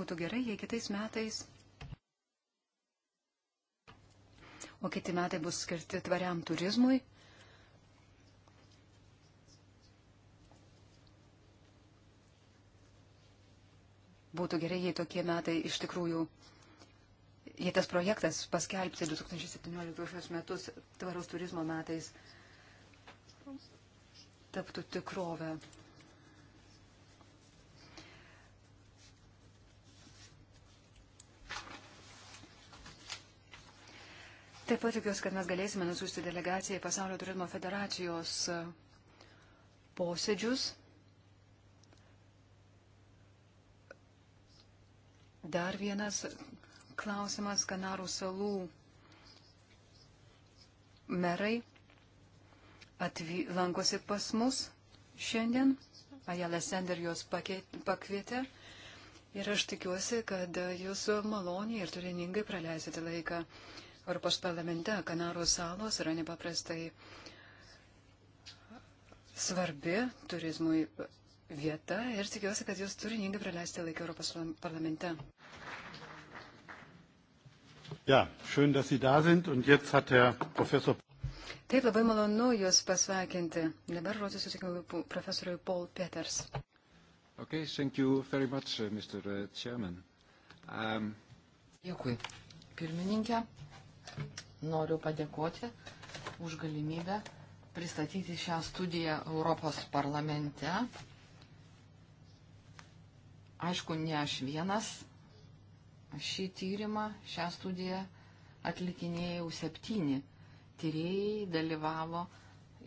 Būtų gerai, jei kitais metais. O kiti metai bus skirti tvariam turizmui Būtų gerai, jei tokie metai iš tikrųjų, jei tas projektas paskelbti 2017 metus tvarus turizmo metais taptų tikrovę. Taip pat tikiuosi, kad mes galėsime nusiųsti delegaciją į Pasaulio turizmo federacijos posėdžius Dar vienas klausimas Kanarų salų merai atvy, lankosi pas mus šiandien. Ajala Sender juos pakvietė. Ir aš tikiuosi, kad jūs maloniai ir turiningai praleisite laiką Europos parlamente. Kanarų salos yra nepaprastai svarbi turizmui vieta ir tikiuosi, kad jūs turiningai praleisite laiką Europos parlamente. Ja, schön, dass Sie da sind und jetzt hat Herr Professor. Taip, labai malonu Jūs pasveikinti. Dabar žodžiu susikimu profesoriui Paul Peters. Okay, thank you very much, uh, Mr. Uh, chairman. Um... Dėkui, pirmininkė. Noriu padėkoti už galimybę pristatyti šią studiją Europos parlamente. Aišku, ne aš vienas šį tyrimą, šią studiją atlikinėjau septyni. Tyrėjai dalyvavo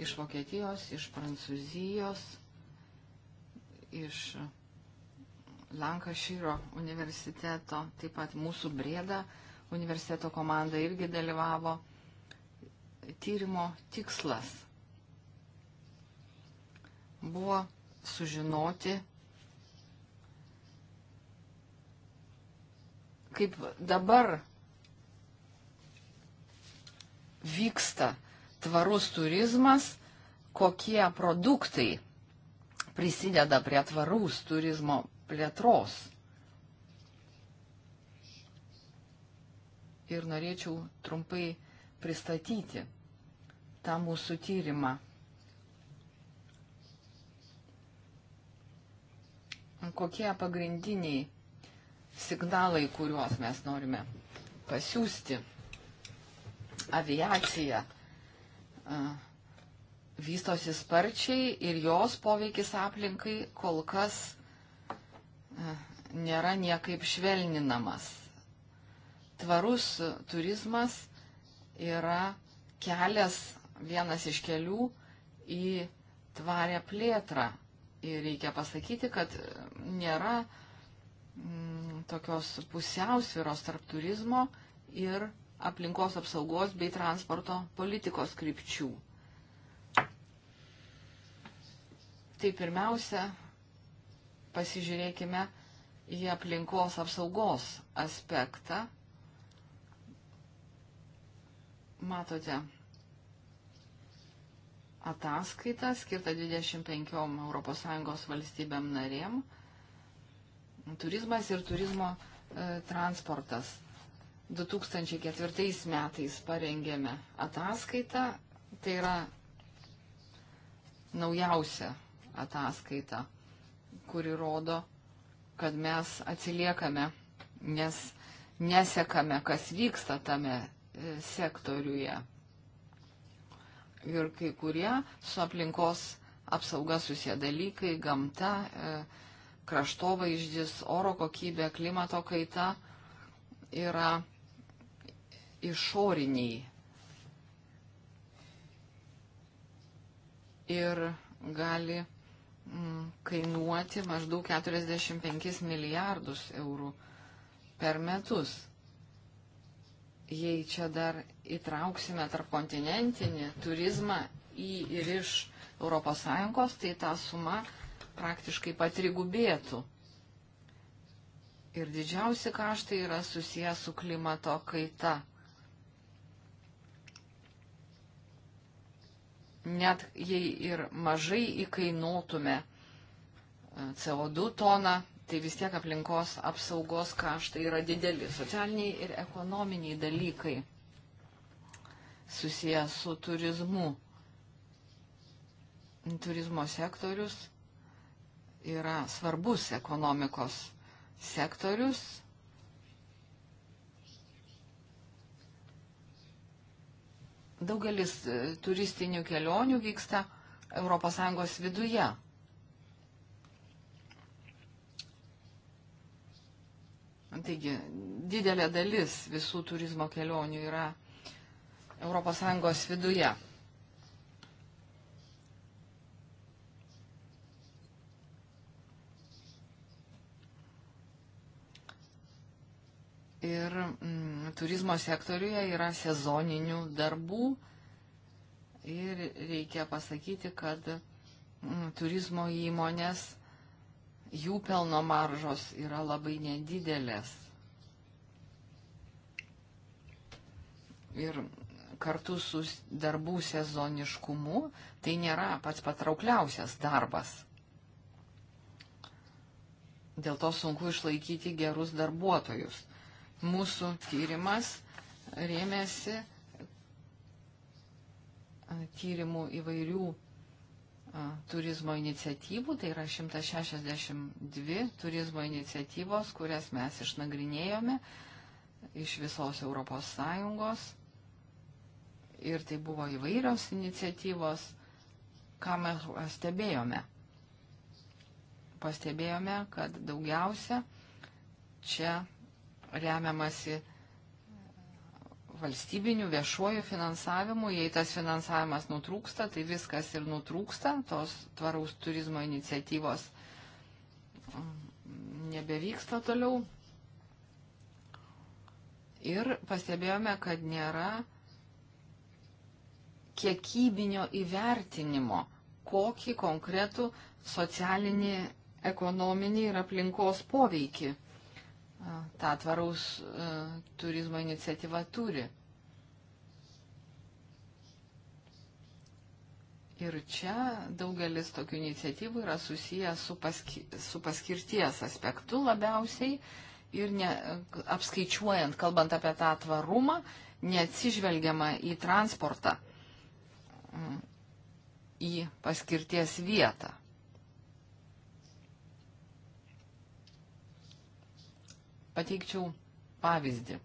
iš Vokietijos, iš Prancūzijos, iš Lankašyro universiteto, taip pat mūsų brėda universiteto komanda irgi dalyvavo. Tyrimo tikslas buvo sužinoti kaip dabar vyksta tvarus turizmas, kokie produktai prisideda prie tvaraus turizmo plėtros. Ir norėčiau trumpai pristatyti tą mūsų tyrimą. Kokie pagrindiniai signalai, kuriuos mes norime pasiūsti. Aviacija vystosi sparčiai ir jos poveikis aplinkai kol kas nėra niekaip švelninamas. Tvarus turizmas yra kelias, vienas iš kelių į tvarę plėtrą. Ir reikia pasakyti, kad nėra mm, tokios pusiausviros tarp turizmo ir aplinkos apsaugos bei transporto politikos krypčių. Tai pirmiausia, pasižiūrėkime į aplinkos apsaugos aspektą. Matote ataskaitą skirtą 25 ES valstybėm narėm turizmas ir turizmo e, transportas. 2004 metais parengėme ataskaitą, tai yra naujausia ataskaita, kuri rodo, kad mes atsiliekame, nes nesekame, kas vyksta tame e, sektoriuje. Ir kai kurie su aplinkos apsauga susiję dalykai, gamta, e, kraštovaizdis, oro kokybė, klimato kaita yra išoriniai. Ir gali mm, kainuoti maždaug 45 milijardus eurų per metus. Jei čia dar įtrauksime tarp kontinentinį turizmą į ir iš ES, tai ta suma praktiškai patrigubėtų. Ir didžiausi kaštai yra susijęs su klimato kaita. Net jei ir mažai įkainuotume e, CO2 toną, tai vis tiek aplinkos apsaugos kaštai yra dideli. Socialiniai ir ekonominiai dalykai susijęs su turizmu. Turizmo sektorius yra svarbus ekonomikos sektorius. Daugelis e, turistinių kelionių vyksta ES viduje. Taigi, didelė dalis visų turizmo kelionių yra ES viduje. ir mm, turizmo sektoriuje yra sezoninių darbų ir reikia pasakyti, kad mm, turizmo įmonės, jų pelno maržos yra labai nedidelės. Ir kartu su darbų sezoniškumu tai nėra pats patraukliausias darbas. Dėl to sunku išlaikyti gerus darbuotojus mūsų tyrimas rėmėsi tyrimų įvairių turizmo iniciatyvų, tai yra 162 turizmo iniciatyvos, kurias mes išnagrinėjome iš visos Europos Sąjungos. Ir tai buvo įvairios iniciatyvos, ką mes pastebėjome. Pastebėjome, kad daugiausia čia remiamasi valstybiniu viešuoju finansavimu, jei tas finansavimas nutrūksta, tai viskas ir nutrūksta, tos tvaraus turizmo iniciatyvos mm, nebevyksta toliau. Ir pastebėjome, kad nėra kiekybinio įvertinimo, kokį konkretų socialinį, ekonominį ir aplinkos poveikį tą tvaraus e, turizmo iniciatyvą turi. Ir čia daugelis tokių iniciatyvų yra susijęs su, paski, su paskirties aspektu labiausiai ir ne, apskaičiuojant, kalbant apie tą tvarumą, neatsižvelgiama į transportą, į paskirties vietą. Pateikčiau pavyzdį.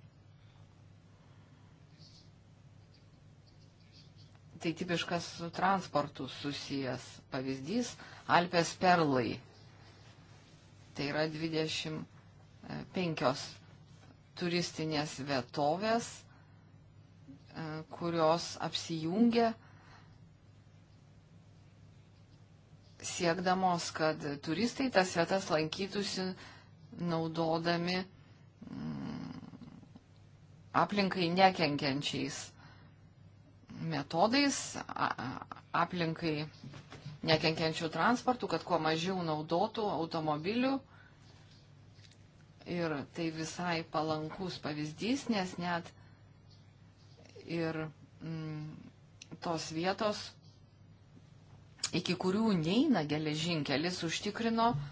Tai tipiškas su transportu susijęs pavyzdys Alpės perlai. Tai yra 25 turistinės vietovės, e, kurios apsijungia siekdamos, kad turistai tas vietas lankytųsi naudodami aplinkai nekenkiančiais metodais, aplinkai nekenkiančių transportų, kad kuo mažiau naudotų automobilių. Ir tai visai palankus pavyzdys, nes net ir mm, tos vietos, iki kurių neina geležinkelis, užtikrino, mm,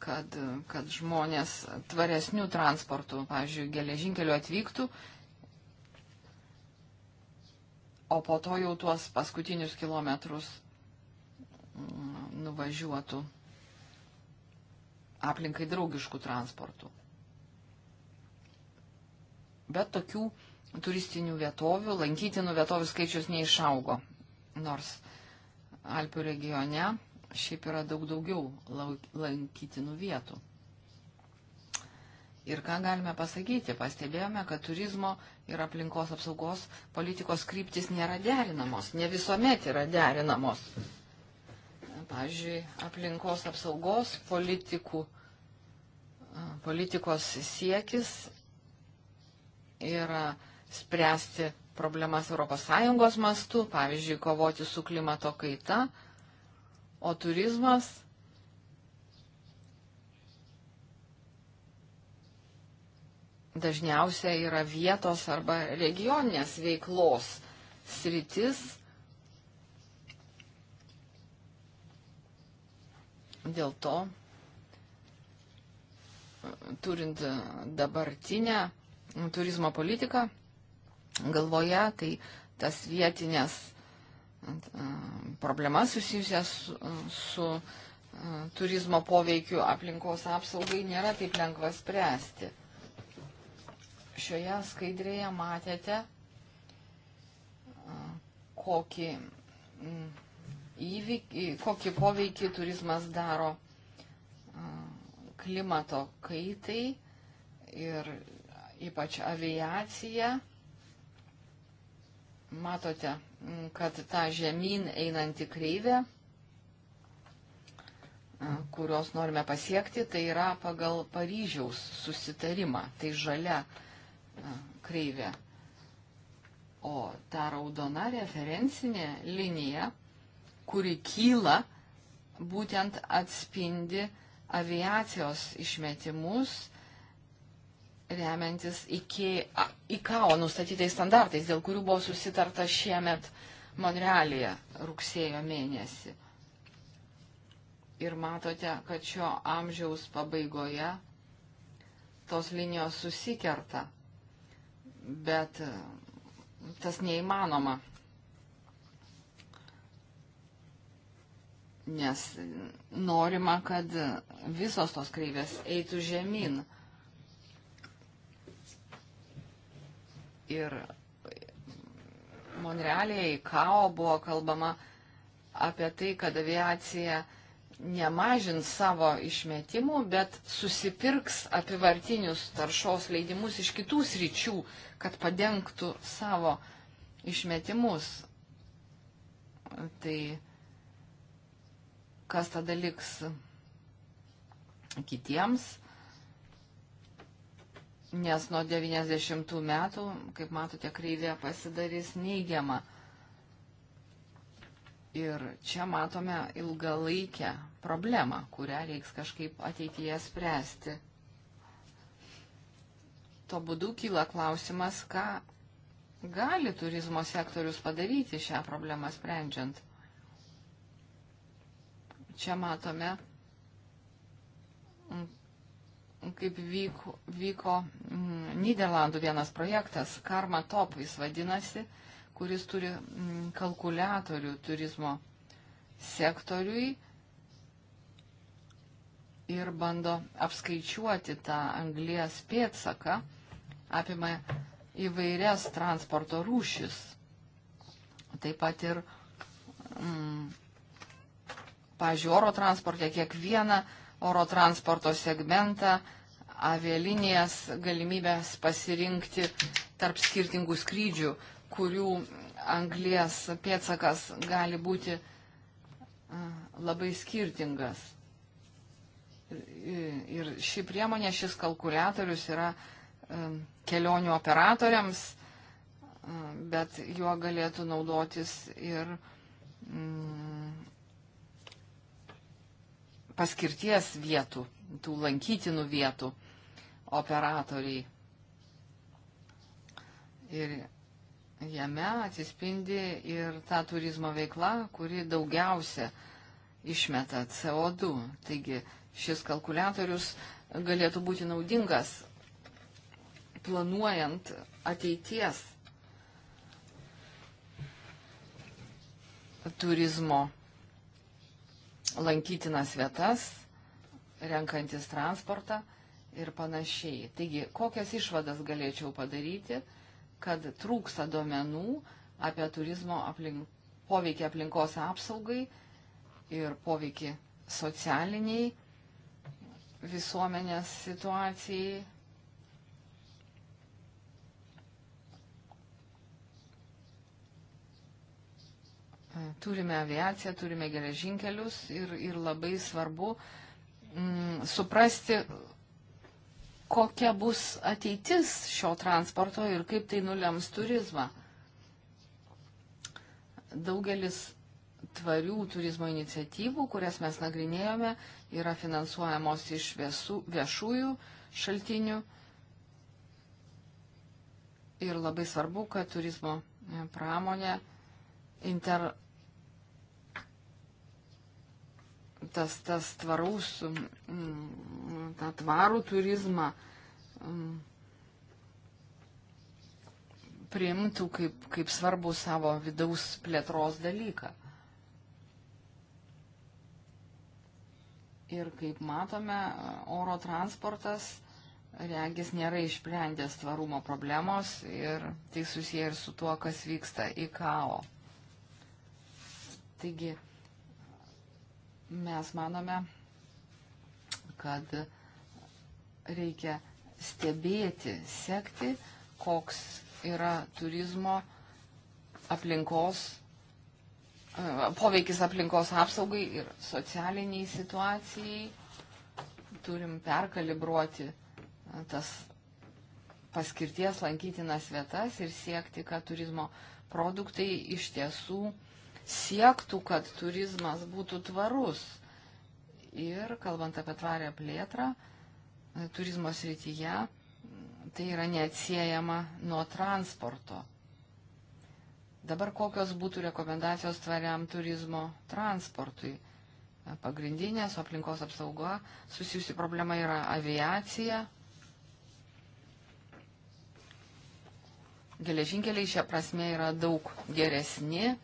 kad, kad žmonės tvaresnių transportų, pavyzdžiui, geležinkeliu atvyktų, o po to jau tuos paskutinius kilometrus mm, nuvažiuotų aplinkai draugiškų transportų. Bet tokių turistinių vietovių, lankytinų vietovių skaičius neišaugo, nors Alpių regione šiaip yra daug daugiau lankytinų vietų. Ir ką galime pasakyti, pastebėjome, kad turizmo ir aplinkos apsaugos politikos kryptis nėra derinamos, ne visuomet yra derinamos. Pavyzdžiui, aplinkos apsaugos politikų, politikos siekis yra spręsti problemas ES mastu, pavyzdžiui, kovoti su klimato kaita, O turizmas dažniausiai yra vietos arba regioninės veiklos sritis. Dėl to, turint dabartinę turizmo politiką galvoje, tai tas vietinės problemas susijusias su, su e, turizmo poveikiu aplinkos apsaugai nėra taip lengva spręsti. Šioje skaidrėje matėte, e, kokį, įvykį, kokį poveikį turizmas daro e, klimato kaitai ir ypač aviacija. Matote, kad ta žemyn einanti kreivė, kurios norime pasiekti, tai yra pagal Paryžiaus susitarimą, tai žalia kreivė. O ta raudona referencinė linija, kuri kyla, būtent atspindi aviacijos išmetimus remiantis iki ICAO nustatytais standartais, dėl kurių buvo susitarta šiemet Monrealėje rugsėjo mėnesį. Ir matote, kad šio amžiaus pabaigoje tos linijos susikerta, bet e, tas neįmanoma. Nes norima, kad visos tos kreivės eitų žemyn. Mm ir Monrealėje, į KAO buvo kalbama apie tai, kad aviacija nemažins savo išmetimų, bet susipirks apivartinius taršos leidimus iš kitų sričių, kad padengtų savo išmetimus. Tai kas tada liks kitiems? nes nuo 90 metų, kaip matote, kreivė pasidarys neigiama. Ir čia matome ilgalaikę problemą, kurią reiks kažkaip ateityje spręsti. Tuo būdu kyla klausimas, ką gali turizmo sektorius padaryti šią problemą sprendžiant. Čia matome kaip vyko, vyko mm, Niderlandų vienas projektas, Karma Top jis vadinasi, kuris turi mm, kalkulatorių turizmo sektoriui ir bando apskaičiuoti tą anglijas pėtsaką, apima įvairias transporto rūšis, taip pat ir, mm, pažiūrėjau, oro transporte kiekvieną oro transporto segmentą, avialinijas, galimybės pasirinkti tarp skirtingų skrydžių, kurių anglės pėtsakas gali būti labai skirtingas. Ir ši priemonė, šis kalkulatorius yra kelionių operatoriams, bet juo galėtų naudotis ir mm, paskirties vietų, tų lankytinų vietų operatoriai. Ir jame atsispindi ir ta turizmo veikla, kuri daugiausia išmeta CO2. Taigi šis kalkulatorius galėtų būti naudingas planuojant ateities turizmo lankytinas vietas, renkantis transportą ir panašiai. Taigi, kokias išvadas galėčiau padaryti, kad trūksta duomenų apie turizmo aplink, poveikį aplinkos apsaugai ir poveikį socialiniai visuomenės situacijai Turime aviaciją, turime geležinkelius ir, ir labai svarbu mm, suprasti, kokia bus ateitis šio transporto ir kaip tai nulems turizmą. Daugelis tvarių turizmo iniciatyvų, kurias mes nagrinėjome, yra finansuojamos iš viesų, viešųjų šaltinių. Ir labai svarbu, kad turizmo e, pramonė inter, tas, tas tvaraus, tą tvarų turizmą priimtų kaip, kaip svarbu savo vidaus plėtros dalyką. Ir kaip matome, oro transportas regis nėra išsprendęs tvarumo problemos ir tai susiję ir su tuo, kas vyksta į KAO. Taigi, Mes manome, kad reikia stebėti, sekti, koks yra turizmo aplinkos, e, poveikis aplinkos apsaugai ir socialiniai situacijai. Turim perkalibruoti e, tas paskirties lankytinas vietas ir siekti, kad turizmo produktai iš tiesų siektų, kad turizmas būtų tvarus. Ir kalbant apie tvarę plėtrą, turizmo srityje tai yra neatsiejama nuo transporto. Dabar kokios būtų rekomendacijos tvariam turizmo transportui? Pagrindinė su aplinkos apsauga susijusi problema yra aviacija. Geležinkeliai šią prasme yra daug geresni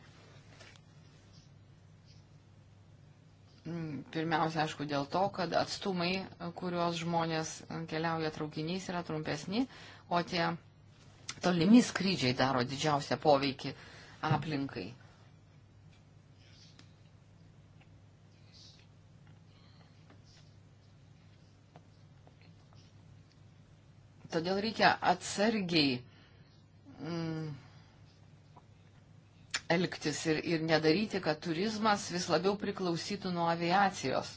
Mm, pirmiausia, aišku, dėl to, kad atstumai, kuriuos žmonės keliauja traukiniais, yra trumpesni, o tie tolimi skrydžiai daro didžiausią poveikį aplinkai. Todėl reikia atsargiai mm, elgtis ir, ir nedaryti, kad turizmas vis labiau priklausytų nuo aviacijos.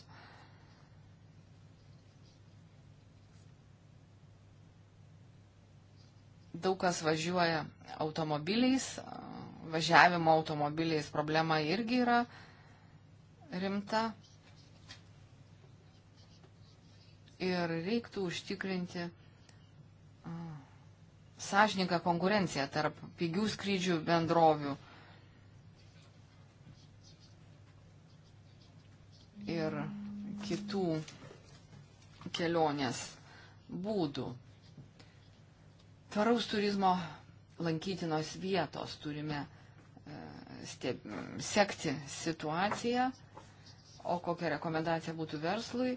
Daug kas važiuoja automobiliais, važiavimo automobiliais problema irgi yra rimta. Ir reiktų užtikrinti sąžininką konkurenciją tarp pigių skrydžių bendrovių ir kitų kelionės būdų. Tvaraus turizmo lankytinos vietos turime e, steb... sekti situaciją, o kokia rekomendacija būtų verslui.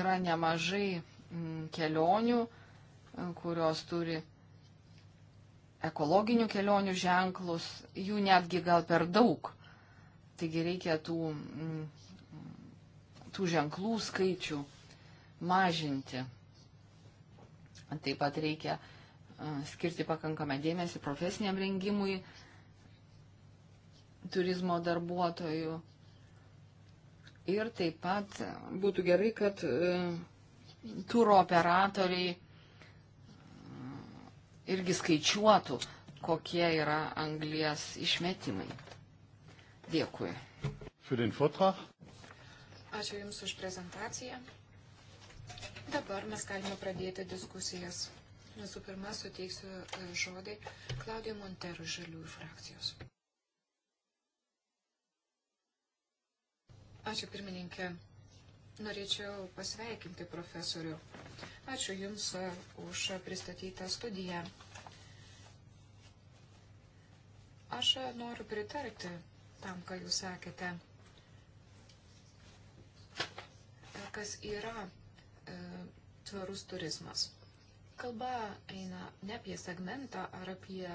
Yra nemažai kelionių, kurios turi ekologinių kelionių ženklus, jų netgi gal per daug. Taigi reikia tų, mm, tų ženklų skaičių mažinti. Taip pat reikia skirti pakankamą dėmesį profesiniam rengimui turizmo darbuotojų. Ir taip pat būtų gerai, kad turo operatoriai irgi skaičiuotų, kokie yra anglijas išmetimai. Dėkui. Ačiū Jums už prezentaciją. Dabar mes galime pradėti diskusijas. Visų pirma, suteiksiu e, žodį Klaudijo Monterų žaliųjų frakcijos. Ačiū pirmininkė. Norėčiau pasveikinti profesorių. Ačiū Jums e, už pristatytą studiją. Aš e, noriu pritarti tam, ką Jūs sakėte. E, kas yra e, tvarus turizmas? Kalba eina ne apie segmentą ar apie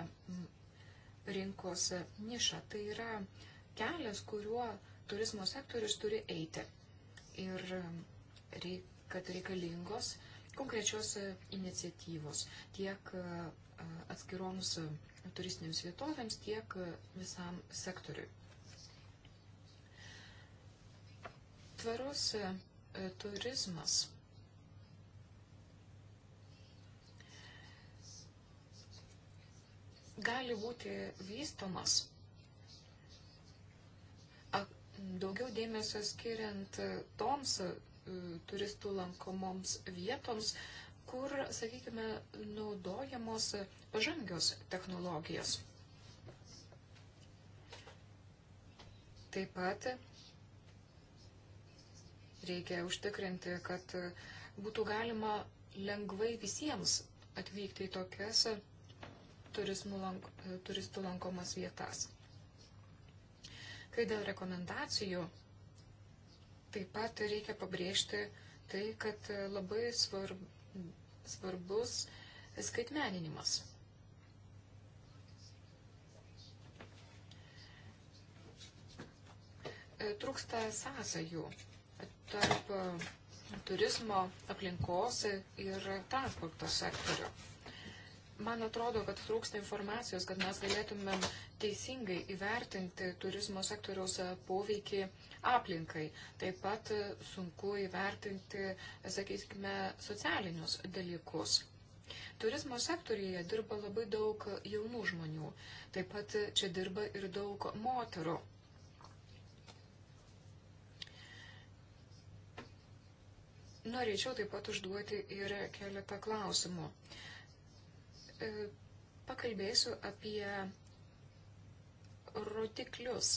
rinkos nišą. Tai yra kelias, kuriuo turizmo sektorius turi eiti ir kad reikalingos konkrečios e, iniciatyvos tiek e, e, atskiroms turistinėms vietovėms, tiek visam sektoriui. Tvarus turizmas gali būti vystomas daugiau dėmesio skiriant toms e, turistų lankomoms vietoms, kur, sakykime, naudojamos pažangios technologijos. Taip pat reikia užtikrinti, kad būtų galima lengvai visiems atvykti į tokias turistų lankomas vietas. Kai dėl rekomendacijų, taip pat reikia pabrėžti tai, kad labai svarb, svarbus skaitmeninimas. Trūksta sąsajų tarp turizmo aplinkos ir transporto sektorių. Man atrodo, kad trūksta informacijos, kad mes galėtumėm teisingai įvertinti turizmo sektoriaus poveikį aplinkai. Taip pat sunku įvertinti, sakykime, socialinius dalykus. Turizmo sektorijoje dirba labai daug jaunų žmonių. Taip pat čia dirba ir daug moterų. Norėčiau taip pat užduoti ir keletą klausimų. E, pakalbėsiu apie rodiklius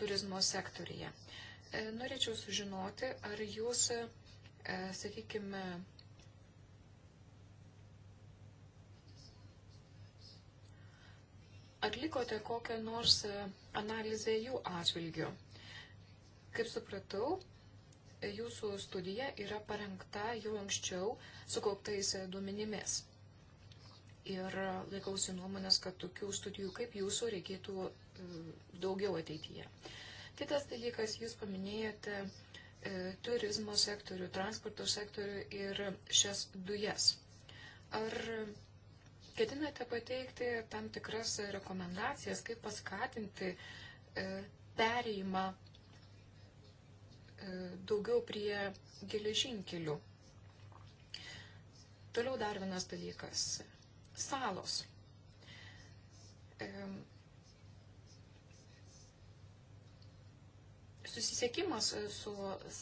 turizmo sektorija. E, norėčiau sužinoti, ar jūs, e, sakykime, atlikote kokią nors analizę jų atžvilgių. Kaip supratau, jūsų studija yra parengta jau anksčiau sukauptais duomenimis ir laikausi nuomonės, kad tokių studijų kaip jūsų reikėtų mm, daugiau ateityje. Kitas dalykas, jūs paminėjote e, turizmo sektorių, transporto sektorių ir šias dujas. Ar ketinate pateikti tam tikras rekomendacijas, kaip paskatinti e, perėjimą e, daugiau prie geležinkelių? Toliau dar vienas dalykas salos. Susisiekimas su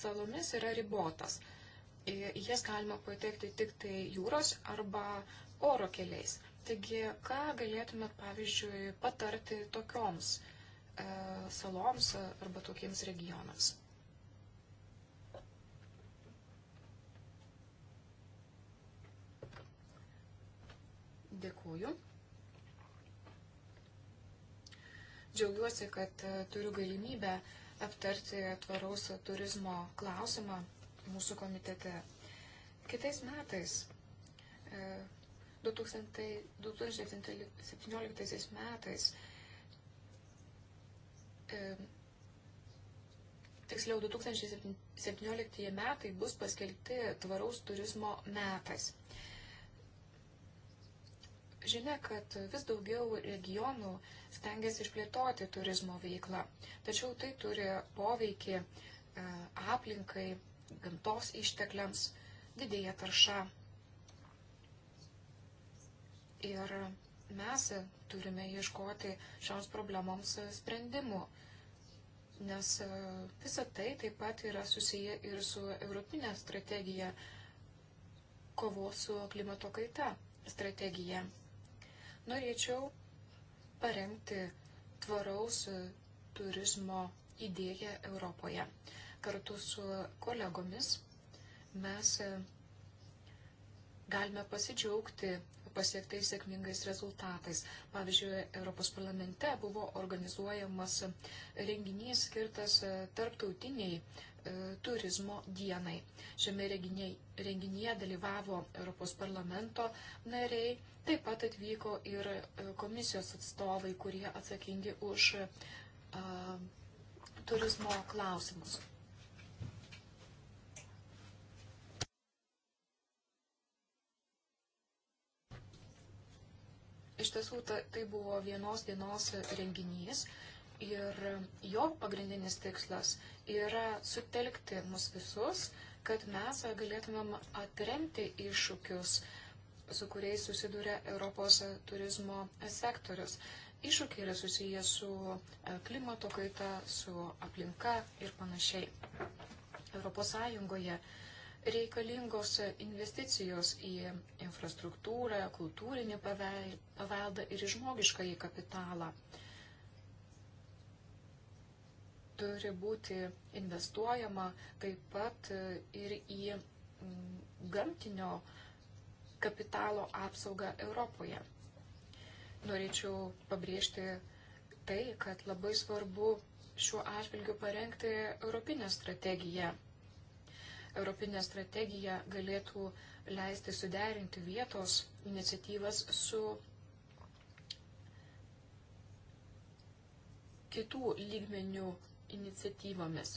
salomis yra ribotas. Į jas galima patekti tik tai jūros arba oro keliais. Taigi, ką galėtumėt, pavyzdžiui, patarti tokioms e, saloms arba tokiems regionams? Dėkuoju. Džiaugiuosi, kad e, turiu galimybę aptarti tvaraus turizmo klausimą mūsų komitete. Kitais metais, 2017 e, metais, e, tiksliau 2017 metai bus paskelbti tvaraus turizmo metais. Žinia, kad vis daugiau regionų stengiasi išplėtoti turizmo veiklą, tačiau tai turi poveikį e, aplinkai, gamtos ištekliams, didėja tarša. Ir mes turime ieškoti šioms problemoms sprendimų, nes e, visa tai taip pat yra susiję ir su Europinė strategija kovos su klimato kaita strategija. Norėčiau paremti tvaraus turizmo idėją Europoje. Kartu su kolegomis mes e, galime pasidžiaugti pasiektais sėkmingais rezultatais. Pavyzdžiui, Europos parlamente buvo organizuojamas renginys skirtas e, tarptautiniai E, turizmo dienai. Šiame renginyje, renginyje dalyvavo Europos parlamento nariai, taip pat atvyko ir e, komisijos atstovai, kurie atsakingi už a, e, turizmo klausimus. Iš tiesų, ta, tai buvo vienos dienos renginys, Ir jo pagrindinis tikslas yra sutelkti mus visus, kad mes galėtumėm atremti iššūkius, su kuriais susiduria Europos turizmo sektorius. Iššūkiai yra susiję su e, klimato kaita, su aplinka ir panašiai. Europos Sąjungoje reikalingos investicijos į infrastruktūrą, kultūrinį paveldą ir žmogiškąjį kapitalą turi būti investuojama taip pat ir į mm, gamtinio kapitalo apsaugą Europoje. Norėčiau pabrėžti tai, kad labai svarbu šiuo atžvilgiu parengti Europinę strategiją. Europinė strategija galėtų leisti suderinti vietos iniciatyvas su kitų lygmenių iniciatyvomis.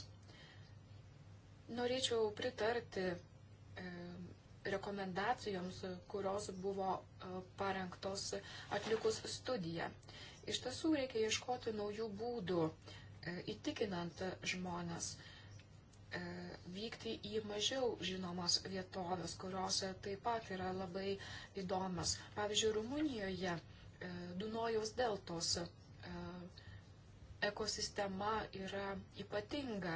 Norėčiau pritarti e, rekomendacijoms, kurios buvo e, parengtos atlikus studiją. Iš tiesų reikia ieškoti naujų būdų, e, įtikinant žmonės vykti į mažiau žinomas vietovės, kurios taip pat yra labai įdomas. Pavyzdžiui, Rumunijoje Dunojaus deltos ekosistema yra ypatinga,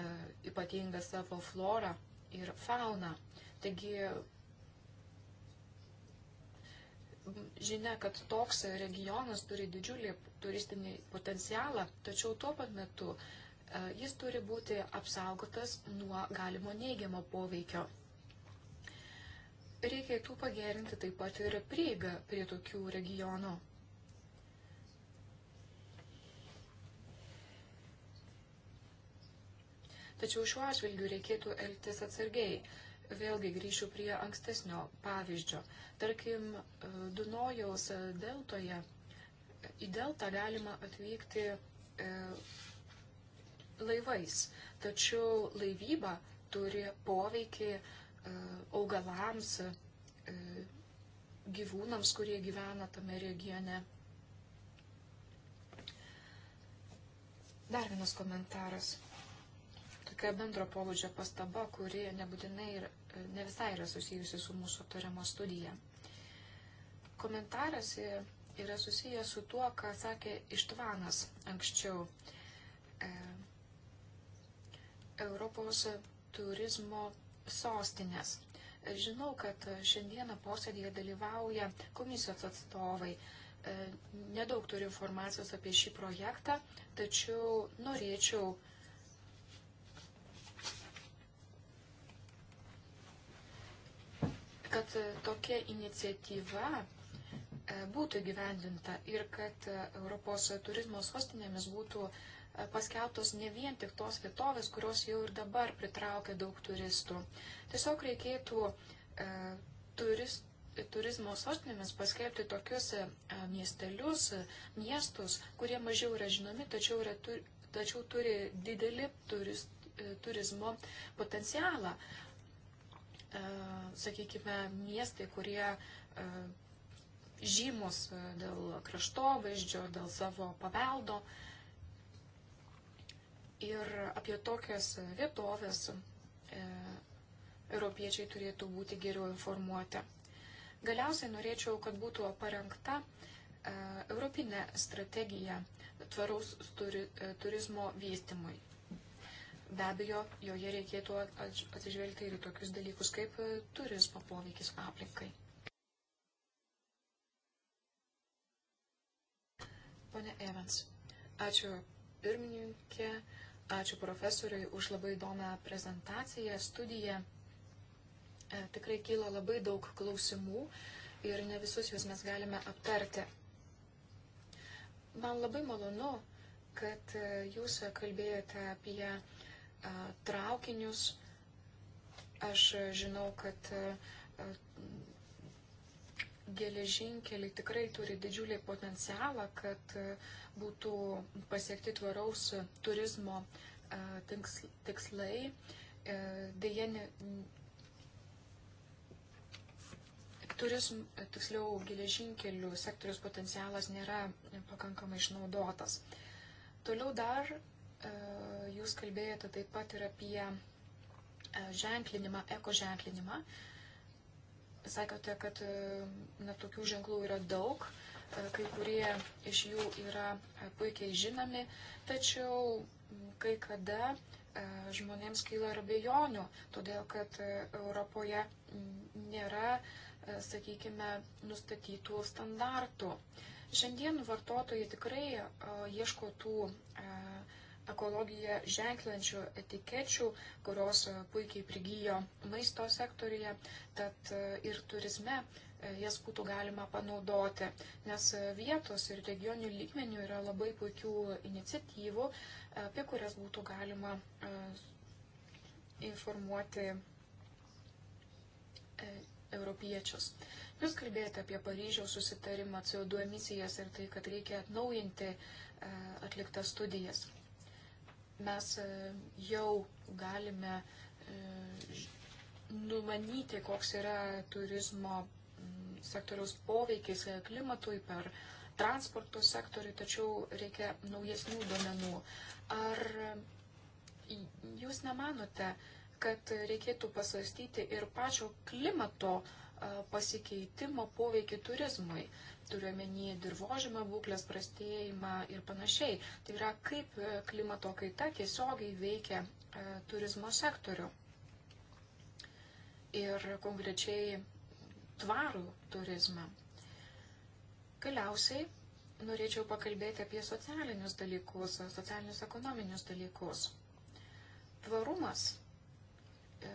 e, ypatinga savo florą ir fauną. Taigi žinia, kad toks regionas turi didžiulį turistinį potencialą, tačiau tuo pat metu e, jis turi būti apsaugotas nuo galimo neigiamo poveikio. Reikėtų pagerinti taip pat ir prieigą prie tokių regionų. Tačiau šiuo atžvilgiu reikėtų elgtis atsargiai. Vėlgi grįšiu prie ankstesnio pavyzdžio. Tarkim, e, Dunojaus deltoje į deltą galima atvykti e, laivais, tačiau laivyba turi poveikį e, augalams, e, gyvūnams, kurie gyvena tame regione. Dar vienas komentaras tokia bendro pobūdžio pastaba, kuri nebūtinai ir e, ne visai yra susijusi su mūsų aptariamo studija. Komentaras yra susijęs su tuo, ką sakė Ištvanas anksčiau. E, Europos turizmo sostinės. Žinau, kad šiandieną posėdėje dalyvauja komisijos atstovai. E, nedaug turiu informacijos apie šį projektą, tačiau norėčiau kad e, tokia iniciatyva e, būtų gyvendinta ir kad e, Europos turizmo sostinėmis būtų paskelbtos ne vien tik tos vietovės, kurios jau ir dabar pritraukia daug turistų. Tiesiog reikėtų e, turis, turizmo sostinėmis paskelbti tokius e, miestelius, e, miestus, kurie mažiau yra žinomi, tačiau, yra, tu, tačiau turi didelį turist, e, turizmo potencialą. E, sakykime, miestai, kurie e, žymus e, dėl kraštovaizdžio, dėl savo paveldo. Ir apie tokias vietovės e, europiečiai turėtų būti geriau informuoti. Galiausiai norėčiau, kad būtų parengta e, europinė strategija tvaraus turi, e, turizmo vystimui. Be abejo, joje reikėtų atsižvelgti ir tokius dalykus kaip e, turizmo poveikis aplinkai. Pone Evans, ačiū pirmininkė, ačiū profesoriui už labai įdomią prezentaciją, studiją. E, tikrai kyla labai daug klausimų ir ne visus juos mes galime aptarti. Man labai malonu, kad e, jūs kalbėjote apie traukinius. Aš žinau, kad geležinkeliai tikrai turi didžiulį potencialą, kad būtų pasiekti tvaraus turizmo tikslai. Deja, ne, turizm, tiksliau, geležinkelių sektorius potencialas nėra pakankamai išnaudotas. Toliau dar E, jūs kalbėjote taip pat ir apie e, ženklinimą, eko ženklinimą. Sakote, kad e, na, tokių ženklų yra daug, kai kurie iš jų yra puikiai žinomi, tačiau kai kada žmonėms kyla ir abejonių, todėl kad Europoje nėra, sakykime, nustatytų standartų. Šiandien vartotojai tikrai ieško tų ekologiją ženklinčių etikečių, kurios e, puikiai prigyjo maisto sektorija, tad e, ir turizme e, jas būtų galima panaudoti, nes vietos ir regionių lygmenių yra labai puikių iniciatyvų, apie kurias būtų galima informuoti europiečius. Jūs kalbėjote apie Paryžiaus susitarimą CO2 emisijas ir tai, kad reikia atnaujinti atliktas studijas mes e, jau galime e, numanyti, koks yra turizmo sektoriaus poveikis e, klimatui per transporto sektorių, tačiau reikia naujesnių duomenų. Ar jūs nemanote, kad reikėtų pasvarstyti ir pačio klimato pasikeitimo poveikį turizmui? turiuomenį dirbožymą, būklės prastėjimą ir panašiai. Tai yra, kaip e, klimato kaita tiesiogiai veikia e, turizmo sektorių. Ir konkrečiai tvarų turizmą. Galiausiai norėčiau pakalbėti apie socialinius dalykus, socialinius ekonominius dalykus. Tvarumas e,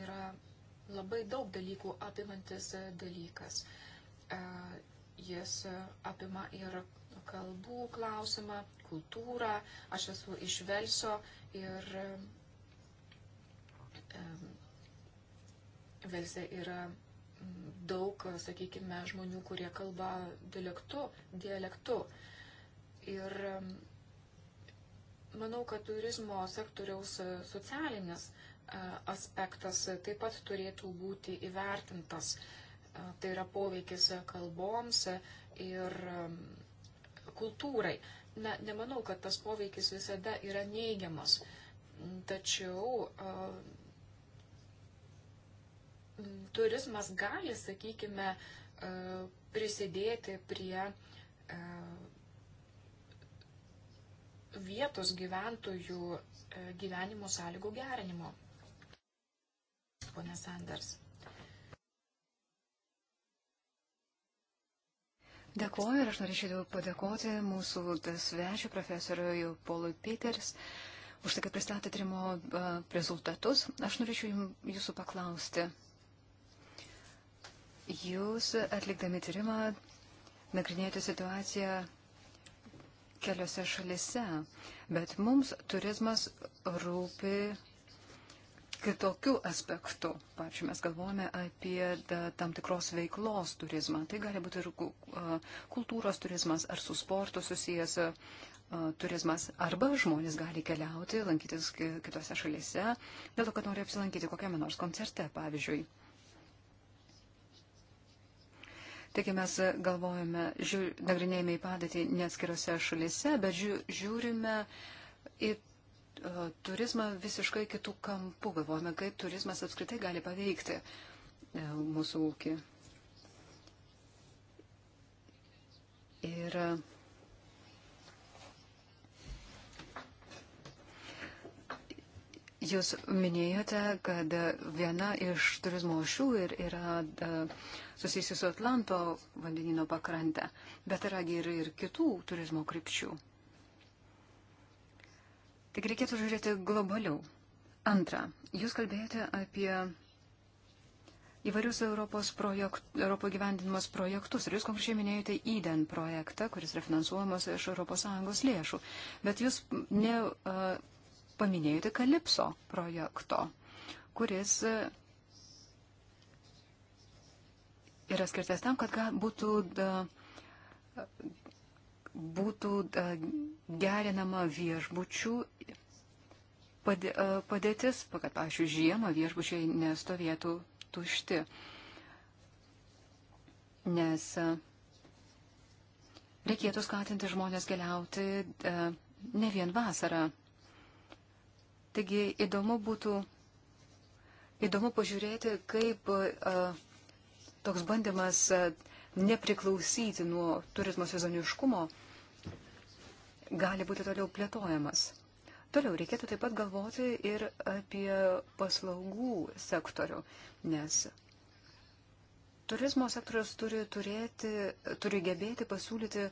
yra labai daug dalykų apimantis dalykas. Jis e, apima ir kalbų klausimą, kultūrą. Aš esu iš Velso ir e, Velse yra daug, sakykime, žmonių, kurie kalba dialektu. dialektu. Ir manau, kad turizmo sektoriaus e, socialinis aspektas taip pat turėtų būti įvertintas tai yra poveikis kalboms ir um, kultūrai. Na, nemanau, kad tas poveikis visada yra neigiamas, tačiau uh, turizmas gali, sakykime, uh, prisidėti prie uh, vietos gyventojų gyvenimo sąlygų gerinimo. Pone Sanders. Dėkuoju ir aš norėčiau padėkoti mūsų svečiu profesoriui Polui Peters už tai, kad pristatė trimo rezultatus. Aš norėčiau jūsų paklausti. Jūs atlikdami tyrimą nagrinėjote situaciją keliose šalise, bet mums turizmas rūpi kitokių aspektų. Pavyzdžiui, mes galvojame apie da, tam tikros veiklos turizmą. Tai gali būti ir kultūros turizmas ar su sportu susijęs turizmas. Arba žmonės gali keliauti, lankytis kitose šalyse, dėl to, kad nori apsilankyti kokiame nors koncerte, pavyzdžiui. Taigi mes galvojame, žiūr, nagrinėjame į padėtį ne atskirose šalyse, bet žiūrime į E, turizmą visiškai kitų kampų, galvojame, kaip turizmas apskritai gali paveikti e, mūsų ūkį. Ir jūs minėjote, kad viena iš turizmo šių ir yra e, susijusi su Atlanto vandenino pakrante, bet yra ir, ir kitų turizmo krypčių. Tik reikėtų žiūrėti globaliau. Antra, jūs kalbėjote apie įvairius Europos projekt, Europo gyvendinimas projektus. Ir jūs konkrečiai minėjote IDEN projektą, kuris yra finansuojamas iš ES lėšų. Bet jūs ne, uh, paminėjote Kalipso projekto, kuris yra skirtas tam, kad būtų, da, būtų da, gerinama viešbučių E, padėtis, kad, pavyzdžiui, žiemą viešbučiai nestovėtų tušti. Nes e, reikėtų skatinti žmonės keliauti e, ne vien vasarą. Taigi įdomu būtų, įdomu pažiūrėti, kaip toks bandymas nepriklausyti nuo turizmo sezoniškumo gali būti toliau plėtojamas. Toliau reikėtų taip pat galvoti ir apie paslaugų sektorių, nes turizmo sektorius turi, turėti, turi gebėti pasiūlyti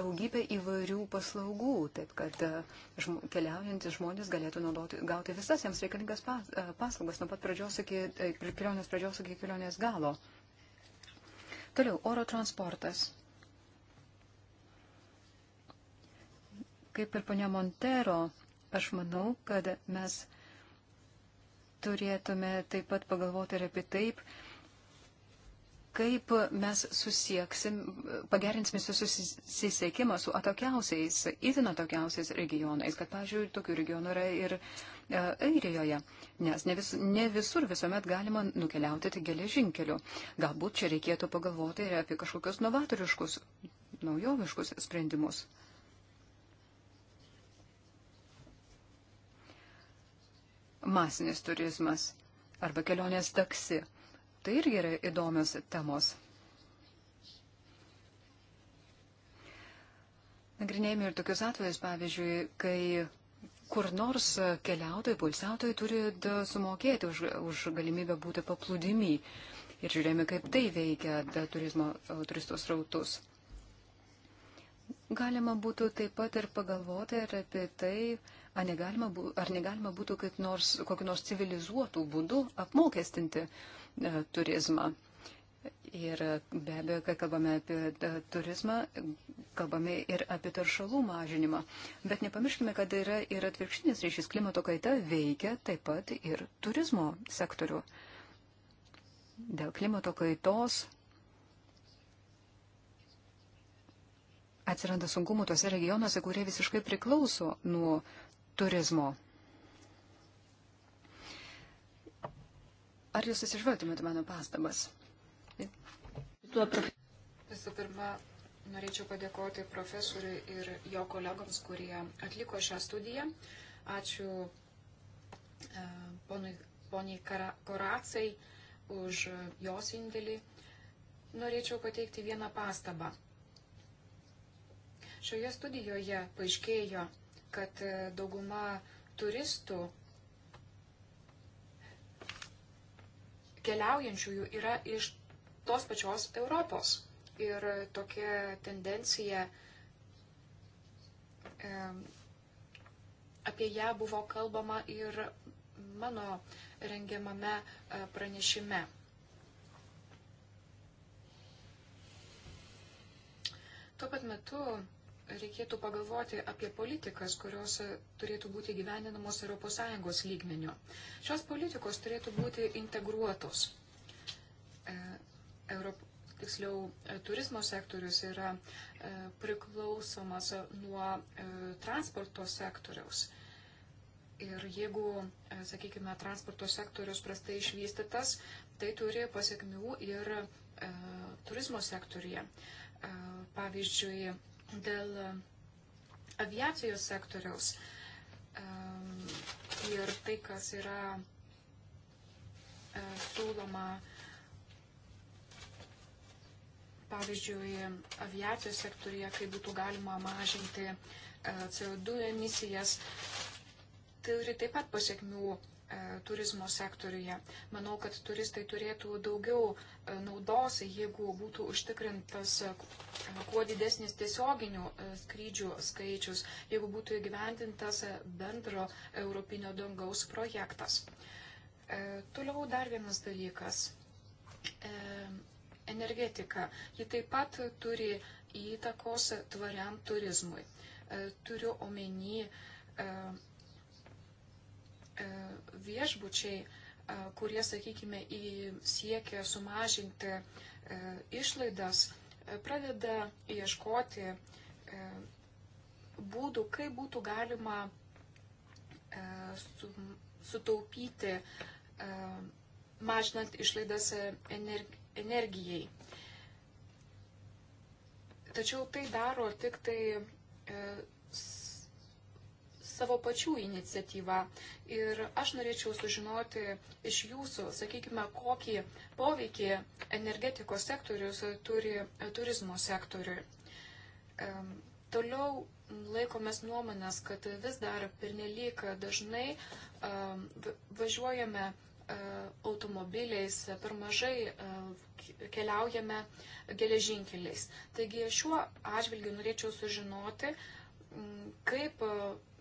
daugybę įvairių paslaugų, taip kad žm keliaujantis žmonės galėtų naudoti, gauti visas jiems reikalingas pas, paslaugas nuo pat pradžios iki e, kelionės pradžios iki kelionės galo. Toliau, oro transportas. Kaip ir ponia Montero, aš manau, kad mes turėtume taip pat pagalvoti ir apie taip, kaip mes susieksim, pagerinsime susisiekimą su atokiausiais, įtin atokiausiais regionais, kad, pavyzdžiui, tokių regionų yra ir e, Airijoje, nes ne, vis, ne visur visuomet galima nukeliauti tik geležinkeliu. Galbūt čia reikėtų pagalvoti ir apie kažkokius novatoriškus, naujoviškus sprendimus. masinis turizmas arba kelionės taksi. Tai irgi yra įdomios temos. Nagrinėjame ir tokius atvejus, pavyzdžiui, kai kur nors keliautojai, pulsiautojai turi sumokėti už, už galimybę būti paplūdimy. Ir žiūrėjome, kaip tai veikia turizmo, turistos rautus. Galima būtų taip pat ir pagalvoti ir apie tai, Ar negalima, ar negalima būtų nors, kokiu nors civilizuotų būdu apmokestinti e, turizmą? Ir e, be abejo, kai kalbame apie e, turizmą, kalbame ir apie taršalų mažinimą. Bet nepamirškime, kad yra ir atvirkštinis ryšys klimato kaita veikia taip pat ir turizmo sektorių. Dėl klimato kaitos atsiranda sunkumų tose regionuose, kurie visiškai priklauso nuo turizmo. Ar jūs susižvelgtumėte mano pastabas? Visų pirma, norėčiau padėkoti profesoriui ir jo kolegams, kurie atliko šią studiją. Ačiū e, ponui, poniai Koracai už jos indėlį. Norėčiau pateikti vieną pastabą. Šioje studijoje paaiškėjo, kad e, dauguma turistų keliaujančiųjų yra iš tos pačios Europos. Ir tokia tendencija, e, apie ją buvo kalbama ir mano rengiamame e, pranešime. Tuo pat metu reikėtų pagalvoti apie politikas, kurios turėtų būti gyveninamos ES lygmeniu. Šios politikos turėtų būti integruotos. E, Europ, tiksliau, e, turizmo sektorius yra e, priklausomas nuo transporto sektoriaus. Ir jeigu, sakykime, transporto sektorius prastai išvystytas, tai turi pasiekmių ir e, turizmo sektorija. E, pavyzdžiui, dėl um, aviacijos sektoriaus um, ir tai, kas yra uh, siūloma, pavyzdžiui, aviacijos sektorija, kaip būtų galima mažinti uh, CO2 emisijas, turi taip pat pasiekmių E, turizmo sektoriuje. Manau, kad turistai turėtų daugiau e, naudos, jeigu būtų užtikrintas e, kuo didesnis tiesioginių skrydžių skaičius, jeigu būtų įgyvendintas bendro europinio dangaus projektas. Toliau dar vienas dalykas. Energetika. Ji taip pat turi įtakos tvariam turizmui. Turiu omeny E, viešbučiai, e, kurie, sakykime, siekia sumažinti e, išlaidas, pradeda ieškoti būdų, kaip būtų galima sutaupyti, mažinant išlaidas energijai. Tačiau tai daro tik tai savo pačių iniciatyvą. Ir aš norėčiau sužinoti iš jūsų, sakykime, kokį poveikį energetikos sektorius turi turizmo sektoriui. Toliau laikomės nuomonės, kad vis dar pernelyg dažnai važiuojame e, automobiliais, per mažai e, keliaujame geležinkeliais. Taigi šiuo atžvilgiu norėčiau sužinoti, kaip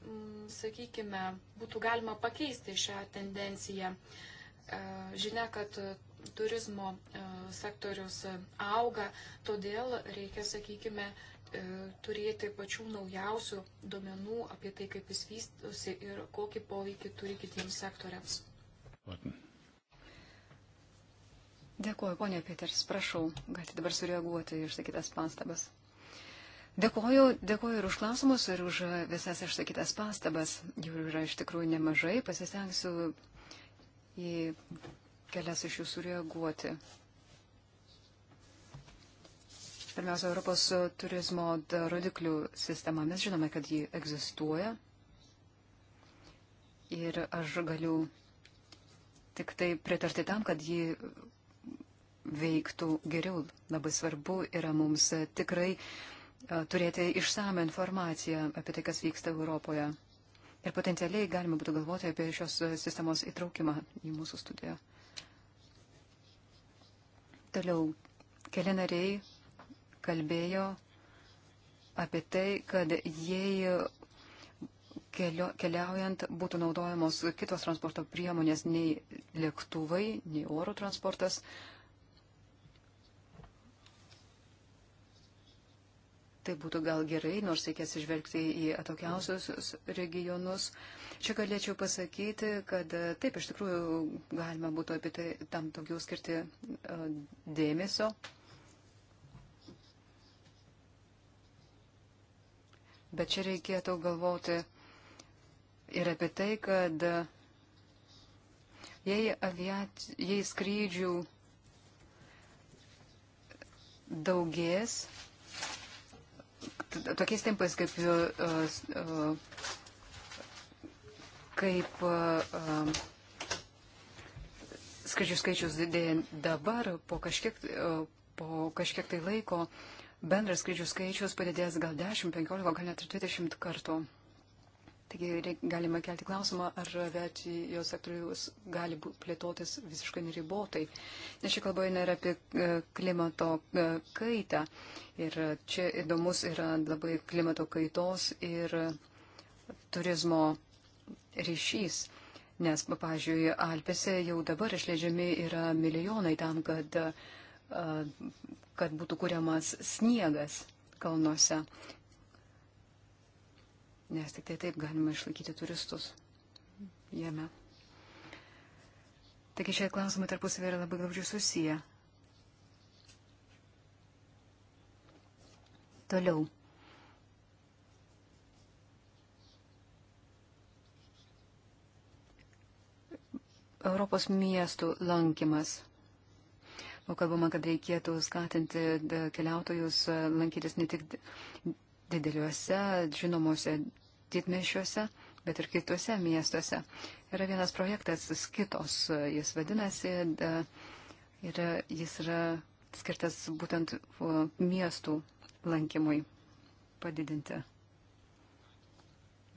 Mm, sakykime, būtų galima pakeisti šią tendenciją. E, žinia, kad turizmo e, sektorius auga, todėl reikia, sakykime, e, turėti pačių naujausių duomenų apie tai, kaip jis vystosi ir kokį poveikį turi kitiems sektoriams. Dėkuoju, ponia Peters, prašau, galite dabar sureaguoti išsakytas pastabas. Dėkoju, dėkoju ir už klausimus, ir už visas išsakytas pastabas. Jų yra iš tikrųjų nemažai, pasistengsiu į kelias iš jų sureaguoti. Pirmiausia, Europos turizmo rodiklių sistema. Mes žinome, kad ji egzistuoja. Ir aš galiu tik tai pritarti tam, kad ji veiktų geriau. Labai svarbu yra mums tikrai uh, E, turėti išsame informaciją apie tai, kas vyksta Europoje. Ir potencialiai galima būtų galvoti apie šios e, sistemos įtraukimą į mūsų studiją. Toliau, keli nariai kalbėjo apie tai, kad jei kelio, keliaujant būtų naudojamos kitos transporto priemonės nei lėktuvai, nei oro transportas, uh, Tai būtų gal gerai, nors reikės išvelgti į atokiausius regionus. Čia galėčiau pasakyti, kad e, taip, iš tikrųjų, galima būtų apie tai tam daugiau skirti e, dėmesio. Bet čia reikėtų galvoti ir apie tai, kad e, jei, aviat, jei skrydžių daugės, tokiais tempais, kaip, e, e, kaip e, skaičių skaičius didėja dabar, po kažkiek, po kažkiek tai laiko bendras skrydžių skaičius padidės gal 10, 15, gal net 20 kartų. Taigi galima kelti klausimą, ar aviacijos sektorius gali plėtotis visiškai neribotai. Nes čia kalba eina ir apie e, klimato e, kaitą. Ir čia įdomus yra labai klimato kaitos ir turizmo ryšys. Nes, pavyzdžiui, Alpėse jau dabar išleidžiami yra milijonai tam, kad, e, kad būtų kuriamas sniegas kalnuose nes tik tai taip galima išlaikyti turistus jame. Taigi šie klausimai tarpusavį yra labai glaudžiai susiję. Toliau. Europos miestų lankymas. O kalbama, kad reikėtų skatinti keliautojus lankytis ne tik dideliuose, žinomuose didmešiuose, bet ir kitose miestuose. Yra vienas projektas kitos, jis vadinasi, ir jis yra skirtas būtent miestų lankymui padidinti.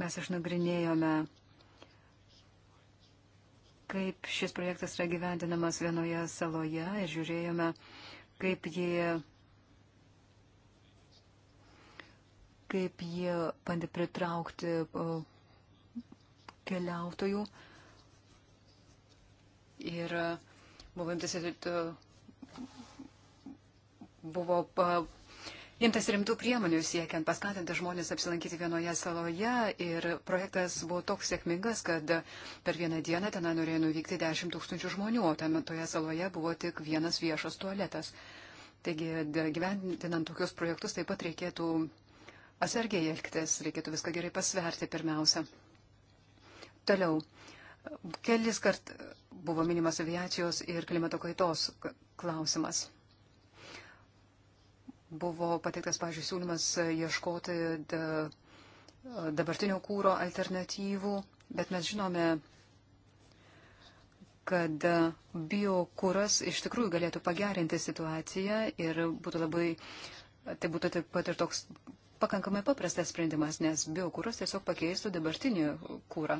Mes išnagrinėjome, kaip šis projektas yra gyvendinamas vienoje saloje ir žiūrėjome, kaip jie kaip jie bandė pritraukti keliautojų. Ir e, buvo imtas, e, buvo e, imtas rimtų priemonių siekiant paskatinti žmonės apsilankyti vienoje saloje. Ir projektas buvo toks sėkmingas, kad per vieną dieną ten norėjo nuvykti 10 tūkstančių žmonių, o ten toje saloje buvo tik vienas viešas tualetas. Taigi, gyventinant tokius projektus, taip pat reikėtų atsargiai elgtis, reikėtų viską gerai pasverti pirmiausia. Toliau, kelis kart buvo minimas aviacijos ir klimato kaitos klausimas. Buvo pateiktas, pažiūrėjau, siūlymas ieškoti dabartinio kūro alternatyvų, bet mes žinome, kad biokūras iš tikrųjų galėtų pagerinti situaciją ir būtų labai, tai būtų taip pat ir toks pakankamai paprastas sprendimas, nes biokūras tiesiog pakeistų dabartinį kūrą.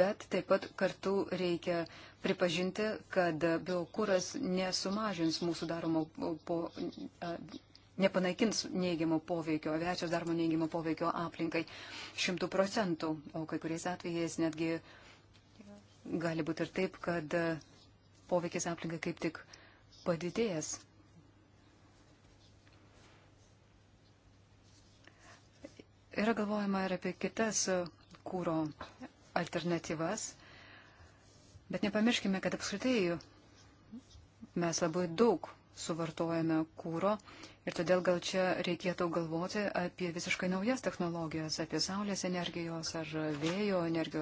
Bet taip pat kartu reikia pripažinti, kad biokūras nesumažins mūsų daromo, po, nepanaikins neigiamo poveikio, aviacijos darbo neigiamo poveikio aplinkai šimtų procentų, o kai kuriais atvejais netgi gali būti ir taip, kad poveikis aplinkai kaip tik padidėjęs. Yra galvojama ir apie kitas e, kūro alternatyvas, bet nepamirškime, kad apskritai mes labai daug suvartojame kūro ir todėl gal čia reikėtų galvoti apie visiškai naujas technologijas, apie saulės energijos ar vėjo energijos.